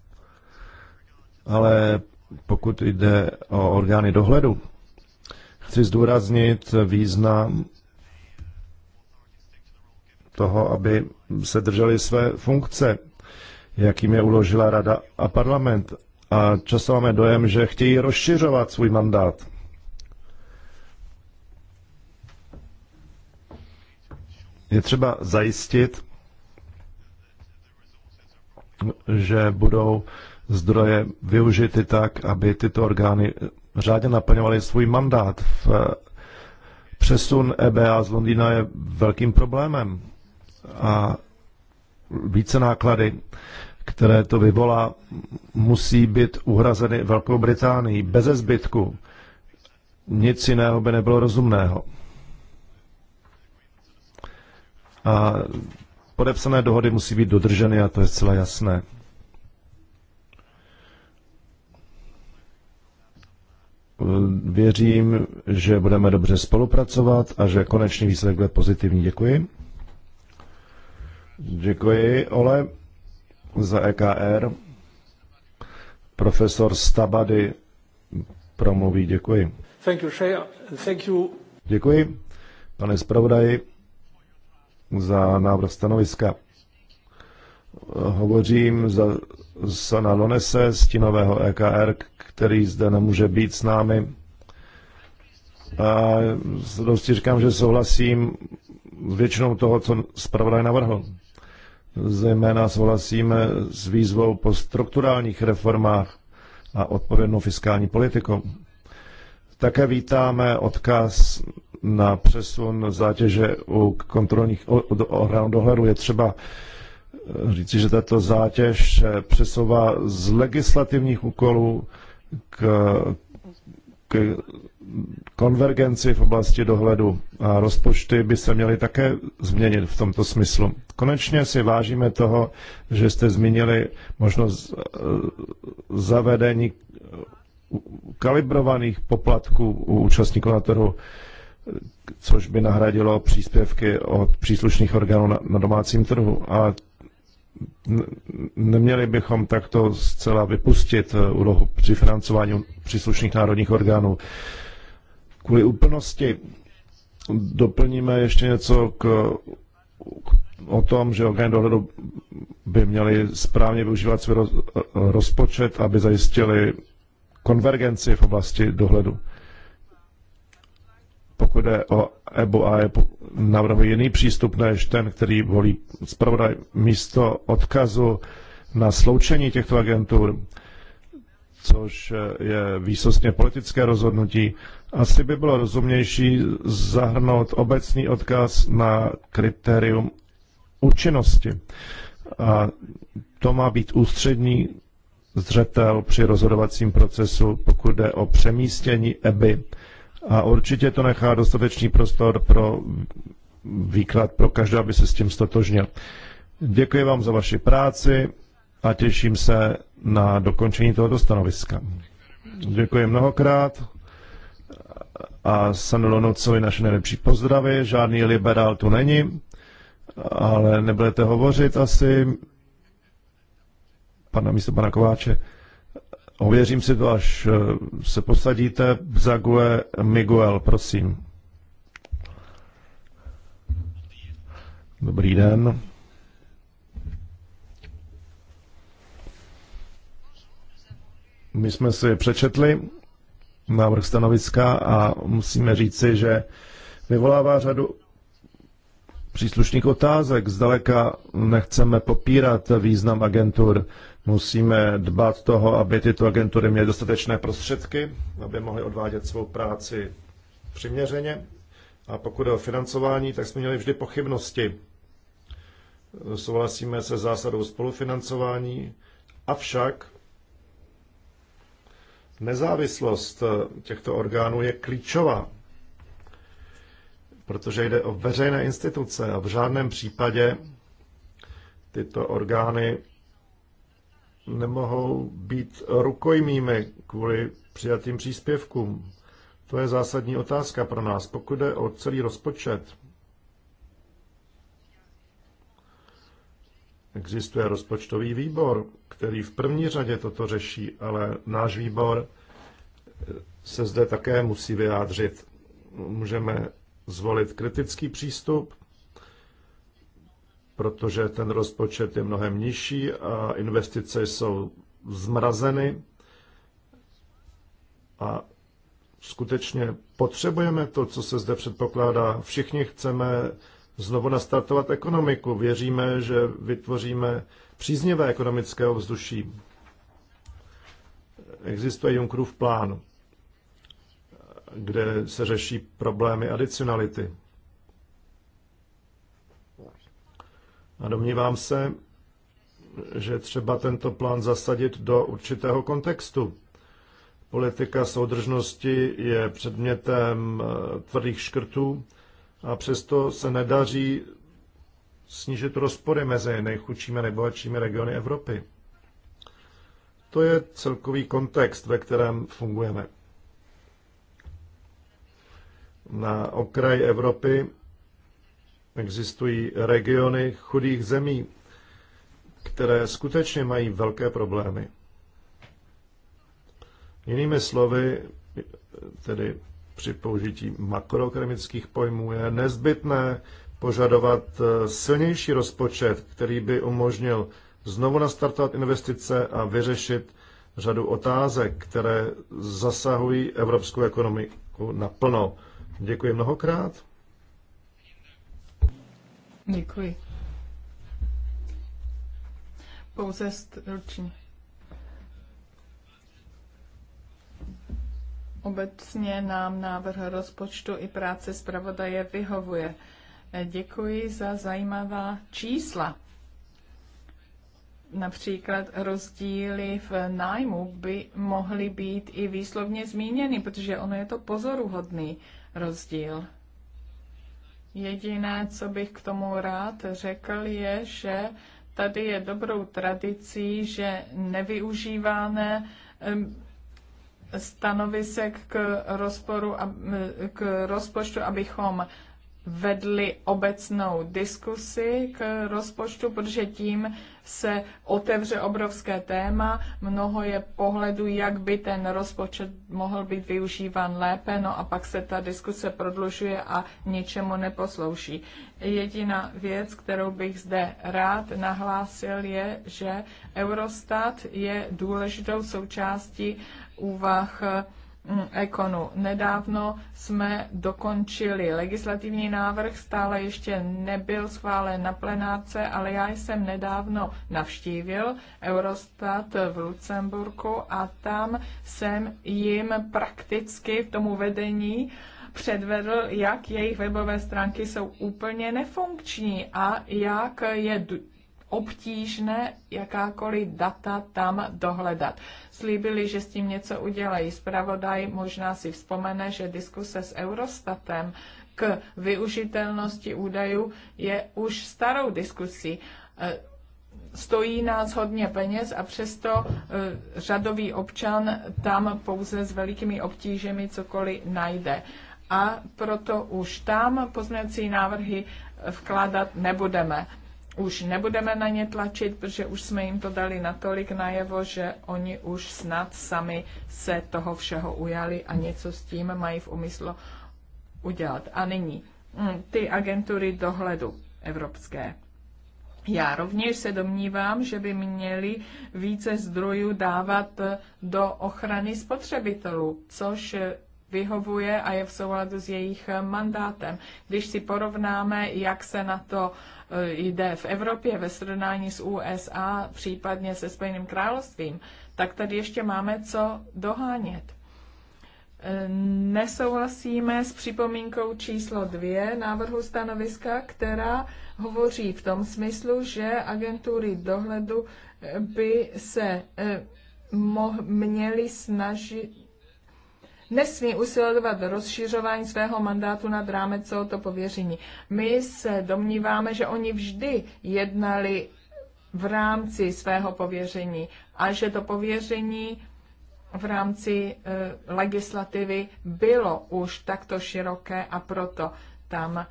Ale pokud jde o orgány dohledu, chci zdůraznit význam toho, aby se drželi své funkce, jakým je uložila Rada a parlament. A často máme dojem, že chtějí rozšiřovat svůj mandát. Je třeba zajistit, že budou zdroje využity tak, aby tyto orgány řádně naplňovaly svůj mandát. V eh, přesun EBA z Londýna je velkým problémem a více náklady, které to vyvolá, musí být uhrazeny Velkou Británií bez zbytku. Nic jiného by nebylo rozumného. A podepsané dohody musí být dodrženy a to je zcela jasné. Věřím, že budeme dobře spolupracovat a že konečný výsledek bude pozitivní. Děkuji. Děkuji, Ole, za EKR. Profesor Stabady promluví. Děkuji. Thank you, Thank you. Děkuji, pane zpravodaji za návrh stanoviska. Hovořím za Sana Lonese, stínového EKR, který zde nemůže být s námi. A s radostí říkám, že souhlasím s většinou toho, co zpravodaj navrhl. Zejména souhlasíme s výzvou po strukturálních reformách a odpovědnou fiskální politikou. Také vítáme odkaz na přesun zátěže u kontrolních orgánů dohledu. Je třeba eh, říci, že tato zátěž se přesouvá z legislativních úkolů k, k konvergenci v oblasti dohledu a rozpočty by se měly také změnit v tomto smyslu. Konečně si vážíme toho, že jste zmínili možnost eh, zavedení kalibrovaných poplatků u účastníků na trhu což by nahradilo příspěvky od příslušných orgánů na, na domácím trhu. A neměli bychom takto zcela vypustit eh, úlohu při financování příslušných národních orgánů. Kvůli úplnosti doplníme ještě něco k, o tom, že orgány dohledu by měli správně využívat svůj roz, rozpočet, aby zajistili konvergenci v oblasti dohledu pokud je o EBU a EBU, navrhuji jiný přístup než ten, který volí zpravodaj místo odkazu na sloučení těchto agentur, což je výsostně politické rozhodnutí. Asi by bylo rozumnější zahrnout obecný odkaz na kritérium účinnosti. A to má být ústřední zřetel při rozhodovacím procesu, pokud jde o přemístění EBY a určitě to nechá dostatečný prostor pro výklad pro každého, aby se s tím stotožnil. Děkuji vám za vaši práci a těším se na dokončení tohoto stanoviska. Děkuji mnohokrát a Sanu Lonocovi naše nejlepší pozdravy. Žádný liberál tu není, ale nebudete hovořit asi. Pana místo pana Kováče. Ověřím si to, až eh, se posadíte. Zague Miguel, prosím. Dobrý den. My jsme si přečetli návrh stanoviska a musíme říci, že vyvolává řadu příslušných otázek. Zdaleka nechceme popírat význam agentur Musíme dbát toho, aby tyto agentury měly dostatečné prostředky, aby mohly odvádět svou práci přiměřeně. A pokud je o financování, tak jsme měli vždy pochybnosti. Souhlasíme se zásadou spolufinancování, avšak nezávislost těchto orgánů je klíčová, protože jde o veřejné instituce a v žádném případě tyto orgány nemohou být rukojmími kvůli přijatým příspěvkům. To je zásadní otázka pro nás. Pokud jde o celý rozpočet, existuje rozpočtový výbor, který v první řadě toto řeší, ale náš výbor se zde také musí vyjádřit. Můžeme zvolit kritický přístup, protože ten rozpočet je mnohem nižší a investice jsou zmrazeny a skutečně potřebujeme to, co se zde předpokládá. Všichni chceme znovu nastartovat ekonomiku. Věříme, že vytvoříme příznivé ekonomické ovzduší. Existuje Junckerův plán, kde se řeší problémy adicionality. A domnívám se, že třeba tento plán zasadit do určitého kontextu. Politika soudržnosti je předmětem eh, tvrdých škrtů a přesto se nedaří snížit rozpory mezi nejchudšími a nejbohatšími regiony Evropy. To je celkový kontext, ve kterém fungujeme. Na okraji Evropy Existují regiony chudých zemí, které skutečně mají velké problémy. Jinými slovy, tedy při použití makroekonomických pojmů, je nezbytné požadovat eh, silnější rozpočet, který by umožnil znovu nastartovat investice a vyřešit řadu otázek, které zasahují evropskou ekonomiku naplno. Děkuji mnohokrát. Děkuji. Pouze stručně. Obecně nám návrh rozpočtu i práce zpravodaje vyhovuje. Děkuji za zajímavá čísla. Například rozdíly v nájmu by mohly být i výslovně zmíněny, protože ono je to pozoruhodný rozdíl. Jediné, co bych k tomu rád řekl, je, že tady je dobrou tradicí, že nevyužíváme stanovisek k, rozporu, k rozpočtu, abychom vedli obecnou diskusi k rozpočtu, protože tím se otevře obrovské téma. Mnoho je pohledů, jak by ten rozpočet mohl být využíván lépe, no a pak se ta diskuse prodlužuje a ničemu neposlouší. Jediná věc, kterou bych zde rád nahlásil, je, že Eurostat je důležitou součástí úvah Mm, ekonu. Nedávno jsme dokončili legislativní návrh, stále ještě nebyl schválen na plenáce, ale já jsem nedávno navštívil Eurostat v Lucemburku a tam jsem jim prakticky v tomu vedení předvedl, jak jejich webové stránky jsou úplně nefunkční a jak je obtížné jakákoliv data tam dohledat. Slíbili, že s tím něco udělají. Spravodaj možná si vzpomene, že diskuse s Eurostatem k využitelnosti údajů je už starou diskusí. E, stojí nás hodně peněz a přesto e, řadový občan tam pouze s velikými obtížemi cokoliv najde. A proto už tam pozměňovací návrhy vkládat nebudeme už nebudeme na ně tlačit, protože už jsme jim to dali natolik najevo, že oni už snad sami se toho všeho ujali a něco s tím mají v úmyslu udělat. A nyní mm, ty agentury dohledu evropské. Já rovněž se domnívám, že by měli více zdrojů dávat do ochrany spotřebitelů, což vyhovuje a je v souladu s jejich mandátem. Když si porovnáme, jak se na to Eh, jde v Evropě ve srovnání s USA, případně se Spojeným královstvím, tak tady ještě máme co dohánět. Eh, nesouhlasíme s připomínkou číslo dvě návrhu stanoviska, která hovoří v tom smyslu, že agentury dohledu by se eh, moh, měly snažit, nesmí usilovat rozšiřování svého mandátu nad rámec tohoto pověření. My se domníváme, že oni vždy jednali v rámci svého pověření a že to pověření v rámci e, legislativy bylo už takto široké a proto tam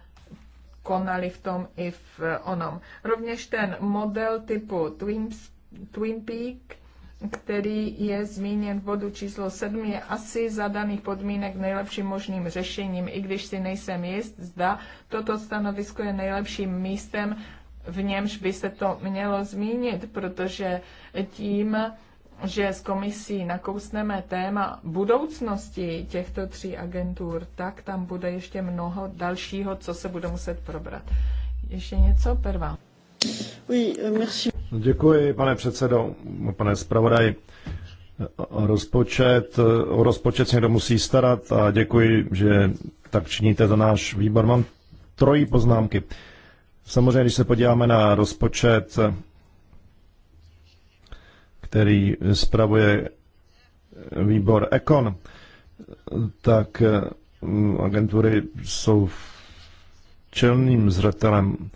konali v tom i v onom. Rovněž ten model typu Twin, Twin Peak který je zmíněn v bodu číslo 7, je asi za daných podmínek nejlepším možným řešením, i když si nejsem jist, zda toto stanovisko je nejlepším místem, v němž by se to mělo zmínit, protože tím, že s komisí nakousneme téma budoucnosti těchto tří agentur, tak tam bude ještě mnoho dalšího, co se bude muset probrat. Ještě něco, Perva? Euh, děkuji, pane předsedo, pane zpravodaj. Rozpočet, o rozpočet se někdo musí starat a děkuji, že tak činíte za náš výbor. Mám trojí poznámky. Samozřejmě, když se podíváme na rozpočet, který spravuje výbor Econ, tak eh, agentury jsou čelným zřetelem.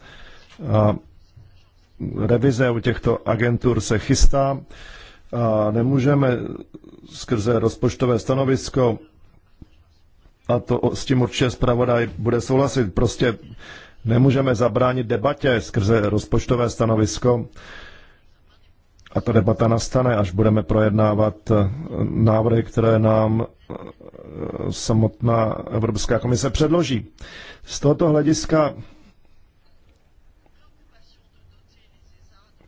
A revize u těchto agentur se chystá a nemůžeme skrze rozpočtové stanovisko a to s tím určitě zpravodaj bude souhlasit. Prostě nemůžeme zabránit debatě skrze rozpočtové stanovisko a ta debata nastane, až budeme projednávat eh, návrhy, které nám eh, samotná Evropská komise předloží. Z tohoto hlediska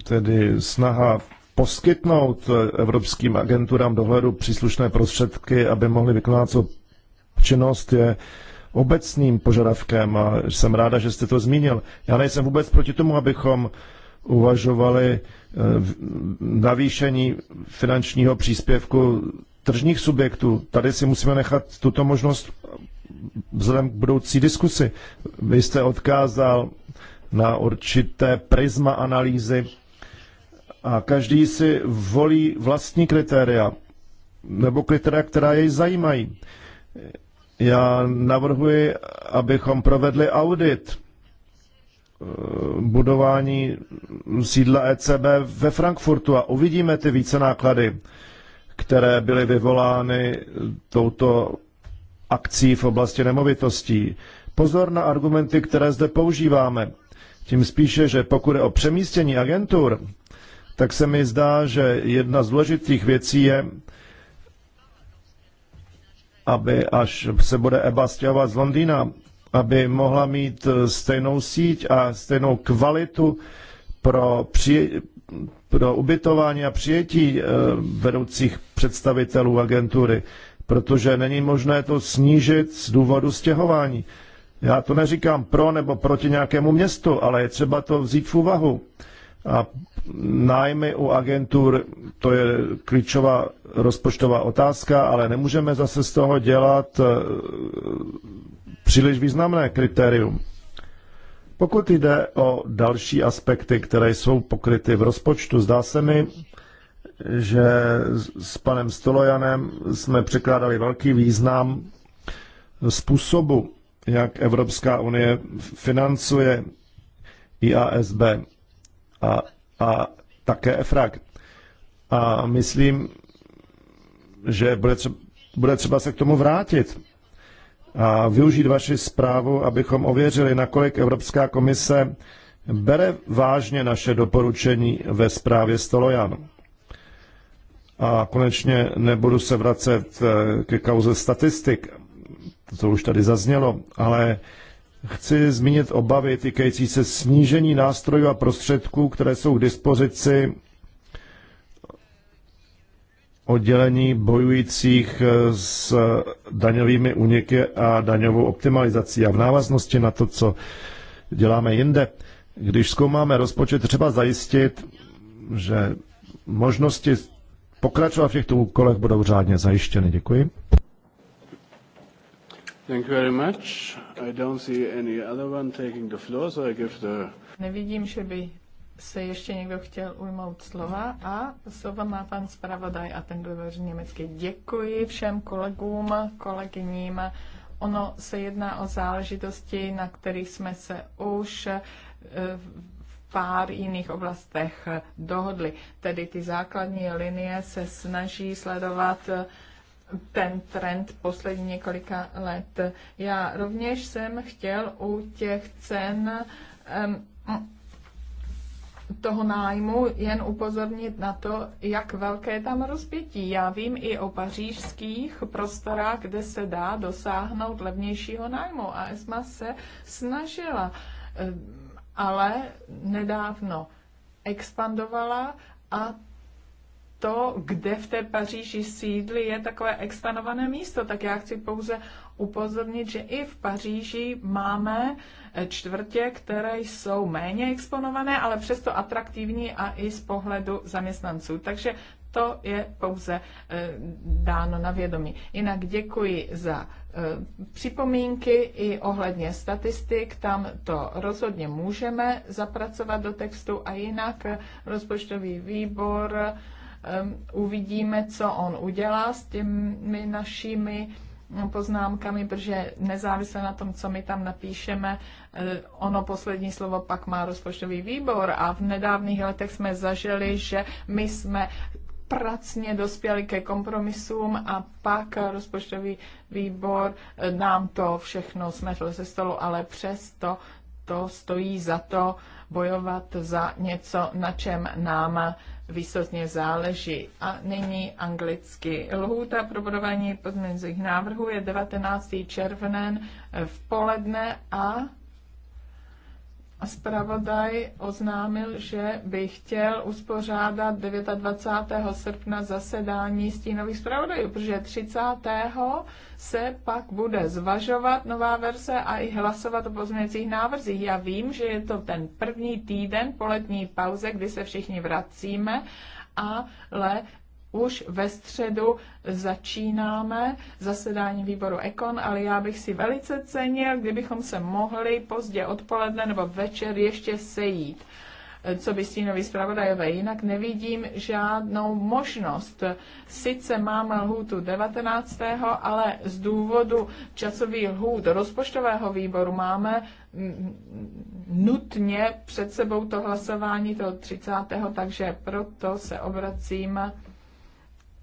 tedy snaha poskytnout evropským agenturám dohledu příslušné prostředky, aby mohli vykonávat co činnost, je obecným požadavkem a jsem ráda, že jste to zmínil. Já nejsem vůbec proti tomu, abychom uvažovali eh, navýšení finančního příspěvku tržních subjektů. Tady si musíme nechat tuto možnost vzhledem k budoucí diskusi. Vy jste odkázal na určité prisma analýzy a každý si volí vlastní kritéria nebo kritéria, která jej zajímají. Já navrhuji, abychom provedli audit eh, budování sídla ECB ve Frankfurtu a uvidíme ty více náklady, které byly vyvolány touto akcí v oblasti nemovitostí. Pozor na argumenty, které zde používáme. Tím spíše, že pokud je o přemístění agentur, tak se mi zdá, že jedna z důležitých věcí je, aby až se bude EBA stěhovat z Londýna, aby mohla mít stejnou síť a stejnou kvalitu pro, při, pro ubytování a přijetí eh, vedoucích představitelů agentury, protože není možné to snížit z důvodu stěhování. Já to neříkám pro nebo proti nějakému městu, ale je třeba to vzít v úvahu. A nájmy u agentur, to je klíčová rozpočtová otázka, ale nemůžeme zase z toho dělat eh, příliš významné kritérium. Pokud jde o další aspekty, které jsou pokryty v rozpočtu, zdá se mi, že s panem Stolojanem jsme překládali velký význam způsobu, jak Evropská unie financuje IASB a, a také EFRAG. A myslím, že bude třeba, bude třeba se k tomu vrátit a využít vaši zprávu, abychom ověřili, nakolik Evropská komise bere vážně naše doporučení ve zprávě Stolojan. A konečně nebudu se vracet eh, ke kauze statistik, to už tady zaznělo, ale chci zmínit obavy týkající se snížení nástrojů a prostředků, které jsou k dispozici oddělení bojujících s daňovými úniky a daňovou optimalizací. A v návaznosti na to, co děláme jinde, když zkoumáme rozpočet, třeba zajistit, že možnosti pokračovat v těchto úkolech budou řádně zajištěny. Děkuji. Thank you very much. I don't see any other one taking the floor, so I give the... Nevidím, že by se ještě někdo chtěl ujmout slova a slova má pan zpravodaj a ten hovoří německy. Děkuji všem kolegům, kolegyním. Ono se jedná o záležitosti, na kterých jsme se už eh, v pár jiných oblastech dohodli. Tedy ty základní linie se snaží sledovat eh, ten trend poslední několika let. Já rovněž jsem chtěl u těch cen um, toho nájmu jen upozornit na to, jak velké je tam rozpětí. Já vím i o pařížských prostorách, kde se dá dosáhnout levnějšího nájmu a ESMA se snažila, ale nedávno expandovala a to, kde v té Paříži sídlí, je takové expanované místo, tak já chci pouze upozornit, že i v Paříži máme eh, čtvrtě, které jsou méně exponované, ale přesto atraktivní a i z pohledu zaměstnanců. Takže to je pouze eh, dáno na vědomí. Jinak děkuji za eh, připomínky i ohledně statistik, tam to rozhodně můžeme zapracovat do textu a jinak rozpočtový výbor Uvidíme, co on udělá s těmi našimi poznámkami, protože nezávisle na tom, co my tam napíšeme, eh, ono poslední slovo pak má rozpočtový výbor a v nedávných letech jsme zažili, že my jsme pracně dospěli ke kompromisům a pak rozpočtový výbor eh, nám to všechno smetl ze stolu, ale přesto to stojí za to bojovat za něco, na čem nám výsostně záleží. A nyní anglicky. Lhůta pro podávání pozměňovacích návrhů je 19. červnen v poledne a zpravodaj oznámil, že by chtěl uspořádat 29. srpna zasedání stínových zpravodajů, protože 30. se pak bude zvažovat nová verze a i hlasovat o pozměňovacích návrzích. Já vím, že je to ten první týden po letní pauze, kdy se všichni vracíme, ale už ve středu začínáme zasedání výboru Ekon, ale já bych si velice cenil, kdybychom se mohli pozdě odpoledne nebo večer ještě sejít co by stínový zpravodajové. Jinak nevidím žádnou možnost. Sice máme lhůtu 19., ale z důvodu časový lhůt rozpočtového výboru máme mm, mm, nutně před sebou to hlasování toho 30., takže proto se obracím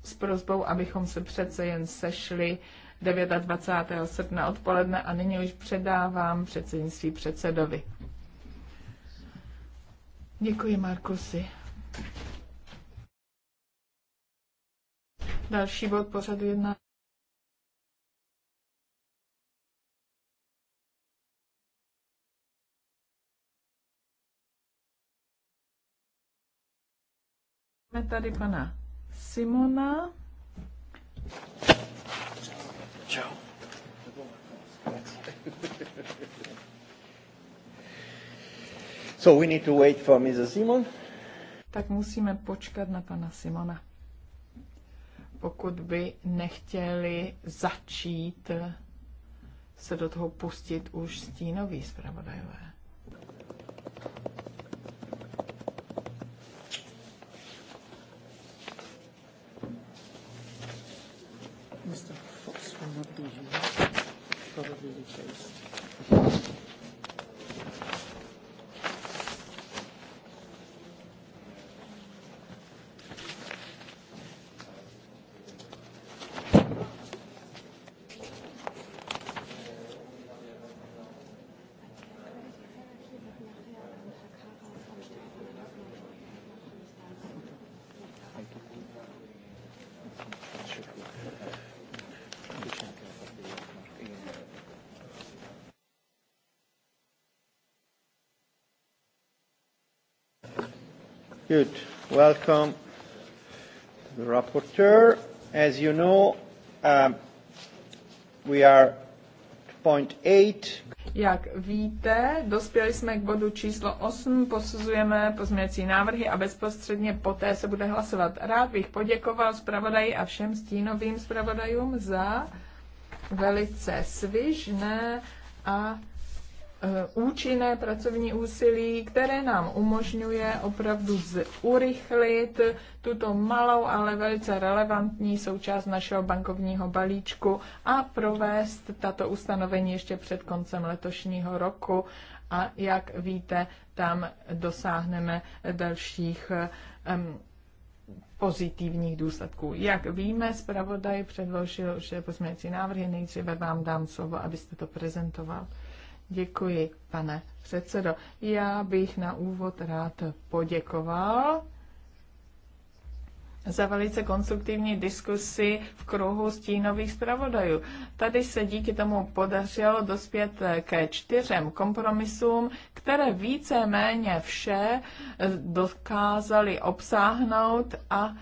s prozbou, abychom se přece jen sešli 29. srpna odpoledne a nyní už předávám předsednictví předsedovi. Děkuji, Markusy. Další bod pořadu jedna. tady pana Simona. Čau. So we need to wait for Mrs. Simon. Tak musíme počkat na pana Simona. Pokud by nechtěli začít se do toho pustit už stínoví zpravodajové. to the case. Good. Welcome, the rapporteur. As you know, um, we are point eight. Jak víte, dospěli jsme k bodu číslo 8, posuzujeme pozměňovací návrhy a bezprostředně poté se bude hlasovat. Rád bych poděkoval zpravodaji a všem stínovým zpravodajům za velice svižné a Eh, účinné pracovní úsilí, které nám umožňuje opravdu urychlit tuto malou, ale velice relevantní součást našeho bankovního balíčku a provést tato ustanovení ještě před koncem letošního roku. A jak víte, tam dosáhneme dalších um, pozitivních důsledků. Jak víme, zpravodaj předložil, že pozměňující návrhy nejdříve vám dám slovo, abyste to prezentoval. Děkuji, pane předsedo. Já bych na úvod rád poděkoval za velice konstruktivní diskusi v kruhu stínových zpravodajů. Tady se díky tomu podařilo dospět ke čtyřem kompromisům, které více méně vše dokázali obsáhnout a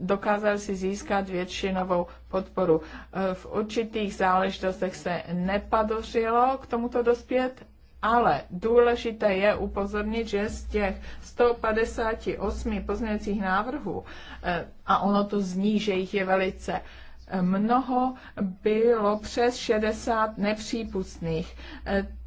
dokázal si získat většinovou podporu. E, v určitých záležitostech se nepadořilo k tomuto dospět, ale důležité je upozornit, že z těch 158 pozměňovacích návrhů, e, a ono to zní, že jich je velice, Mnoho bylo přes 60 nepřípustných.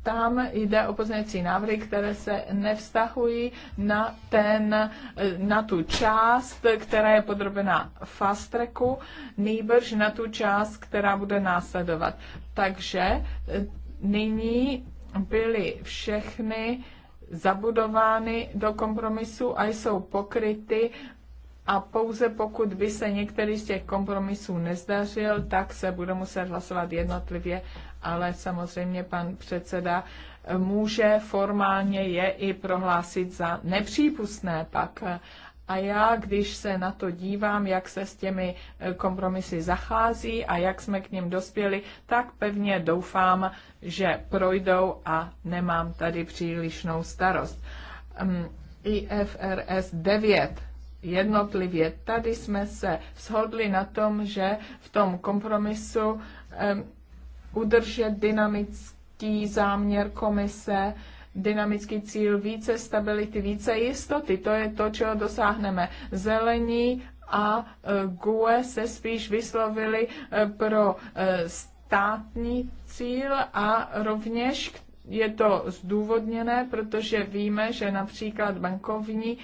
Tam jde o pozměňovací návrhy, které se nevztahují na, ten, na tu část, která je podrobená fast tracku, nejbrž na tu část, která bude následovat. Takže e, nyní byly všechny zabudovány do kompromisu a jsou pokryty a pouze pokud by se některý z těch kompromisů nezdařil, tak se bude muset hlasovat jednotlivě, ale samozřejmě pan předseda může formálně je i prohlásit za nepřípustné pak. A já, když se na to dívám, jak se s těmi e, kompromisy zachází a jak jsme k ním dospěli, tak pevně doufám, že projdou a nemám tady přílišnou starost. Mm, IFRS 9 jednotlivě. Tady jsme se shodli na tom, že v tom kompromisu um, udržet dynamický záměr komise, dynamický cíl více stability, více jistoty. To je to, čeho dosáhneme. Zelení a e, GUE se spíš vyslovili e, pro e, státní cíl a rovněž je to zdůvodněné, protože víme, že například bankovní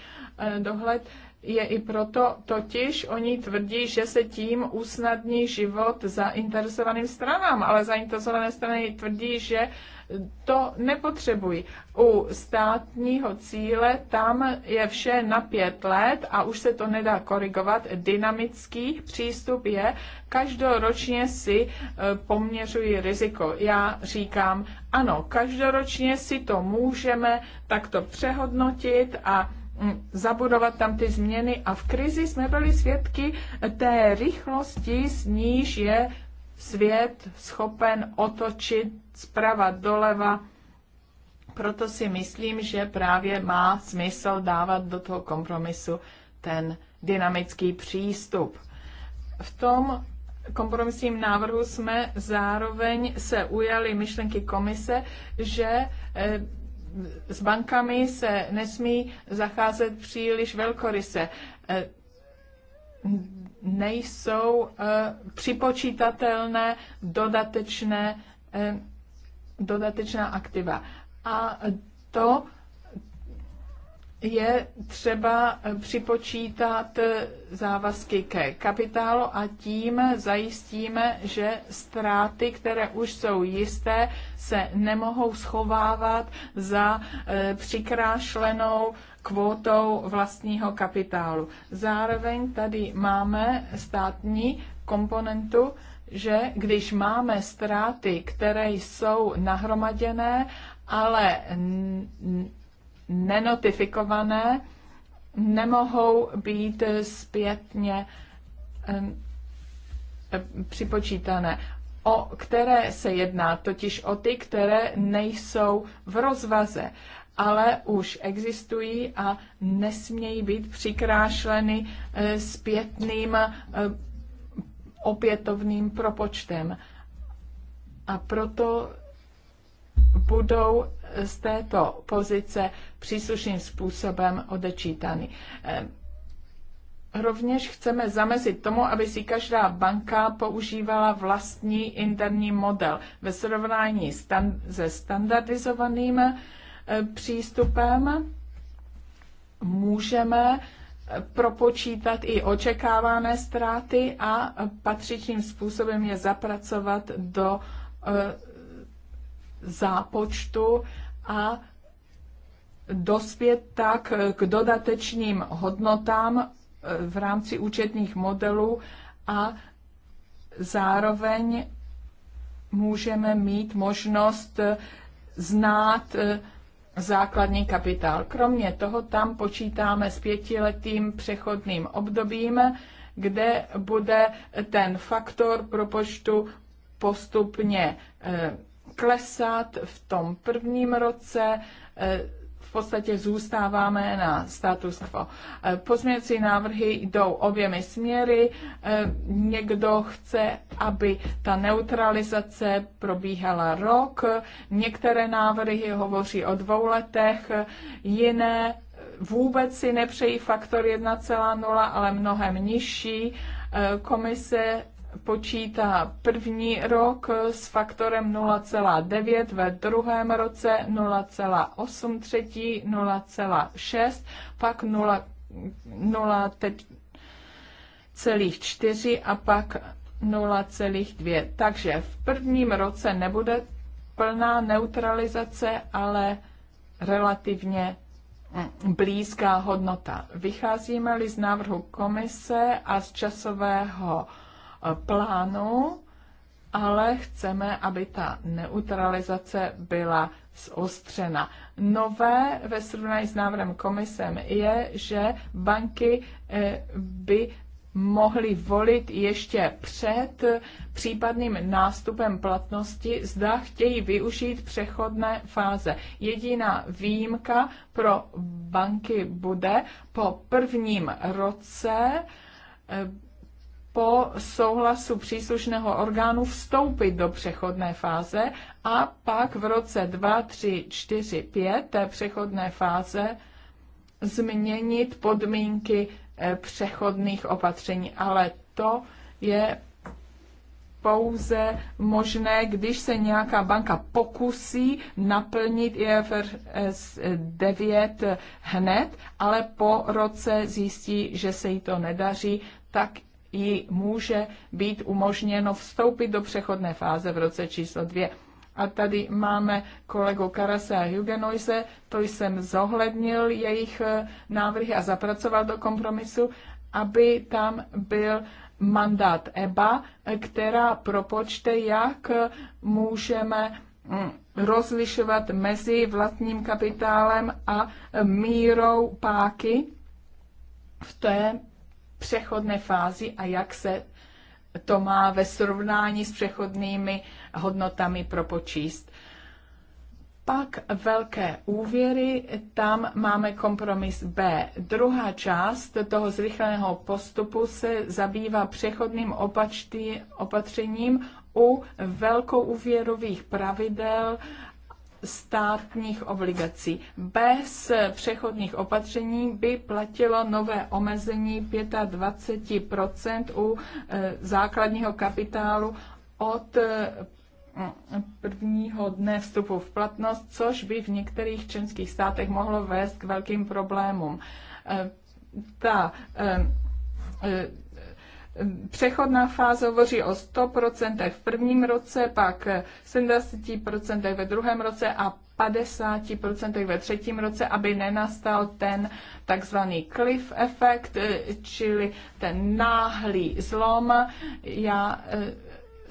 dohled je i proto totiž, oni tvrdí, že se tím usnadní život zainteresovaným stranám, ale zainteresované strany tvrdí, že to nepotřebují. U státního cíle tam je vše na pět let a už se to nedá korigovat. Dynamický přístup je, každoročně si e, poměřují riziko. Já říkám, ano, každoročně si to můžeme takto přehodnotit a zabudovat tam ty změny a v krizi jsme byli svědky té rychlosti, s níž je svět schopen otočit zprava doleva. Proto si myslím, že právě má smysl dávat do toho kompromisu ten dynamický přístup. V tom kompromisním návrhu jsme zároveň se ujali myšlenky komise, že eh, s bankami se nesmí zacházet příliš velkoryse. E, nejsou e, připočítatelné dodatečné, e, dodatečná aktiva. A to je třeba eh, připočítat eh, závazky ke kapitálu a tím zajistíme, že ztráty, které už jsou jisté, se nemohou schovávat za eh, přikrášlenou kvótou vlastního kapitálu. Zároveň tady máme státní komponentu, že když máme ztráty, které jsou nahromaděné, ale nenotifikované nemohou být zpětně připočítané, o které se jedná, totiž o ty, které nejsou v rozvaze, ale už existují a nesmějí být přikrášleny eh, zpětným eh, opětovným propočtem. A proto budou z této pozice příslušným způsobem odečítány. Ehm, rovněž chceme zamezit tomu, aby si každá banka používala vlastní interní model ve srovnání stan- se standardizovaným eh, přístupem. Můžeme eh, propočítat i očekávané ztráty a patřičným způsobem je zapracovat do eh, zápočtu a dospět tak k dodatečným hodnotám eh, v rámci účetních modelů a zároveň můžeme mít možnost eh, znát eh, základní kapitál. Kromě toho tam počítáme s pětiletým přechodným obdobím, kde bude ten faktor propočtu postupně klesat v tom prvním roce, eh, v podstatě zůstáváme na status quo. Eh, pozměňovací návrhy jdou oběmi směry. Eh, někdo chce, aby ta neutralizace probíhala rok, některé návrhy hovoří o dvou letech, jiné vůbec si nepřejí faktor 1,0, ale mnohem nižší. Komise počítá první rok s faktorem 0,9, ve druhém roce 0,8, třetí 0,6, pak 0,4 celých a pak 0,2. Takže v prvním roce nebude plná neutralizace, ale relativně mm, blízká hodnota. Vycházíme-li z návrhu komise a z časového plánu, ale chceme, aby ta neutralizace byla zostřena. Nové ve srovnání s návrhem komisem je, že banky eh, by mohli volit ještě před případným nástupem platnosti, zda chtějí využít přechodné fáze. Jediná výjimka pro banky bude po prvním roce eh, po souhlasu příslušného orgánu vstoupit do přechodné fáze a pak v roce 2, 3, 4, 5 té přechodné fáze změnit podmínky eh, přechodných opatření. Ale to je pouze možné, když se nějaká banka pokusí naplnit IFRS 9 hned, ale po roce zjistí, že se jí to nedaří, tak jí může být umožněno vstoupit do přechodné fáze v roce číslo dvě A tady máme kolegu Karase a Hugenoise, to jsem zohlednil jejich eh, návrhy a zapracoval do kompromisu, aby tam byl mandát EBA, eh, která propočte, jak eh, můžeme mm, rozlišovat mezi vlastním kapitálem a mírou páky v té přechodné fázi a jak se to má ve srovnání s přechodnými hodnotami propočíst. Pak velké úvěry, tam máme kompromis B. Druhá část toho zrychleného postupu se zabývá přechodným opačtý, opatřením u velkou úvěrových pravidel státních obligací. Bez přechodných opatření by platilo nové omezení 25 u eh, základního kapitálu od eh, prvního dne vstupu v platnost, což by v některých členských státech mohlo vést k velkým problémům. Eh, ta Přechodná fáze hovoří o 100% v prvním roce, pak 70% ve druhém roce a 50% ve třetím roce, aby nenastal ten takzvaný cliff efekt, eh, čili ten náhlý zlom. Já eh,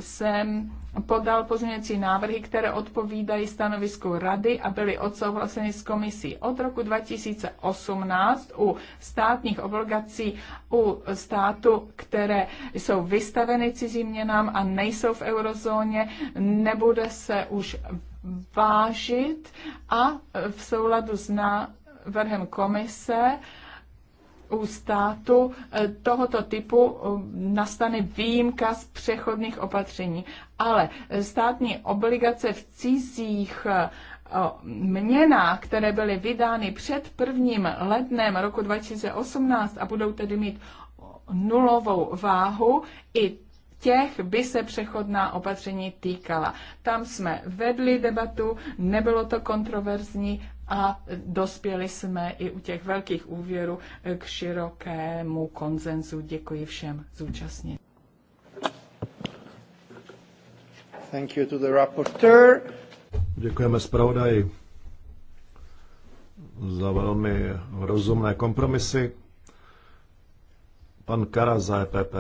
jsem podal pozměňovací návrhy, které odpovídají stanovisku Rady a byly odsouhlaseny s komisí. Od roku 2018 u státních obligací u státu, které jsou vystaveny cizím měnám a nejsou v eurozóně, nebude se už vážit a v souladu s návrhem komise u státu eh, tohoto typu eh, nastane výjimka z přechodných opatření. Ale eh, státní obligace v cizích měnách, které byly vydány před prvním lednem roku 2018 a budou tedy mít nulovou váhu, i těch by se přechodná opatření týkala. Tam jsme vedli debatu, nebylo to kontroverzní a dospěli jsme i u těch velkých úvěrů k širokému konzenzu. Děkuji všem zúčastněným. Thank you to the rapporteur. Děkujeme zpravodaji za velmi rozumné kompromisy. Pan Kara za EPP.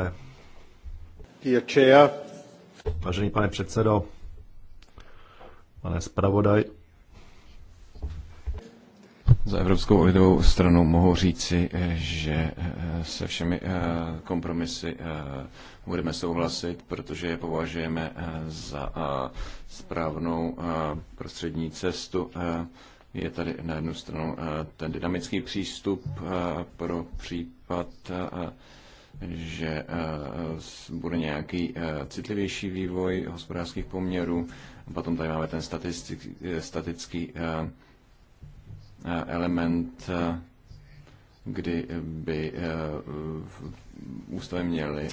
Vážený pane předsedo, pane zpravodaj, za Evropskou lidovou stranu mohu říci, že eh, se všemi eh, kompromisy eh, budeme souhlasit, protože je považujeme za správnou prostřední cestu. Je tady na jednu stranu ten dynamický přístup pro případ, že bude nějaký citlivější vývoj hospodářských poměrů. Potom tady máme ten statický, statický Eh, element, eh, kdy by eh, ústavy měly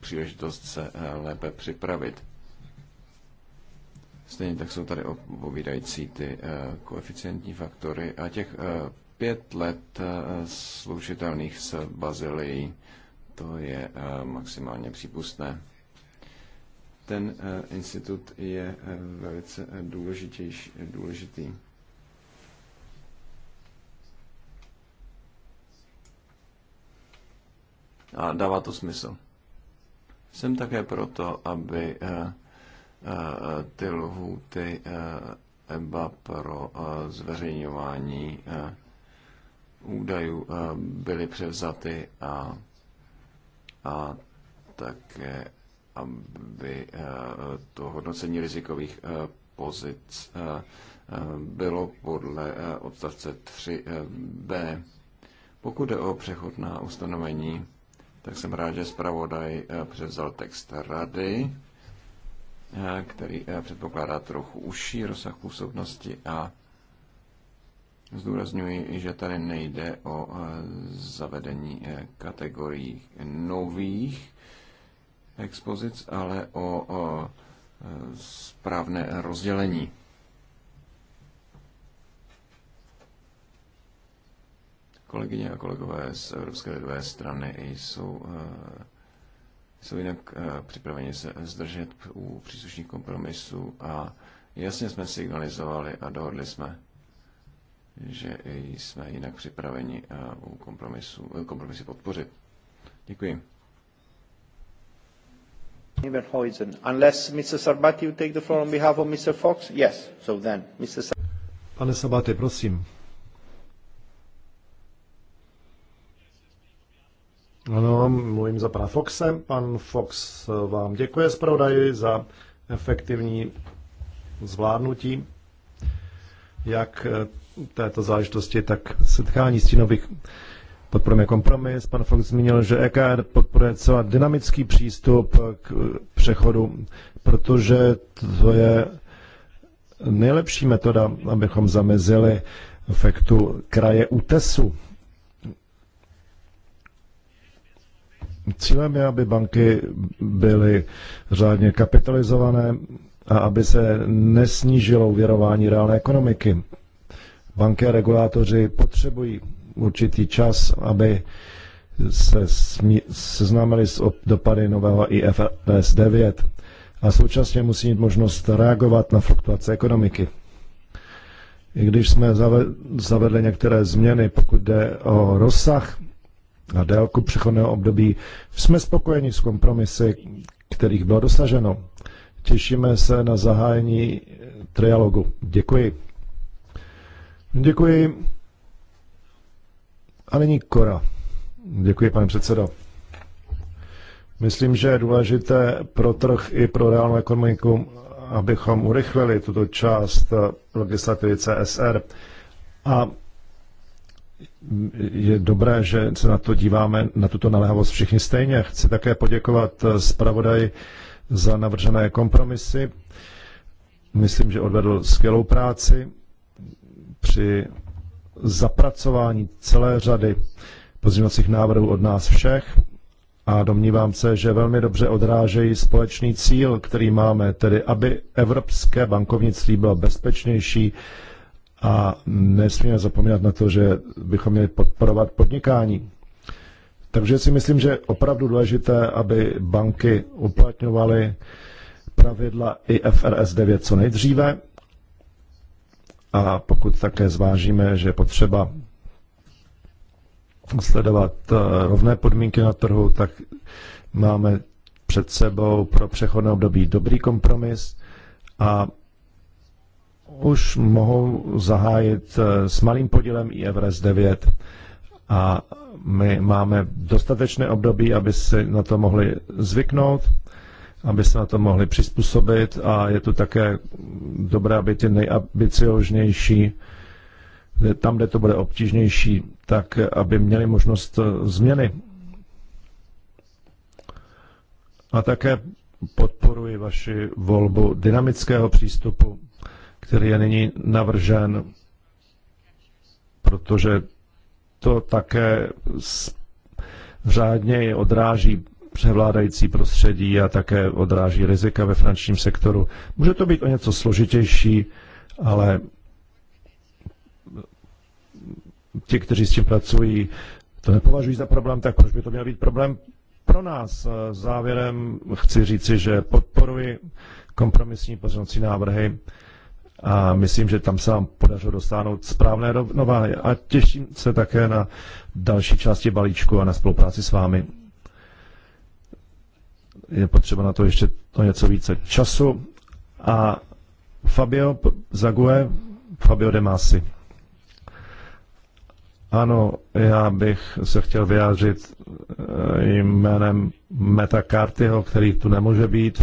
příležitost se lépe připravit. Stejně tak jsou tady opovídající ty koeficientní faktory a těch pět let slušitelných s Bazilií, to je maximálně přípustné. Ten institut je velice důležitější, důležitý. A dává to smysl. Jsem také proto, aby eh, eh, ty lhůty eh, EBA pro zveřejňování údajů byly převzaty a, a také, aby to hodnocení rizikových pozic bylo podle odstavce 3b. Pokud jde o přechodná ustanovení, tak jsem rád, že zpravodaj eh, převzal text rady, eh, který eh, předpokládá trochu užší rozsah působnosti a zdůrazňuji, že tady nejde o zavedení kategorií nových expozic, ale o správné rozdělení. Kolegyně a kolegové z Evropské lidové strany jsou, eh, jsou jinak eh, připraveni se zdržet u příslušných kompromisů a jasně jsme signalizovali a dohodli jsme, že jsme jinak připraveni eh, u kompromisu, kompromisy podpořit. Děkuji. Unless Mr. take the floor on behalf of Mr. Fox? Yes. So then, Mr. Pane Sabaty, prosím. Ano, mluvím za pana Foxe. Pan Fox vám děkuje zpravodaji za efektivní zvládnutí jak eh, této záležitosti, tak setkání stínových. Podporujeme kompromis. Pan Fox zmínil, že EKR podporuje celá dynamický přístup k eh, přechodu, protože to je nejlepší metoda, abychom zamezili efektu kraje útesu Cílem je, aby banky byly řádně kapitalizované a aby se nesnížilo uvěrování reálné ekonomiky. Banky a regulátoři potřebují určitý čas, aby se seznámili s dopady nového IFRS 9 a současně musí mít možnost reagovat na fluktuace ekonomiky. I když jsme zavedli některé změny, pokud jde o rozsah na délku přechodného období. Jsme spokojeni s kompromisy, kterých bylo dosaženo. Těšíme se na zahájení eh, trialogu. Děkuji. Děkuji. A nyní Kora. Děkuji, pane předsedo. Myslím, že je důležité pro trh i pro reálnou ekonomiku, abychom urychlili tuto část eh, legislativy CSR. A je dobré, že se na to díváme, na tuto naléhavost všichni stejně. Chci také poděkovat eh, zpravodaji za navržené kompromisy. Myslím, že odvedl skvělou práci při zapracování celé řady pozměňovacích návrhů od nás všech a domnívám se, že velmi dobře odrážejí společný cíl, který máme, tedy aby evropské bankovnictví bylo bezpečnější, a nesmíme zapomínat na to, že bychom měli podporovat podnikání. Takže si myslím, že je opravdu důležité, aby banky uplatňovaly pravidla IFRS 9 co nejdříve. A pokud také zvážíme, že je potřeba sledovat eh, rovné podmínky na trhu, tak máme před sebou pro přechodné období dobrý kompromis a už mohou zahájit eh, s malým podílem i Everest 9 a my máme dostatečné období, aby si na to mohli zvyknout, aby se na to mohli přizpůsobit a je to také dobré, aby ty nejambicioznější, tam, kde to bude obtížnější, tak aby měli možnost eh, změny. A také podporuji vaši volbu dynamického přístupu který je nyní navržen, protože to také řádně odráží převládající prostředí a také odráží rizika ve finančním sektoru. Může to být o něco složitější, ale ti, kteří s tím pracují, to nepovažují za problém, tak proč by to měl být problém pro nás? Závěrem chci říci, že podporuji kompromisní pozornosti návrhy a myslím, že tam se vám podařilo dostáhnout správné rovnováhy a těším se také na další části balíčku a na spolupráci s vámi. Je potřeba na to ještě to něco více času a Fabio Zague, Fabio De Masi. Ano, já bych se chtěl vyjádřit eh, jménem Meta Cartyho, který tu nemůže být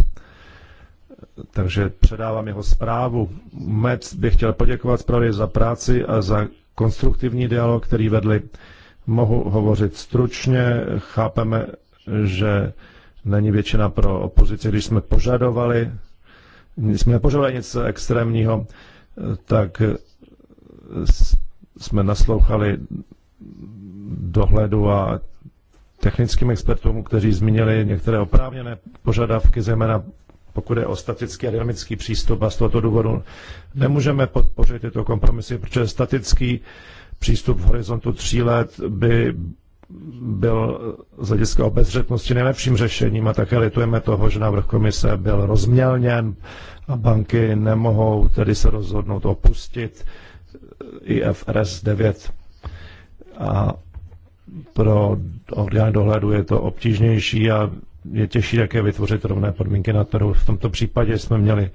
takže předávám jeho zprávu. Mec bych chtěl poděkovat zprávě za práci a za konstruktivní dialog, který vedli. Mohu hovořit stručně, chápeme, že není většina pro opozici, když jsme požadovali, jsme nepožadovali nic extrémního, tak jsme naslouchali dohledu a technickým expertům, kteří zmínili některé oprávněné požadavky, zejména pokud je o statický a dynamický přístup a z tohoto důvodu nemůžeme podpořit tyto kompromisy, protože statický přístup v horizontu tří let by byl z hlediska obezřetnosti nejlepším řešením a také litujeme toho, že návrh komise byl rozmělněn a banky nemohou tedy se rozhodnout opustit IFRS 9. A pro orgány dohledu je to obtížnější a je těžší také vytvořit rovné podmínky na trhu. V tomto případě jsme měli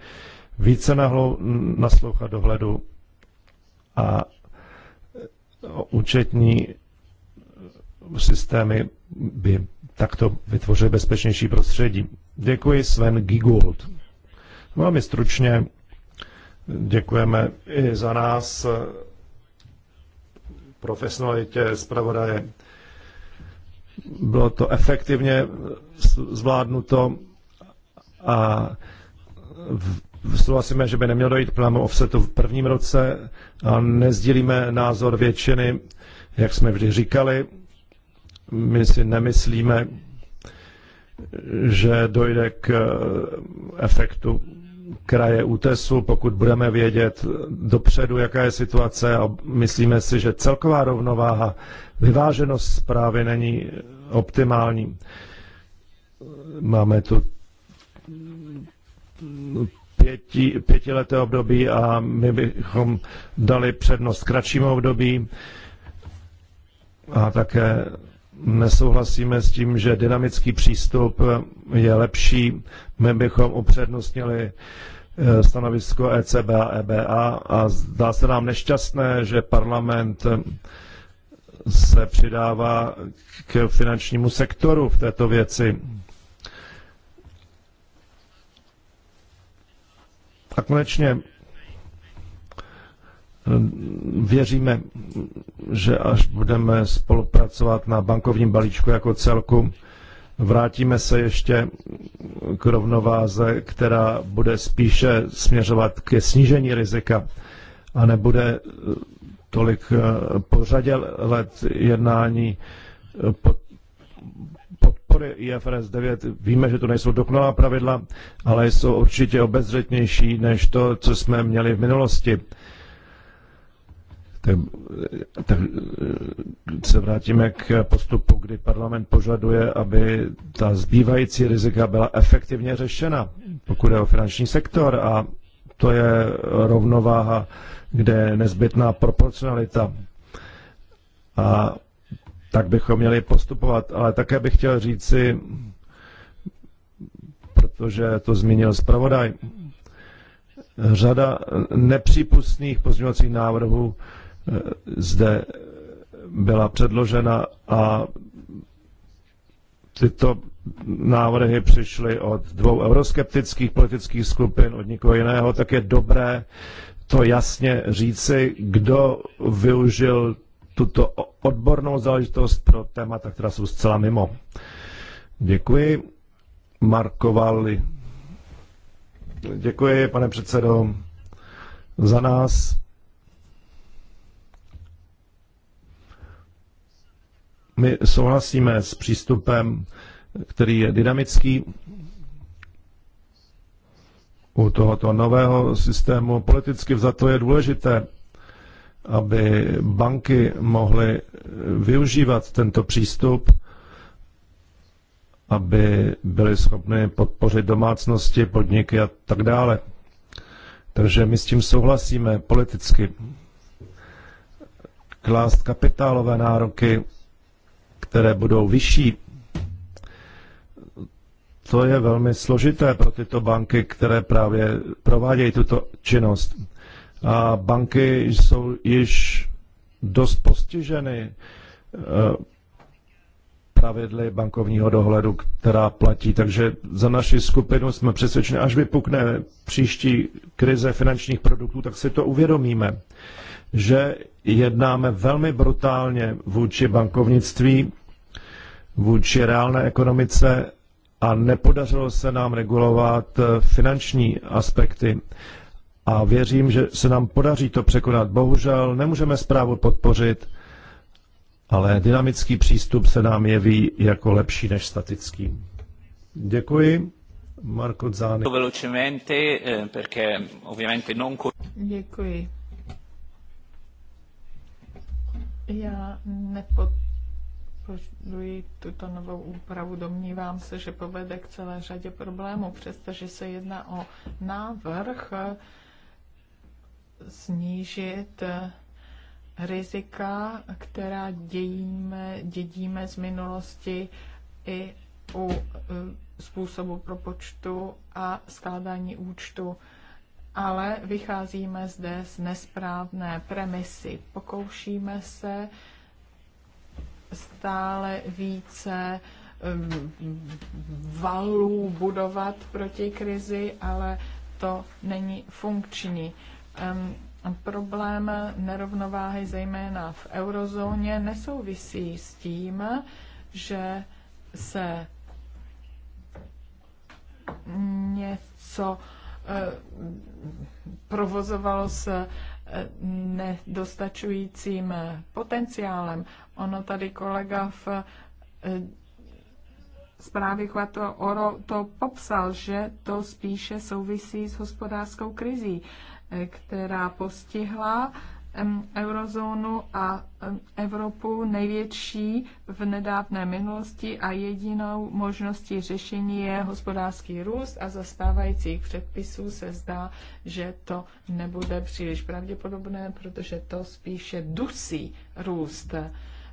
více nahlou, naslouchat dohledu a účetní systémy by takto vytvořily bezpečnější prostředí. Děkuji Sven Gigold. Velmi stručně děkujeme i za nás profesionalitě zpravodaje bylo to efektivně zvládnuto a souhlasíme, že by nemělo dojít k plnému offsetu v prvním roce a nezdílíme názor většiny, jak jsme vždy říkali. My si nemyslíme, že dojde k eh, efektu kraje útesu, pokud budeme vědět dopředu, jaká je situace a myslíme si, že celková rovnováha, vyváženost zprávy není optimální. Máme tu pěti, pětileté období a my bychom dali přednost kratšímu období a také nesouhlasíme s tím, že dynamický přístup je lepší. My bychom upřednostnili eh, stanovisko ECB a EBA a zdá se nám nešťastné, že parlament eh, se přidává k finančnímu sektoru v této věci. A konečně Věříme, že až budeme spolupracovat na bankovním balíčku jako celku, vrátíme se ještě k rovnováze, která bude spíše směřovat ke snížení rizika a nebude tolik eh, po řadě let jednání eh, pod podpory IFRS 9. Víme, že to nejsou dokonalá pravidla, ale jsou určitě obezřetnější než to, co jsme měli v minulosti tak, tak eh, se vrátíme k postupu, kdy parlament požaduje, aby ta zbývající rizika byla efektivně řešena, pokud je o finanční sektor a to je rovnováha, kde je nezbytná proporcionalita. A tak bychom měli postupovat. Ale také bych chtěl říci, protože to zmínil zpravodaj, řada nepřípustných pozměňovacích návrhů zde byla předložena a tyto návrhy přišly od dvou euroskeptických politických skupin, od nikoho jiného, tak je dobré to jasně říci, kdo využil tuto odbornou záležitost pro témata, která jsou zcela mimo. Děkuji. Valli. Děkuji, pane předsedo, za nás. My souhlasíme s přístupem, který je dynamický u tohoto nového systému. Politicky vzato je důležité, aby banky mohly využívat tento přístup, aby byly schopny podpořit domácnosti, podniky a tak dále. Takže my s tím souhlasíme politicky. Klást kapitálové nároky které budou vyšší. To je velmi složité pro tyto banky, které právě provádějí tuto činnost. A banky jsou již dost postiženy eh, pravidly bankovního dohledu, která platí. Takže za naši skupinu jsme přesvědčeni, až vypukne příští krize finančních produktů, tak si to uvědomíme, že jednáme velmi brutálně vůči bankovnictví vůči reálné ekonomice a nepodařilo se nám regulovat eh, finanční aspekty. A věřím, že se nám podaří to překonat. Bohužel nemůžeme zprávu podpořit, ale dynamický přístup se nám jeví jako lepší než statický. Děkuji. Marco Zani. Velocemente, eh, perché ovviamente non... Děkuji. Já nepod podporuji tuto novou úpravu. Domnívám se, že povede k celé řadě problémů, přestože se jedná o návrh snížit rizika, která dějíme, dědíme z minulosti i u e, způsobu propočtu a skládání účtu ale vycházíme zde z nesprávné premisy. Pokoušíme se stále více um, valů budovat proti krizi, ale to není funkční. Um, problém nerovnováhy, zejména v eurozóně, nesouvisí s tím, že se něco eh, provozovalo s nedostačujícím potenciálem. Ono tady kolega v eh, zprávě Chvato Oro to popsal, že to spíše souvisí s hospodářskou krizí, eh, která postihla eurozónu a Evropu největší v nedávné minulosti a jedinou možností řešení je hospodářský růst a zastávajících předpisů se zdá, že to nebude příliš pravděpodobné, protože to spíše dusí růst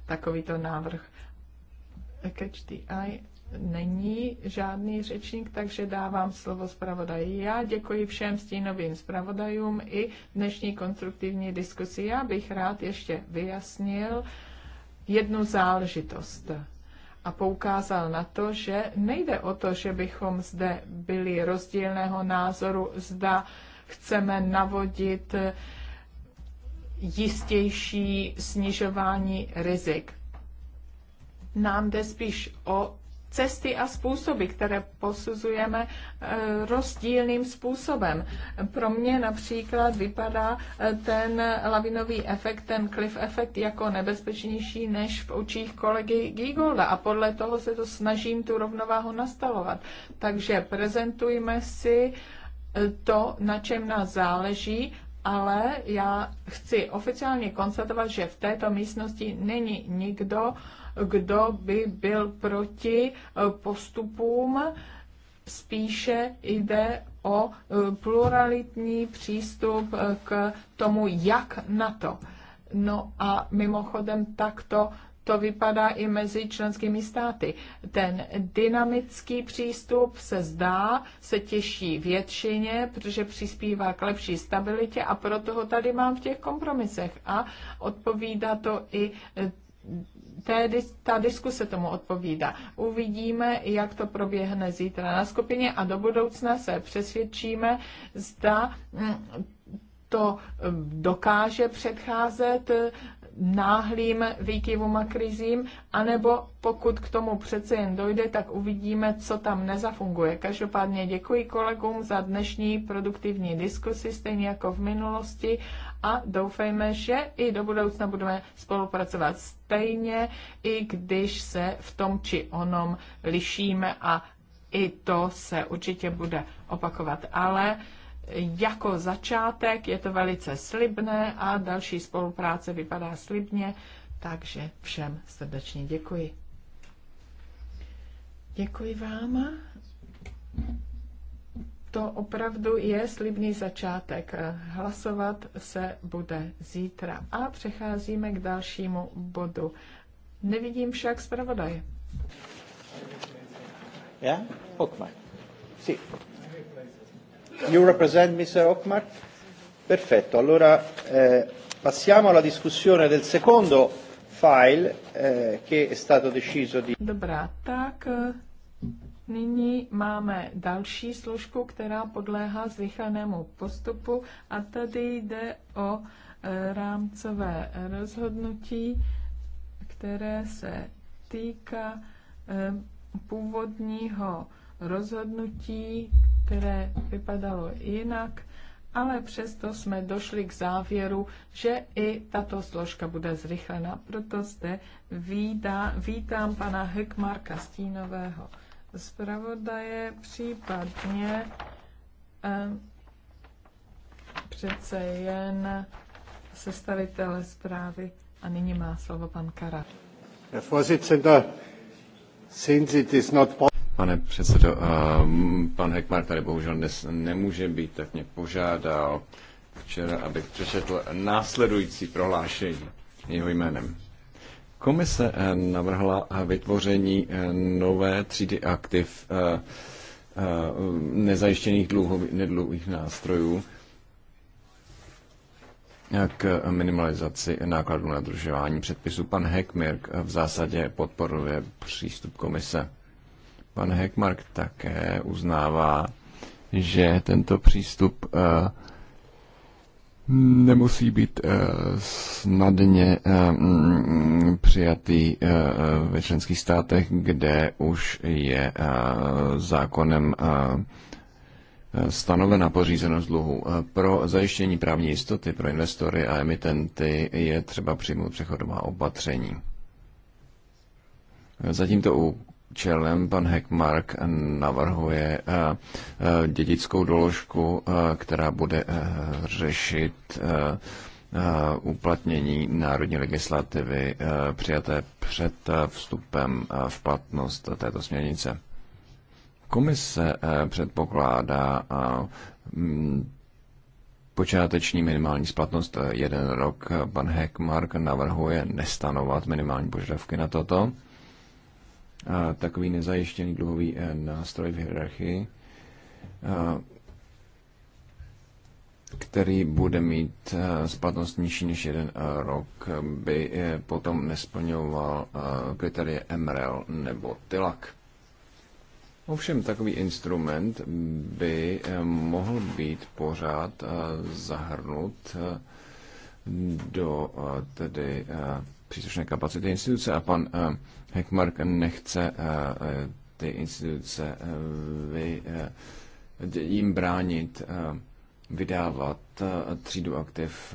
takovýto návrh. Catch the eye není žádný řečník, takže dávám slovo zpravodaji. Já děkuji všem stínovým zpravodajům i dnešní konstruktivní diskusi. Já bych rád ještě vyjasnil jednu záležitost a poukázal na to, že nejde o to, že bychom zde byli rozdílného názoru, zda chceme navodit jistější snižování rizik. Nám jde spíš o cesty a způsoby, které posuzujeme eh, rozdílným způsobem. Pro mě například vypadá eh, ten lavinový efekt, ten cliff efekt jako nebezpečnější než v očích kolegy Gigolda a podle toho se to snažím tu rovnováhu nastalovat. Takže prezentujme si eh, to, na čem nás záleží, ale já chci oficiálně konstatovat, že v této místnosti není nikdo, kdo by byl proti eh, postupům. Spíše jde o eh, pluralitní přístup eh, k tomu, jak na to. No a mimochodem takto to vypadá i mezi členskými státy. Ten dynamický přístup se zdá, se těší většině, protože přispívá k lepší stabilitě a proto ho tady mám v těch kompromisech. A odpovídá to i té, ta diskuse tomu odpovídá. Uvidíme, jak to proběhne zítra na skupině a do budoucna se přesvědčíme, zda mm, to eh, dokáže předcházet náhlým výkyvům a krizím, anebo pokud k tomu přece jen dojde, tak uvidíme, co tam nezafunguje. Každopádně děkuji kolegům za dnešní produktivní diskusi, stejně jako v minulosti a doufejme, že i do budoucna budeme spolupracovat stejně, i když se v tom či onom lišíme a i to se určitě bude opakovat. Ale jako začátek, je to velice slibné a další spolupráce vypadá slibně, takže všem srdečně děkuji. Děkuji vám. To opravdu je slibný začátek. Hlasovat se bude zítra. A přecházíme k dalšímu bodu. Nevidím však zpravodaje. Ja? Pokma. Sí. You represent Mr. Ockmark? Perfetto, allora eh, passiamo alla discussione del secondo file eh, che è stato deciso di... Dobra, tak eh, nyní máme další složku, která podléhá zrychlenému postupu a tady jde o eh, rámcové rozhodnutí, které se týká eh, původního rozhodnutí, které vypadalo jinak, ale přesto jsme došli k závěru, že i tato složka bude zrychlena. Proto zde vítá, vítám pana Hekmarka Stínového zpravodaje, případně eh, přece jen sestavitele zprávy. A nyní má slovo pan Karat. Herr Vorsitzender, sehen Sie das not Pane předsedo, eh, pan Hekmar tady bohužel dnes nemůže být, tak mě požádal včera, abych přečetl následující prohlášení jeho jménem. Komise eh, navrhla vytvoření eh, nové třídy aktiv nezajištěných dlouhých nástrojů k minimalizaci nákladů na držování předpisů. Pan Heckmirk v zásadě podporuje přístup komise. Pan Heckmark také uznává, že tento přístup eh, nemusí být eh, snadně eh, mm, přijatý ve členských státech, kde už je zákonem stanovena pořízenost dluhu. Pro zajištění právní jistoty pro investory a emitenty je třeba přijmout přechodová opatření. to u čelem pan Heckmark navrhuje eh, eh, dědickou doložku, eh, která bude řešit uplatnění národní legislativy přijaté před vstupem v platnost této směrnice. Komise předpokládá mm, počáteční minimální splatnost jeden rok. Pan Heckmark navrhuje nestanovat minimální požadavky na toto takový nezajištěný dluhový eh, nástroj v hierarchii, eh, který bude mít eh, splatnost nižší než jeden rok, by potom nesplňoval kriterie MREL nebo TILAC. Ovšem takový instrument by mohl být pořád zahrnut do tedy příslušné kapacity instituce a pan Heckmark nechce eh, eh, ty instituce eh, vy, jim bránit vydávat třídu aktiv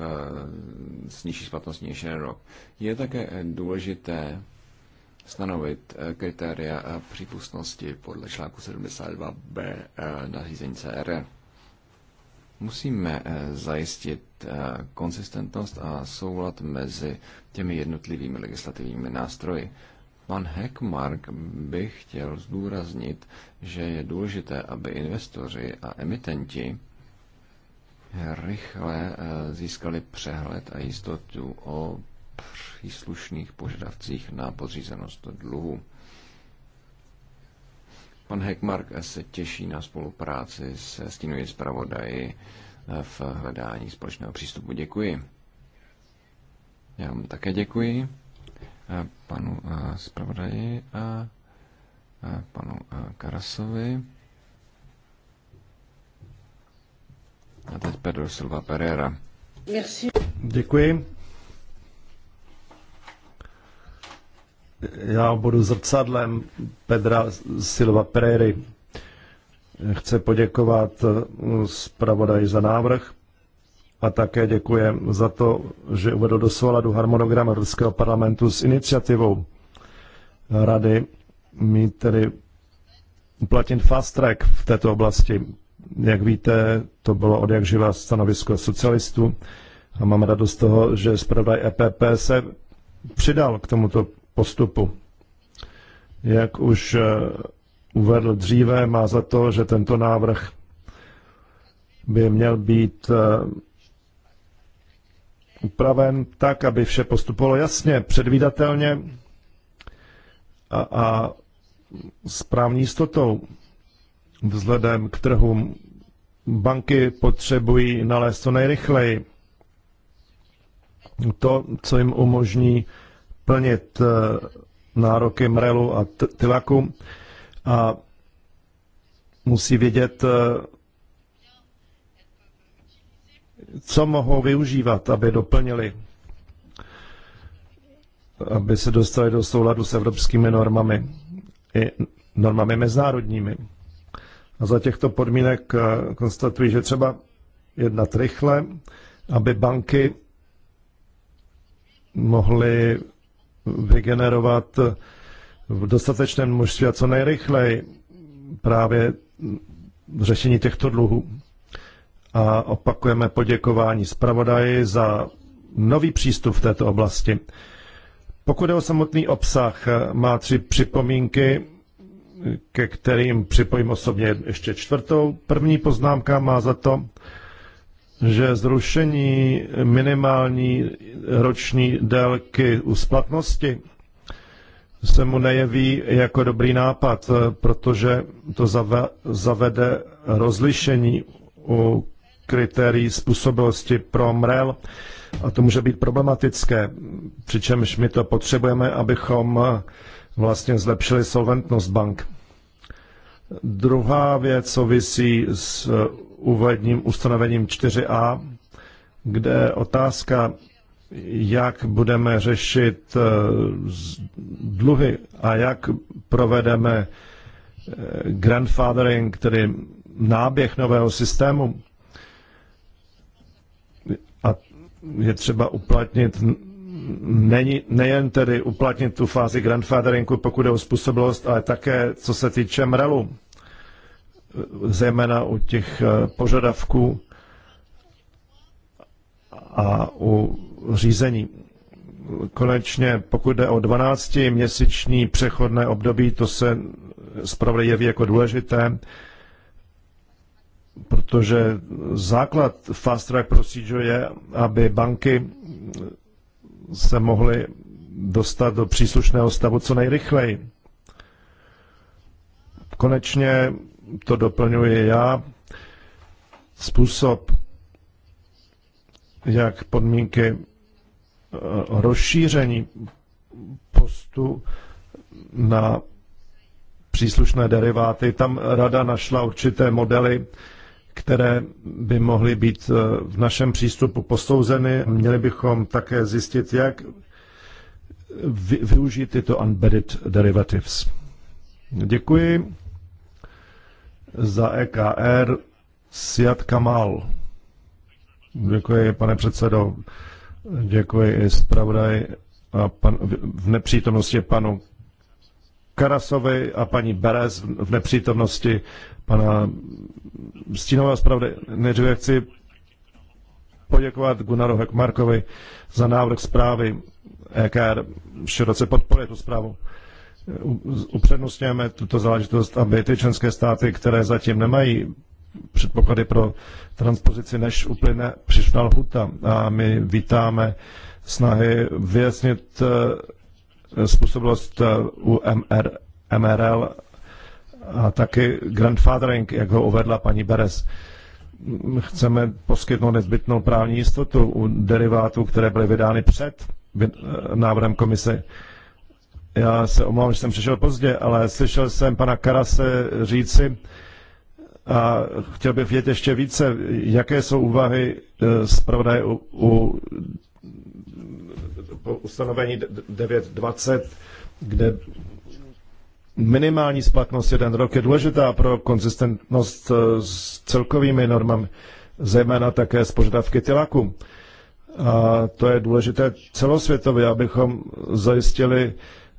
s nižší splatností než jeden rok. Je také důležité stanovit kritéria přípustnosti podle článku 72b nařízení CR. E. Musíme zajistit konsistentnost a soulad mezi těmi jednotlivými legislativními nástroji. Pan Heckmark by chtěl zdůraznit, že je důležité, aby investoři a emitenti rychle eh, získali přehled a jistotu o příslušných požadavcích na podřízenost dluhu. Pan Heckmark se těší na spolupráci se stínovým zpravodaji eh, v hledání společného přístupu. Děkuji. Já vám také děkuji panu eh, zpravodaji a eh, panu eh, Karasovi. A teď Pedro Silva Pereira. Merci. Děkuji. Já budu zrcadlem Pedra Silva Pereira. Chce poděkovat zpravodaji za návrh a také děkuje za to, že uvedl do souladu harmonogram Evropského parlamentu s iniciativou Rady mít tedy uplatnit fast track v této oblasti. Jak víte, to bylo od jak živá stanovisko socialistů a mám radost toho, že zpravodaj EPP se přidal k tomuto postupu. Jak už eh, uvedl dříve, má za to, že tento návrh by měl být eh, upraven tak, aby vše postupovalo jasně, předvídatelně a, a správní jistotou. Vzhledem k trhům banky potřebují nalézt to nejrychleji to, co jim umožní plnit nároky MRELu a TILAKu a musí vědět, co mohou využívat, aby doplnili, aby se dostali do souladu s evropskými normami i normami mezinárodními. A za těchto podmínek eh, konstatuji, že třeba jednat rychle, aby banky mohly vygenerovat v dostatečném množství a co nejrychleji právě řešení těchto dluhů a opakujeme poděkování zpravodaji za nový přístup v této oblasti. Pokud je o samotný obsah, má tři připomínky, ke kterým připojím osobně ještě čtvrtou. První poznámka má za to, že zrušení minimální roční délky u splatnosti se mu nejeví jako dobrý nápad, protože to zavede rozlišení u kritérií způsobilosti pro MREL a to může být problematické, přičemž my to potřebujeme, abychom eh, vlastně zlepšili solventnost bank. Druhá věc souvisí s úvodním eh, ustanovením 4a, kde otázka, jak budeme řešit eh, dluhy a jak provedeme grandfathering, tedy náběh nového systému, je třeba uplatnit není, nejen tedy uplatnit tu fázi grandfatheringu, pokud je o způsobilost, ale také co se týče mrelu, zejména u těch eh, požadavků a u řízení. Konečně, pokud jde o 12-měsíční přechodné období, to se zpravodaj jeví jako důležité protože základ fast track procedure je, aby banky se mohly dostat do příslušného stavu co nejrychleji. Konečně to doplňuji já. Způsob, jak podmínky eh, rozšíření postu na příslušné deriváty. Tam rada našla určité modely, které by mohly být eh, v našem přístupu posouzeny. Měli bychom také zjistit, jak využít tyto unbedded derivatives. Děkuji za EKR Siad Kamal. Děkuji, pane předsedo. Děkuji i zpravodaj a pan, v nepřítomnosti panu Karasovi a paní Beres v nepřítomnosti pana Stínová. zpravodaje. Nejdříve chci poděkovat Gunaru Hekmarkovi za návrh zprávy EKR, široce podporuje tu zprávu. Upřednostňujeme tuto záležitost, aby ty členské státy, které zatím nemají předpoklady pro transpozici, než uplyne přišla lhuta. A my vítáme snahy vyjasnit způsobilost eh, u MR, MRL a taky grandfathering, jak ho uvedla paní Beres. Chceme poskytnout nezbytnou právní jistotu u derivátů, které byly vydány před eh, návrhem komise. Já se omlouvám, že jsem přišel pozdě, ale slyšel jsem pana Karase říci, a chtěl bych vědět ještě více, jaké jsou úvahy eh, zpravodaje u, u ustanovení 920, kde minimální splatnost jeden rok je důležitá pro konzistentnost eh, s celkovými normami, zejména také s požadavky tylaku. A to je důležité celosvětově, abychom zajistili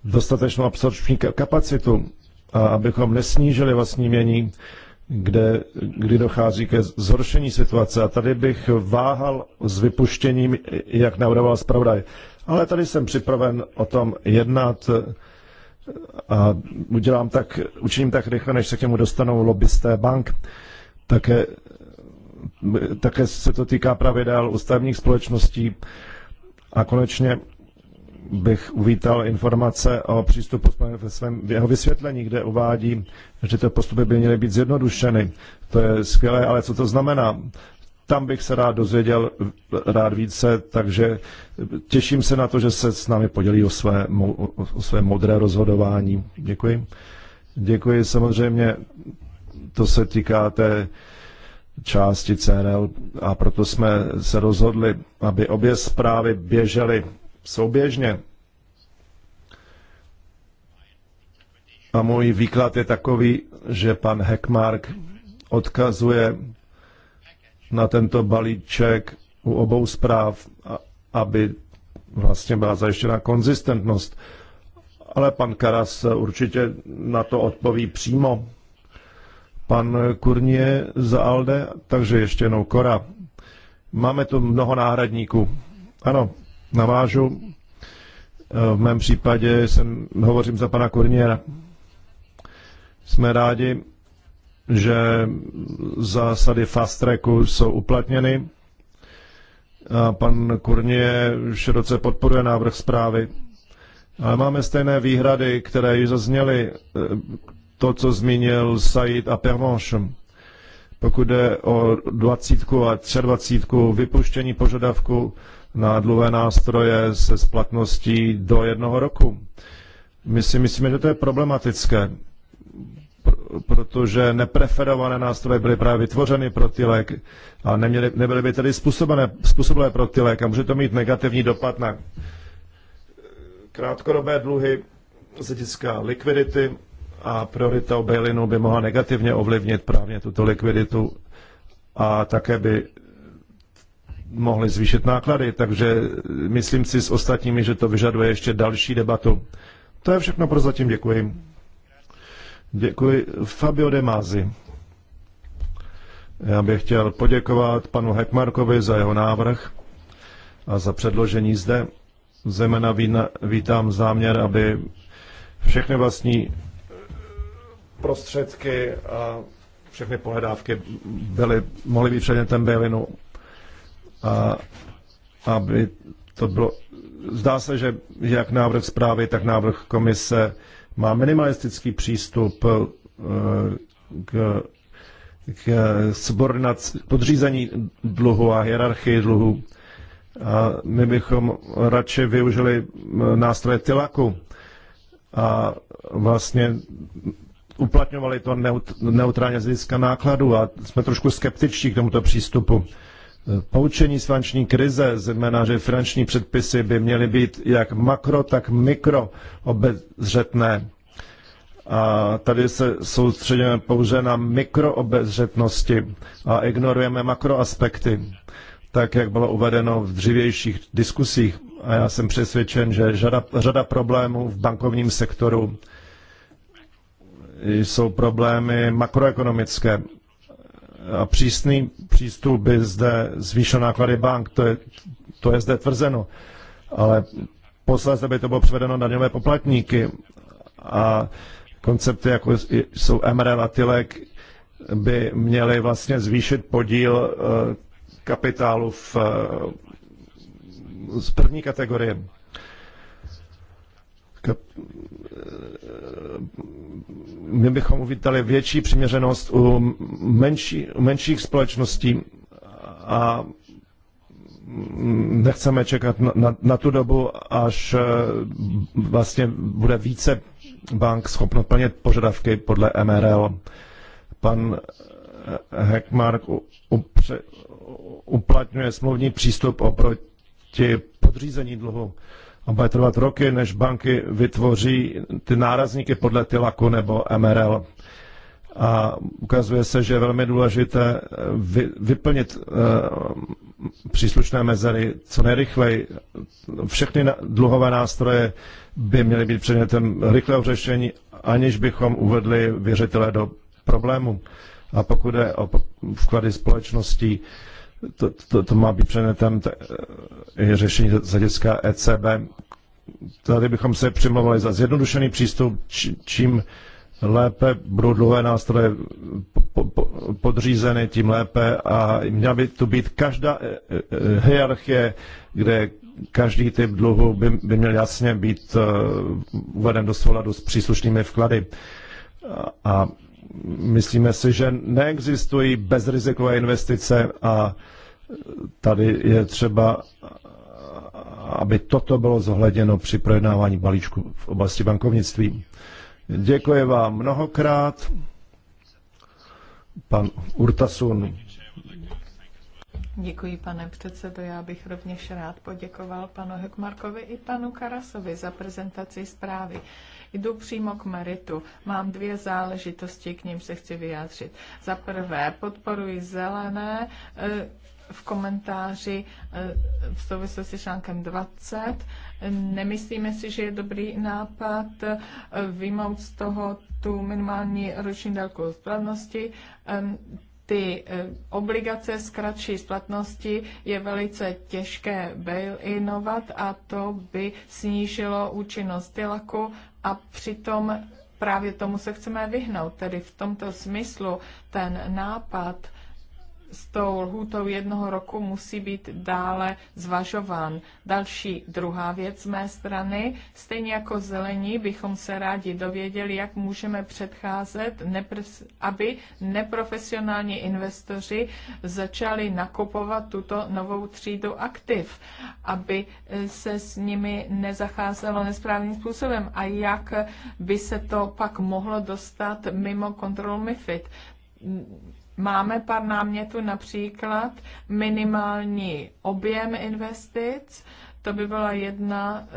dostatečnou absorpční kapacitu a abychom nesnížili vlastní mění, kde, kdy dochází ke zhoršení situace. A tady bych váhal s vypuštěním, jak navrhoval zpravodaj, ale tady jsem připraven o tom jednat eh, a udělám tak, učiním tak rychle, než se k němu dostanou lobbysté bank. Také, eh, také se to týká pravidel ústavních společností. A konečně bych uvítal informace o přístupu ve svém v jeho vysvětlení, kde uvádí, že ty postupy by měly být zjednodušeny. To je skvělé, ale co to znamená? tam bych se rád dozvěděl rád více, takže těším se na to, že se s námi podělí o své, o své modré rozhodování. Děkuji. Děkuji. Samozřejmě to se týká té části CNL a proto jsme se rozhodli, aby obě zprávy běžely souběžně. A můj výklad je takový, že pan Heckmark odkazuje na tento balíček u obou zpráv, aby vlastně byla zajištěna konzistentnost. Ale pan Karas určitě na to odpoví přímo. Pan Kurnie za Alde, takže ještě jednou Kora. Máme tu mnoho náhradníků. Ano, navážu. Eh, v mém případě jsem, hovořím za pana Kurniera. Jsme rádi, že zásady fast tracku jsou uplatněny. A pan Kurnie široce podporuje návrh zprávy. Ale máme stejné výhrady, které již zazněly, eh, to, co zmínil Said a Permanche. Pokud jde o 20 a 23, vypuštění požadavku na dluhé nástroje se splatností do jednoho roku. My si myslíme, že to je problematické, protože nepreferované nástroje byly právě vytvořeny pro ty léky a neměly, nebyly by tedy způsobené, způsobené pro ty léky a může to mít negativní dopad na krátkodobé dluhy z hlediska likvidity a priorita o bailinu by mohla negativně ovlivnit právě tuto likviditu a také by mohly zvýšit náklady, takže myslím si s ostatními, že to vyžaduje ještě další debatu. To je všechno pro zatím, děkuji. Děkuji. Fabio De Masi. Já bych chtěl poděkovat panu Hekmarkovi za jeho návrh a za předložení zde. Zemena vítám záměr, aby všechny vlastní prostředky a všechny pohledávky byly, mohly být předmětem bailinu. A aby to bylo, zdá se, že jak návrh zprávy, tak návrh komise má minimalistický přístup eh, k, k subordinaci, podřízení dluhu a hierarchii dluhu. A my bychom radši využili eh, nástroje Tilaku a vlastně uplatňovali to neutrálně z hlediska nákladu a jsme trošku skeptičtí k tomuto přístupu poučení z finanční krize, znamená, že finanční předpisy by měly být jak makro, tak mikro obezřetné. A tady se soustředíme pouze na mikroobezřetnosti a ignorujeme makroaspekty, tak jak bylo uvedeno v dřívějších diskusích. A já jsem přesvědčen, že řada, řada problémů v bankovním sektoru jsou problémy makroekonomické a přísný přístup by zde zvýšil náklady bank, to je, to je zde tvrzeno. Ale posledně by to bylo převedeno na daňové poplatníky a koncepty, jako jsou MRL a Tilek, by měly vlastně zvýšit podíl eh, kapitálu v, eh, z první kategorie my bychom uvítali větší přiměřenost u, menší, u menších společností a nechceme čekat na, na, na tu dobu, až eh, vlastně bude více bank schopno plnit požadavky podle MRL. Pan eh, Heckmark uplatňuje smluvní přístup oproti podřízení dluhu a bude trvat roky, než banky vytvoří ty nárazníky podle Tilaku nebo MRL. A ukazuje se, že je velmi důležité eh, vy, vyplnit eh, příslušné mezery co nejrychleji. Všechny dluhové nástroje by měly být předmětem rychlého řešení, aniž bychom uvedli věřitele do problému. A pokud je o vklady společností, to, to, to má být předmětem eh, řešení z hlediska ECB. Tady bychom se přimlouvali za zjednodušený přístup, čím lépe budou dlouhé nástroje podřízeny, tím lépe a měla by tu být každá eh, eh, hierarchie, kde každý typ dluhu by, by měl jasně být eh, uveden do souladu s příslušnými vklady. A myslíme si, že neexistují bezrizikové investice a tady je třeba, aby toto bylo zohleděno při projednávání balíčku v oblasti bankovnictví. Děkuji vám mnohokrát. Pan Urtasun. Děkuji, pane předsedo. Já bych rovněž rád poděkoval panu Hekmarkovi i panu Karasovi za prezentaci zprávy. Jdu přímo k meritu. Mám dvě záležitosti, k ním se chci vyjádřit. Za prvé, podporuji zelené eh, v komentáři eh, v souvislosti s článkem 20. Nemyslíme si, že je dobrý nápad eh, vymout z toho tu minimální roční délku splatnosti. Ty eh, obligace s kratší splatnosti je velice těžké bail-inovat a to by snížilo účinnost tylaku a přitom právě tomu se chceme vyhnout. Tedy v tomto smyslu ten nápad s tou lhůtou jednoho roku musí být dále zvažován. Další druhá věc z mé strany, stejně jako zelení bychom se rádi dověděli, jak můžeme předcházet, aby neprofesionální investoři začali nakupovat tuto novou třídu aktiv, aby eh, se s nimi nezacházelo nesprávným způsobem a jak by se to pak mohlo dostat mimo kontrolu MIFID Máme pár námětů, například minimální objem investic, to by, byla jedna,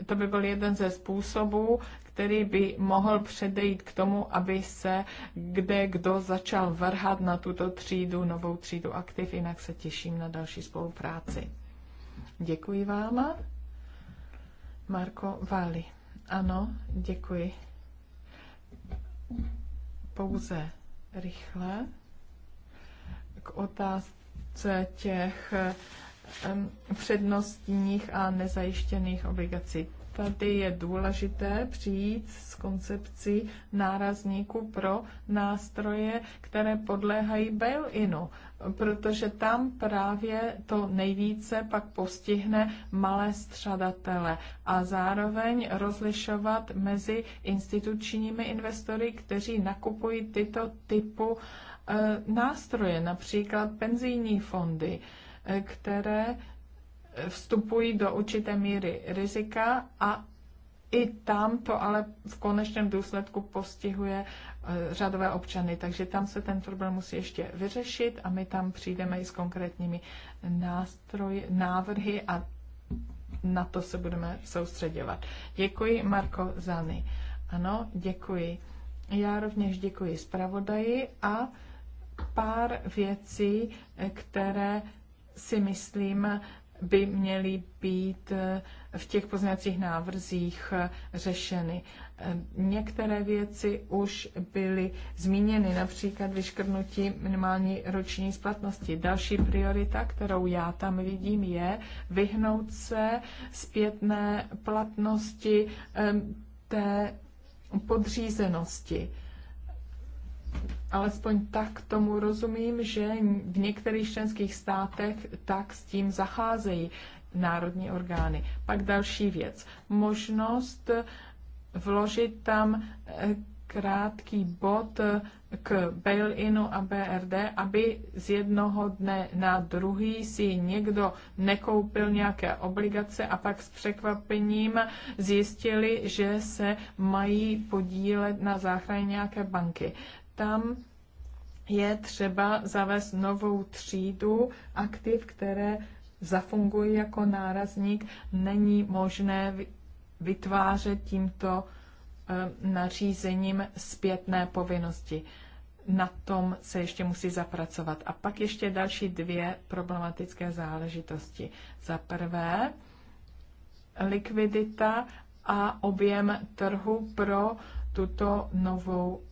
eh, to by byl jeden ze způsobů, který by mohl předejít k tomu, aby se kde kdo začal vrhat na tuto třídu, novou třídu aktiv, jinak se těším na další spolupráci. Děkuji vám. Marko Vali. Ano, děkuji. Pouze rychle otázce těch přednostních a nezajištěných obligací. Tady je důležité přijít s koncepcí nárazníku pro nástroje, které podléhají bail-inu, protože tam právě to nejvíce pak postihne malé střadatele a zároveň rozlišovat mezi institučními investory, kteří nakupují tyto typu Eh, nástroje, například penzijní fondy, eh, které vstupují do určité míry rizika a i tam to ale v konečném důsledku postihuje eh, řadové občany, takže tam se ten problém musí ještě vyřešit a my tam přijdeme i s konkrétními nástroji, návrhy a na to se budeme soustředěvat. Děkuji, Marko Zany. Ano, děkuji. Já rovněž děkuji zpravodaji a pár věcí, které si myslím by měly být v těch pozměňovacích návrzích řešeny. Některé věci už byly zmíněny, například vyškrnutí minimální roční splatnosti. Další priorita, kterou já tam vidím, je vyhnout se zpětné platnosti té podřízenosti alespoň tak tomu rozumím, že v některých členských státech tak s tím zacházejí národní orgány. Pak další věc. Možnost vložit tam eh, krátký bod eh, k bail-inu a BRD, aby z jednoho dne na druhý si někdo nekoupil nějaké obligace a pak s překvapením zjistili, že se mají podílet na záchraně nějaké banky tam je třeba zavést novou třídu aktiv, které zafungují jako nárazník. Není možné vytvářet tímto eh, nařízením zpětné povinnosti. Na tom se ještě musí zapracovat. A pak ještě další dvě problematické záležitosti. Za prvé, likvidita a objem trhu pro tuto novou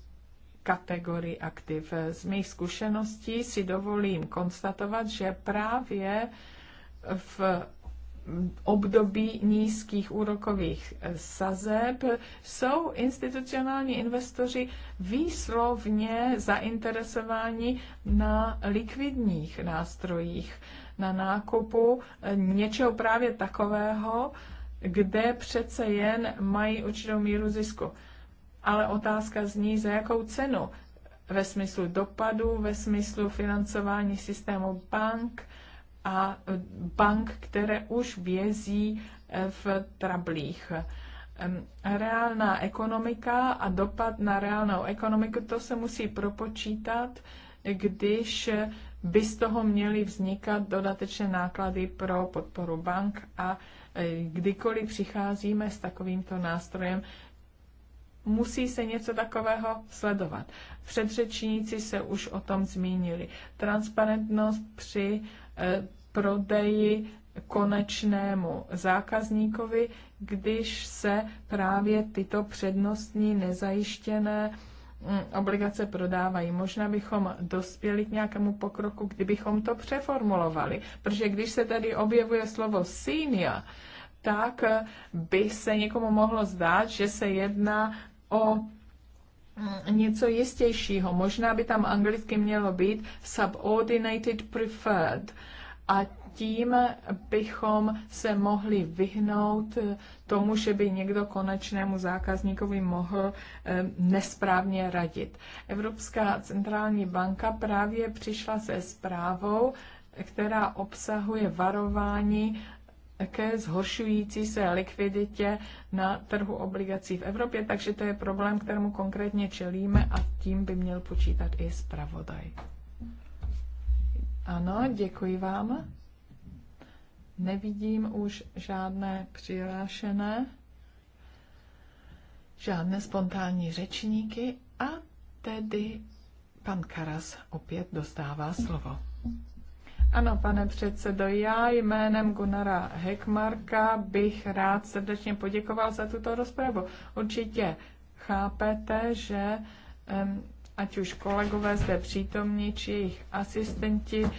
kategorii aktiv. Z mých zkušeností si dovolím konstatovat, že právě v období nízkých úrokových sazeb jsou institucionální investoři výslovně zainteresováni na likvidních nástrojích, na nákupu něčeho právě takového, kde přece jen mají určitou míru zisku ale otázka zní, za jakou cenu ve smyslu dopadu, ve smyslu financování systému bank a bank, které už vězí eh, v trablích. Reálná ekonomika a dopad na reálnou ekonomiku, to se musí propočítat, když by z toho měly vznikat dodatečné náklady pro podporu bank a eh, kdykoliv přicházíme s takovýmto nástrojem, musí se něco takového sledovat. Předřečníci se už o tom zmínili. Transparentnost při eh, prodeji konečnému zákazníkovi, když se právě tyto přednostní nezajištěné mm, obligace prodávají. Možná bychom dospěli k nějakému pokroku, kdybychom to přeformulovali, protože když se tady objevuje slovo senior, tak by se někomu mohlo zdát, že se jedná o mm, něco jistějšího. Možná by tam anglicky mělo být subordinated preferred. A tím bychom se mohli vyhnout tomu, že by někdo konečnému zákazníkovi mohl nesprávně radit. Evropská centrální banka právě přišla se zprávou, která obsahuje varování ke zhoršující se likviditě na trhu obligací v Evropě, takže to je problém, kterému konkrétně čelíme a tím by měl počítat i zpravodaj. Ano, děkuji vám. Nevidím už žádné přihlášené, žádné spontánní řečníky a tedy pan Karas opět dostává slovo. Ano, pane předsedo, já jménem Gunara Hekmarka bych rád srdečně poděkoval za tuto rozpravu. Určitě chápete, že um, ať už kolegové zde přítomní, či jejich asistenti, um,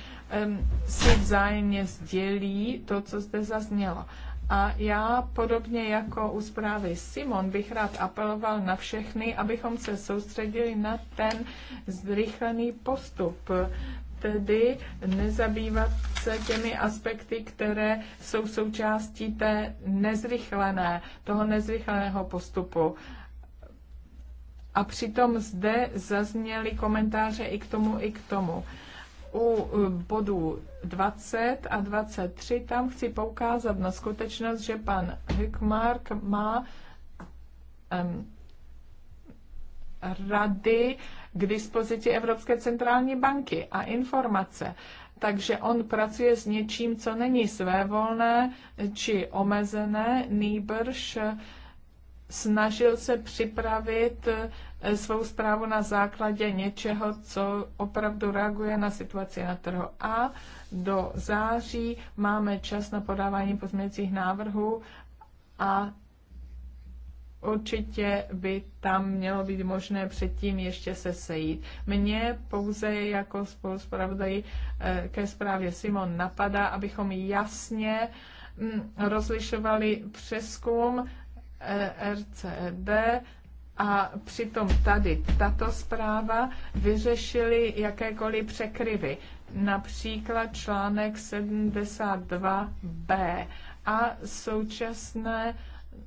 si vzájemně sdělí to, co zde zaznělo. A já podobně jako u zprávy Simon bych rád apeloval na všechny, abychom se soustředili na ten zrychlený postup tedy nezabývat se těmi aspekty, které jsou součástí té nezrychlené, toho nezrychleného postupu. A přitom zde zazněly komentáře i k tomu, i k tomu. U e, bodů 20 a 23 tam chci poukázat na skutečnost, že pan Hickmark má um, rady k dispozici Evropské centrální banky a informace. Takže on pracuje s něčím, co není svévolné či omezené, nýbrž snažil se připravit eh, svou zprávu na základě něčeho, co opravdu reaguje na situaci na trhu. A do září máme čas na podávání pozměňujících návrhů a Určitě by tam mělo být možné předtím ještě se sejít. Mně pouze jako spoluspravodaj eh, ke zprávě Simon napadá, abychom jasně mm, rozlišovali přeskum eh, RCd a přitom tady tato zpráva vyřešili jakékoliv překryvy, například článek 72b a současné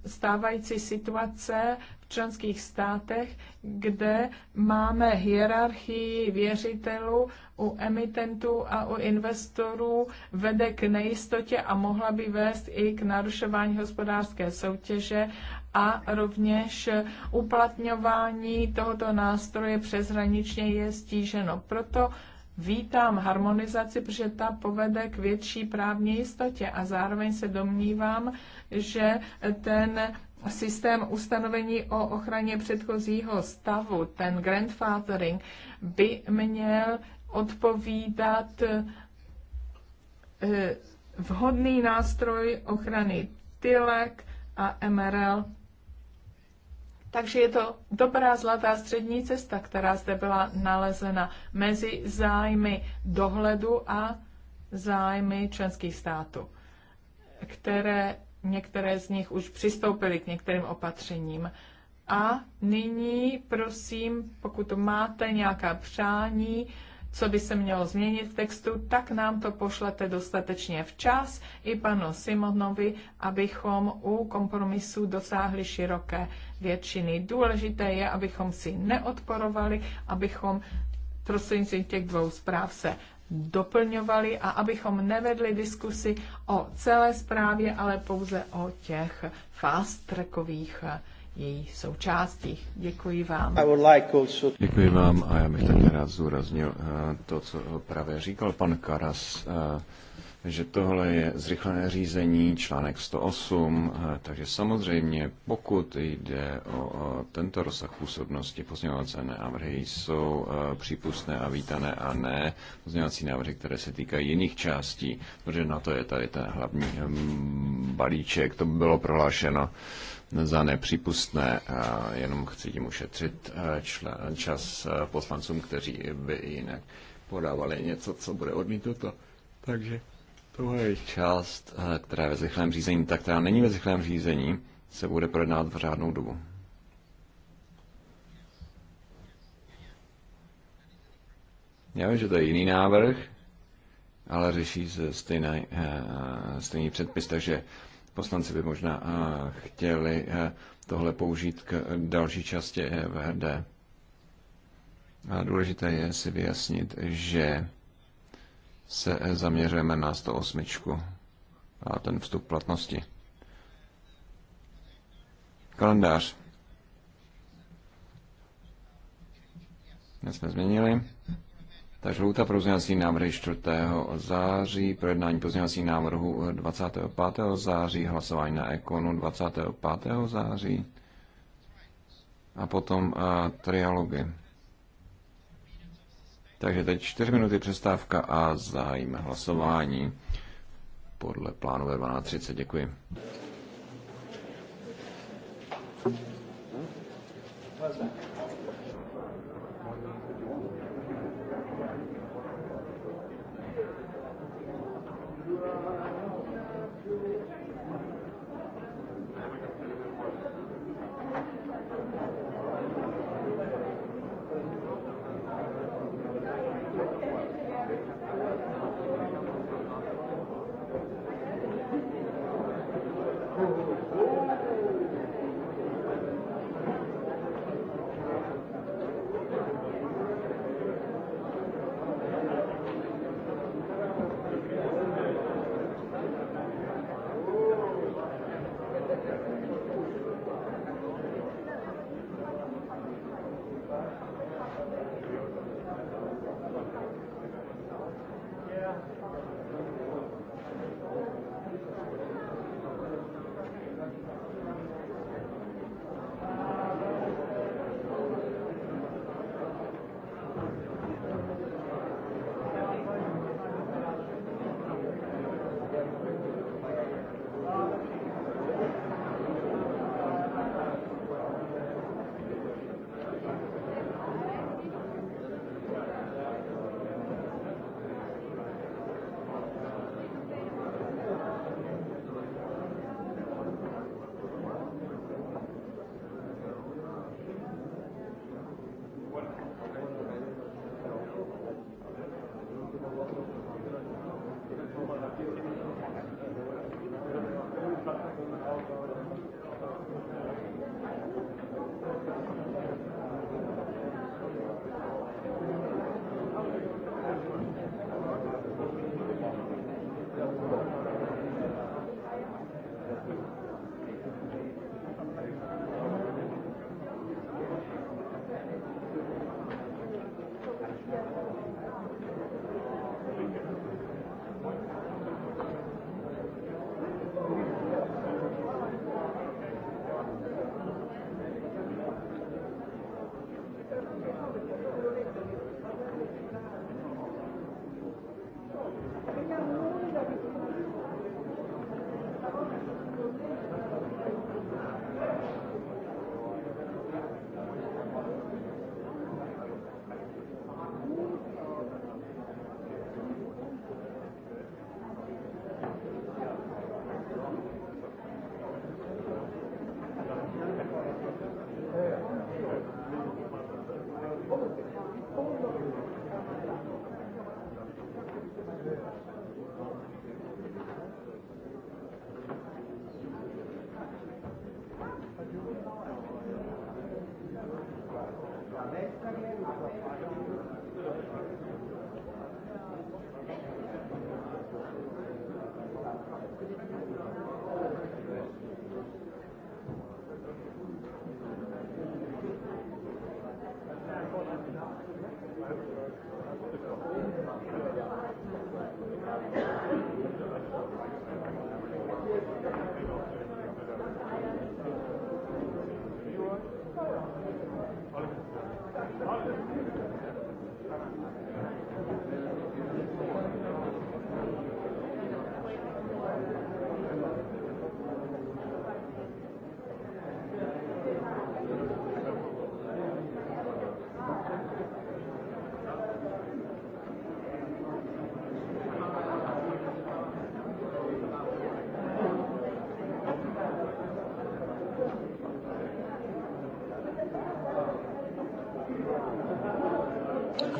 stávající situace v členských státech, kde máme hierarchii věřitelů u emitentů a u investorů, vede k nejistotě a mohla by vést i k narušování hospodářské soutěže a rovněž uplatňování tohoto nástroje přeshraničně je stíženo. Proto Vítám harmonizaci, protože ta povede k větší právní jistotě a zároveň se domnívám, že ten systém ustanovení o ochraně předchozího stavu, ten grandfathering, by měl odpovídat eh, vhodný nástroj ochrany TILEK a MRL takže je to dobrá zlatá střední cesta, která zde byla nalezena mezi zájmy dohledu a zájmy členských států, které některé z nich už přistoupily k některým opatřením. A nyní, prosím, pokud máte nějaká přání, co by se mělo změnit v textu, tak nám to pošlete dostatečně včas i panu Simonovi, abychom u kompromisu dosáhli široké většiny. Důležité je, abychom si neodporovali, abychom prostřednictvím těch dvou zpráv se doplňovali a abychom nevedli diskusy o celé zprávě, ale pouze o těch fast trackových její součástí. Děkuji vám. Děkuji vám a já bych také rád zúraznil eh, to, co právě říkal pan Karas eh, že tohle je zrychlené řízení, článek 108, takže samozřejmě pokud jde o tento rozsah působnosti, pozměňovací návrhy jsou e, přípustné a vítané a ne pozměňovací návrhy, které se týkají jiných částí, protože na to je tady ten hlavní hm, balíček, to bylo prohlášeno za nepřípustné, a jenom chci tím ušetřit e, člen, čas e, poslancům, kteří by jinak podávali něco, co bude odmítnuto. Takže Druhá část, eh, která je ve zrychlém řízení, tak která není ve zrychlém řízení, se bude projednávat v řádnou dobu. Já vím, že to je jiný návrh, ale řeší se stejný, eh, stejný předpis, takže poslanci by možná eh, chtěli tohle použít k další části EVD. A důležité je si vyjasnit, že se zaměřujeme na 108 a ten vstup platnosti. Kalendář. Dnes jsme změnili. Takže lhůta pro pozměňovací návrhy 4. září, projednání pozměňovací návrhu 25. září, hlasování na ekonu 25. září a potom uh, trialogy. Takže teď čtyři minuty přestávka a zahájíme hlasování podle plánu ve 12.30. Děkuji. Thank you.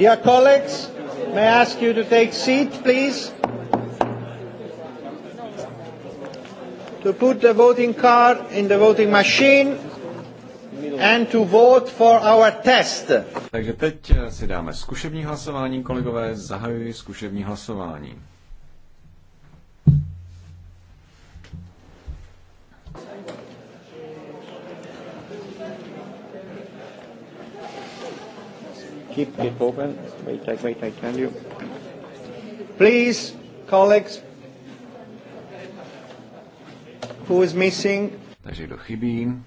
Dear colleagues, may I ask you to take seat, please? To put the voting card in the voting machine and to vote for our test. Takže teď eh, si dáme zkušební hlasování, kolegové, zahajuji zkušební hlasování. keep it open. Wait, I, wait, I tell you. Please, colleagues, who is missing? Takže kdo chybí?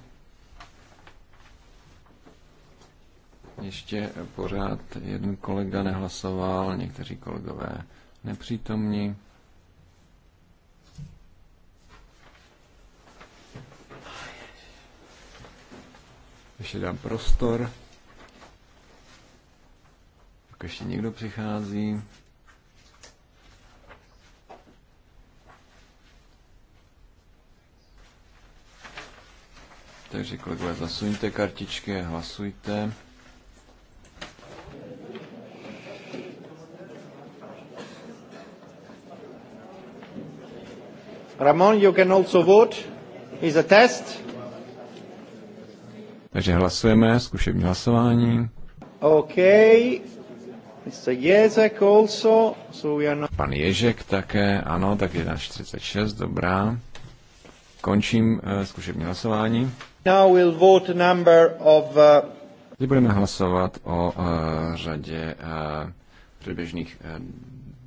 Ještě pořád jeden kolega nehlasoval, někteří kolegové nepřítomní. Ještě dám prostor ještě někdo přichází. Takže kolegové, zasuňte kartičky, hlasujte. Ramon, you can also vote. Is a test. Takže hlasujeme, zkušební hlasování. Okay. Pan Ježek také, ano, tak 1.46, dobrá. Končím uh, zkušební hlasování. Now we'll vote number of, uh... Teď budeme hlasovat o uh, řadě uh, předběžných uh,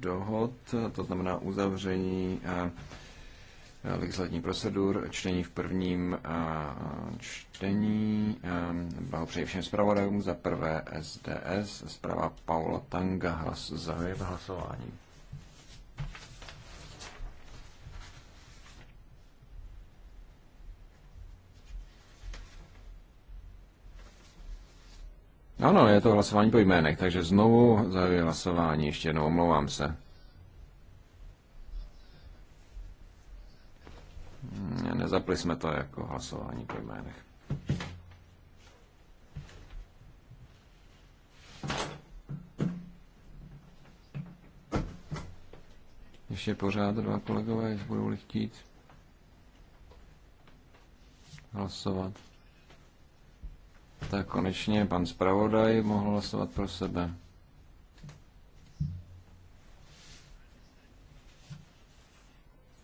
dohod, to znamená uzavření uh, Eh, legislativní procedur, čtení v prvním eh, čtení. Eh, blahopřeji všem zpravodajům za prvé SDS, zpráva Paula Tanga, hlas, v hlasování. Ano, je to hlasování po jménech, takže znovu zahajuji hlasování, ještě jednou omlouvám se. Nezapli jsme to jako hlasování po jménech. Ještě pořád dva kolegové, když budou chtít hlasovat. Tak konečně pan zpravodaj mohl hlasovat pro sebe.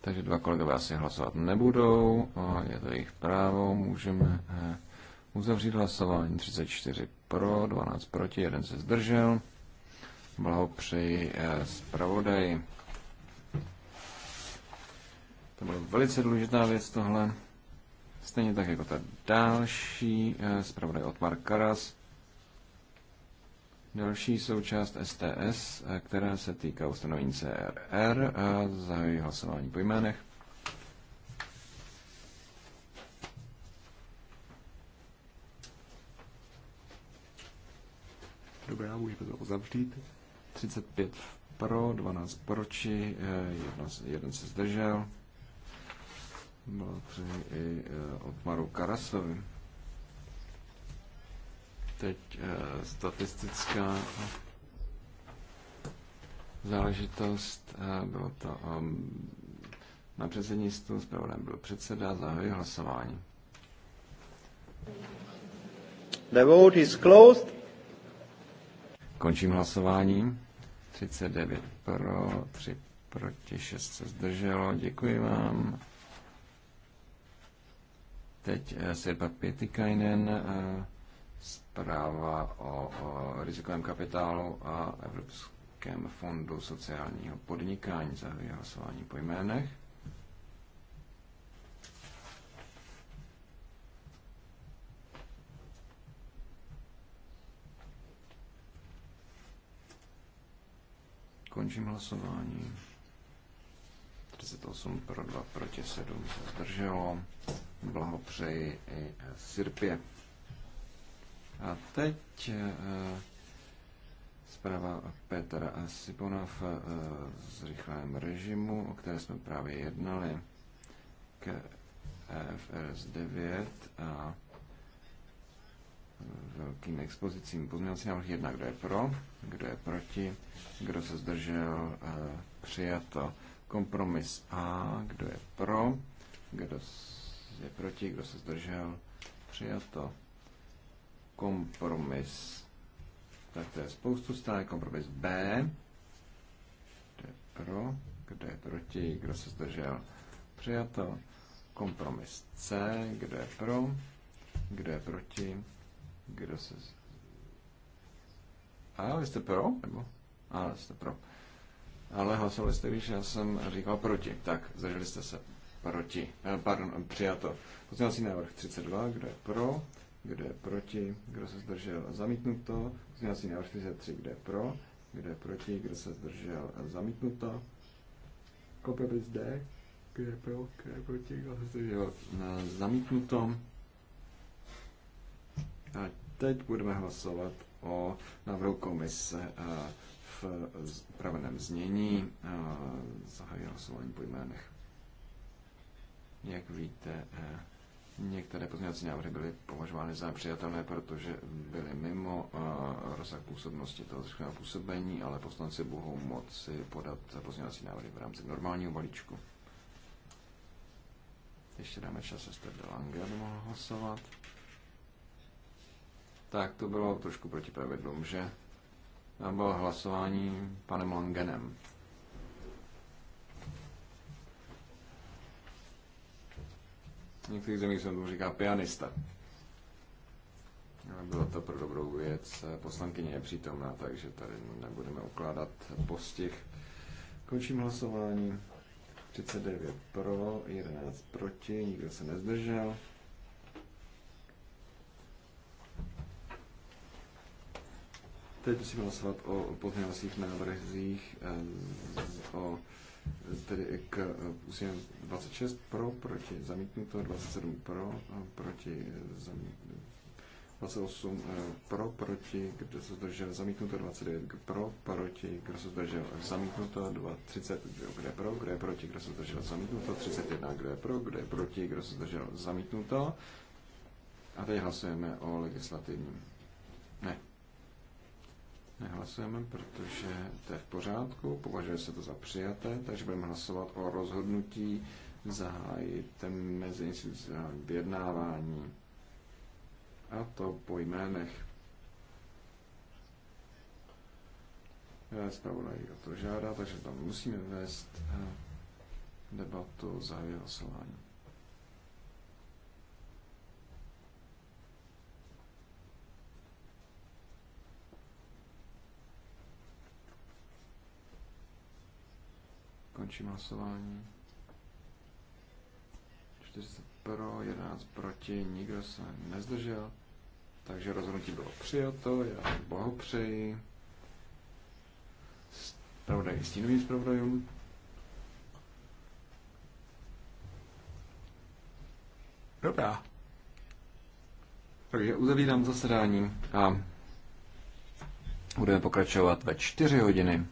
Takže dva kolegové asi hlasovat nebudou. Je to jejich právo. Můžeme eh, uzavřít hlasování. 34 pro, 12 proti, jeden se zdržel. Blahopřeji eh, zpravodaji. To byla velice důležitá věc tohle. Stejně tak jako ta další, eh, zpravodaj Otmar Karas. Další součást STS, eh, která se týká ustanovení CRR a zahajuji hlasování po jménech. Dobrá, můžeme to uzavřít. 35 pro, 12 proči, jedno, jeden se zdržel. Bylo tři i eh, od Maru Karasovi teď eh, statistická záležitost. Eh, bylo to ehm, na předsednictvu, zpravodajem byl předseda, zahajuji hlasování. The vote is closed. Končím hlasování. 39 pro, 3 proti, 6 se zdrželo. Děkuji vám. Teď eh, Sirpa Pietikainen zpráva o, o rizikovém kapitálu a Evropském fondu sociálního podnikání. za hlasování po jménech. Končím hlasování. 38 pro 2 proti 7 se zdrželo. Blahopřeji i Sirpě. A teď eh, zpráva Petra Sibonov eh, z rychlém režimu, o které jsme právě jednali k e FRS 9 a velkým expozicím. Pozměňovací návrh Jedna, kdo je pro, kdo je proti, kdo se zdržel, eh, přijato. Kompromis A, kdo je pro, kdo je proti, kdo se zdržel, přijato kompromis. Tak to je spoustu stran, kompromis B. kde je pro, kde je proti, kdo se zdržel, přijato. Kompromis C, kdo je pro, kdo je proti, kdo se... A jste pro? Nebo? A jste pro. Ale hlasovali jste, když já jsem říkal proti. Tak, zdrželi jste se proti. Eh, pardon, přijato. Pozměňovací návrh 32, kdo je pro, kdo je proti, kdo se zdržel, zamítnuto. Pozměňovací návrh 43, kdo je pro, kdo je proti, kdo se zdržel, zamítnuto. Kompromis D, kdo je pro, kdo je proti, kdo se zdržel, e, zamítnuto. A teď budeme hlasovat o návrhu komise e, v upraveném znění. E, zahajuji hlasování po jménech. Jak víte, Některé pozměňovací návrhy byly považovány za přijatelné, protože byly mimo eh, rozsah působnosti toho zrychleného působení, ale poslanci budou moci podat pozměňovací návrhy v rámci normálního balíčku. Ještě dáme čas, Ester de Lange, aby mohla hlasovat. Tak to bylo trošku proti pravidlům, že? Bylo hlasování panem Langenem. V některých zemích se tomu říká pianista. Bylo to pro dobrou věc. Poslankyně je přítomná, takže tady nebudeme ukládat postih. Končím hlasování. 39 pro, 11 proti, nikdo se nezdržel. Teď musíme hlasovat o pozměňovacích návrzích, eh, o tedy k úsilím eh, 26 pro, proti zamítnuto, 27 pro, eh, proti zamítnuto. 28 eh, pro, proti, kdo se zdržel, zamítnuto, 29 pro, proti, kdo se zdržel, zamítnuto, 30, kdo je pro, kdo je proti, kdo se zdržel, zamítnuto, 31, kdo je pro, kdo je proti, kdo se zdržel, zamítnuto. A teď hlasujeme o legislativním. Ne, Nehlasujeme, protože to je v pořádku, považuje se to za přijaté, takže budeme hlasovat o rozhodnutí zahájit meziinstitucionální vyjednávání. A to po jménech. Zpravodaj o to žádá, takže tam musíme vést eh, debatu za hlasování. Končím hlasování. 40 pro, 11 proti, nikdo se nezdržel. Takže rozhodnutí bylo přijato, já Bohu blahopřeji. Zpravodaj stínovým zpravodajům. Dobrá. Takže uzavírám zasedání a budeme pokračovat ve 4 hodiny.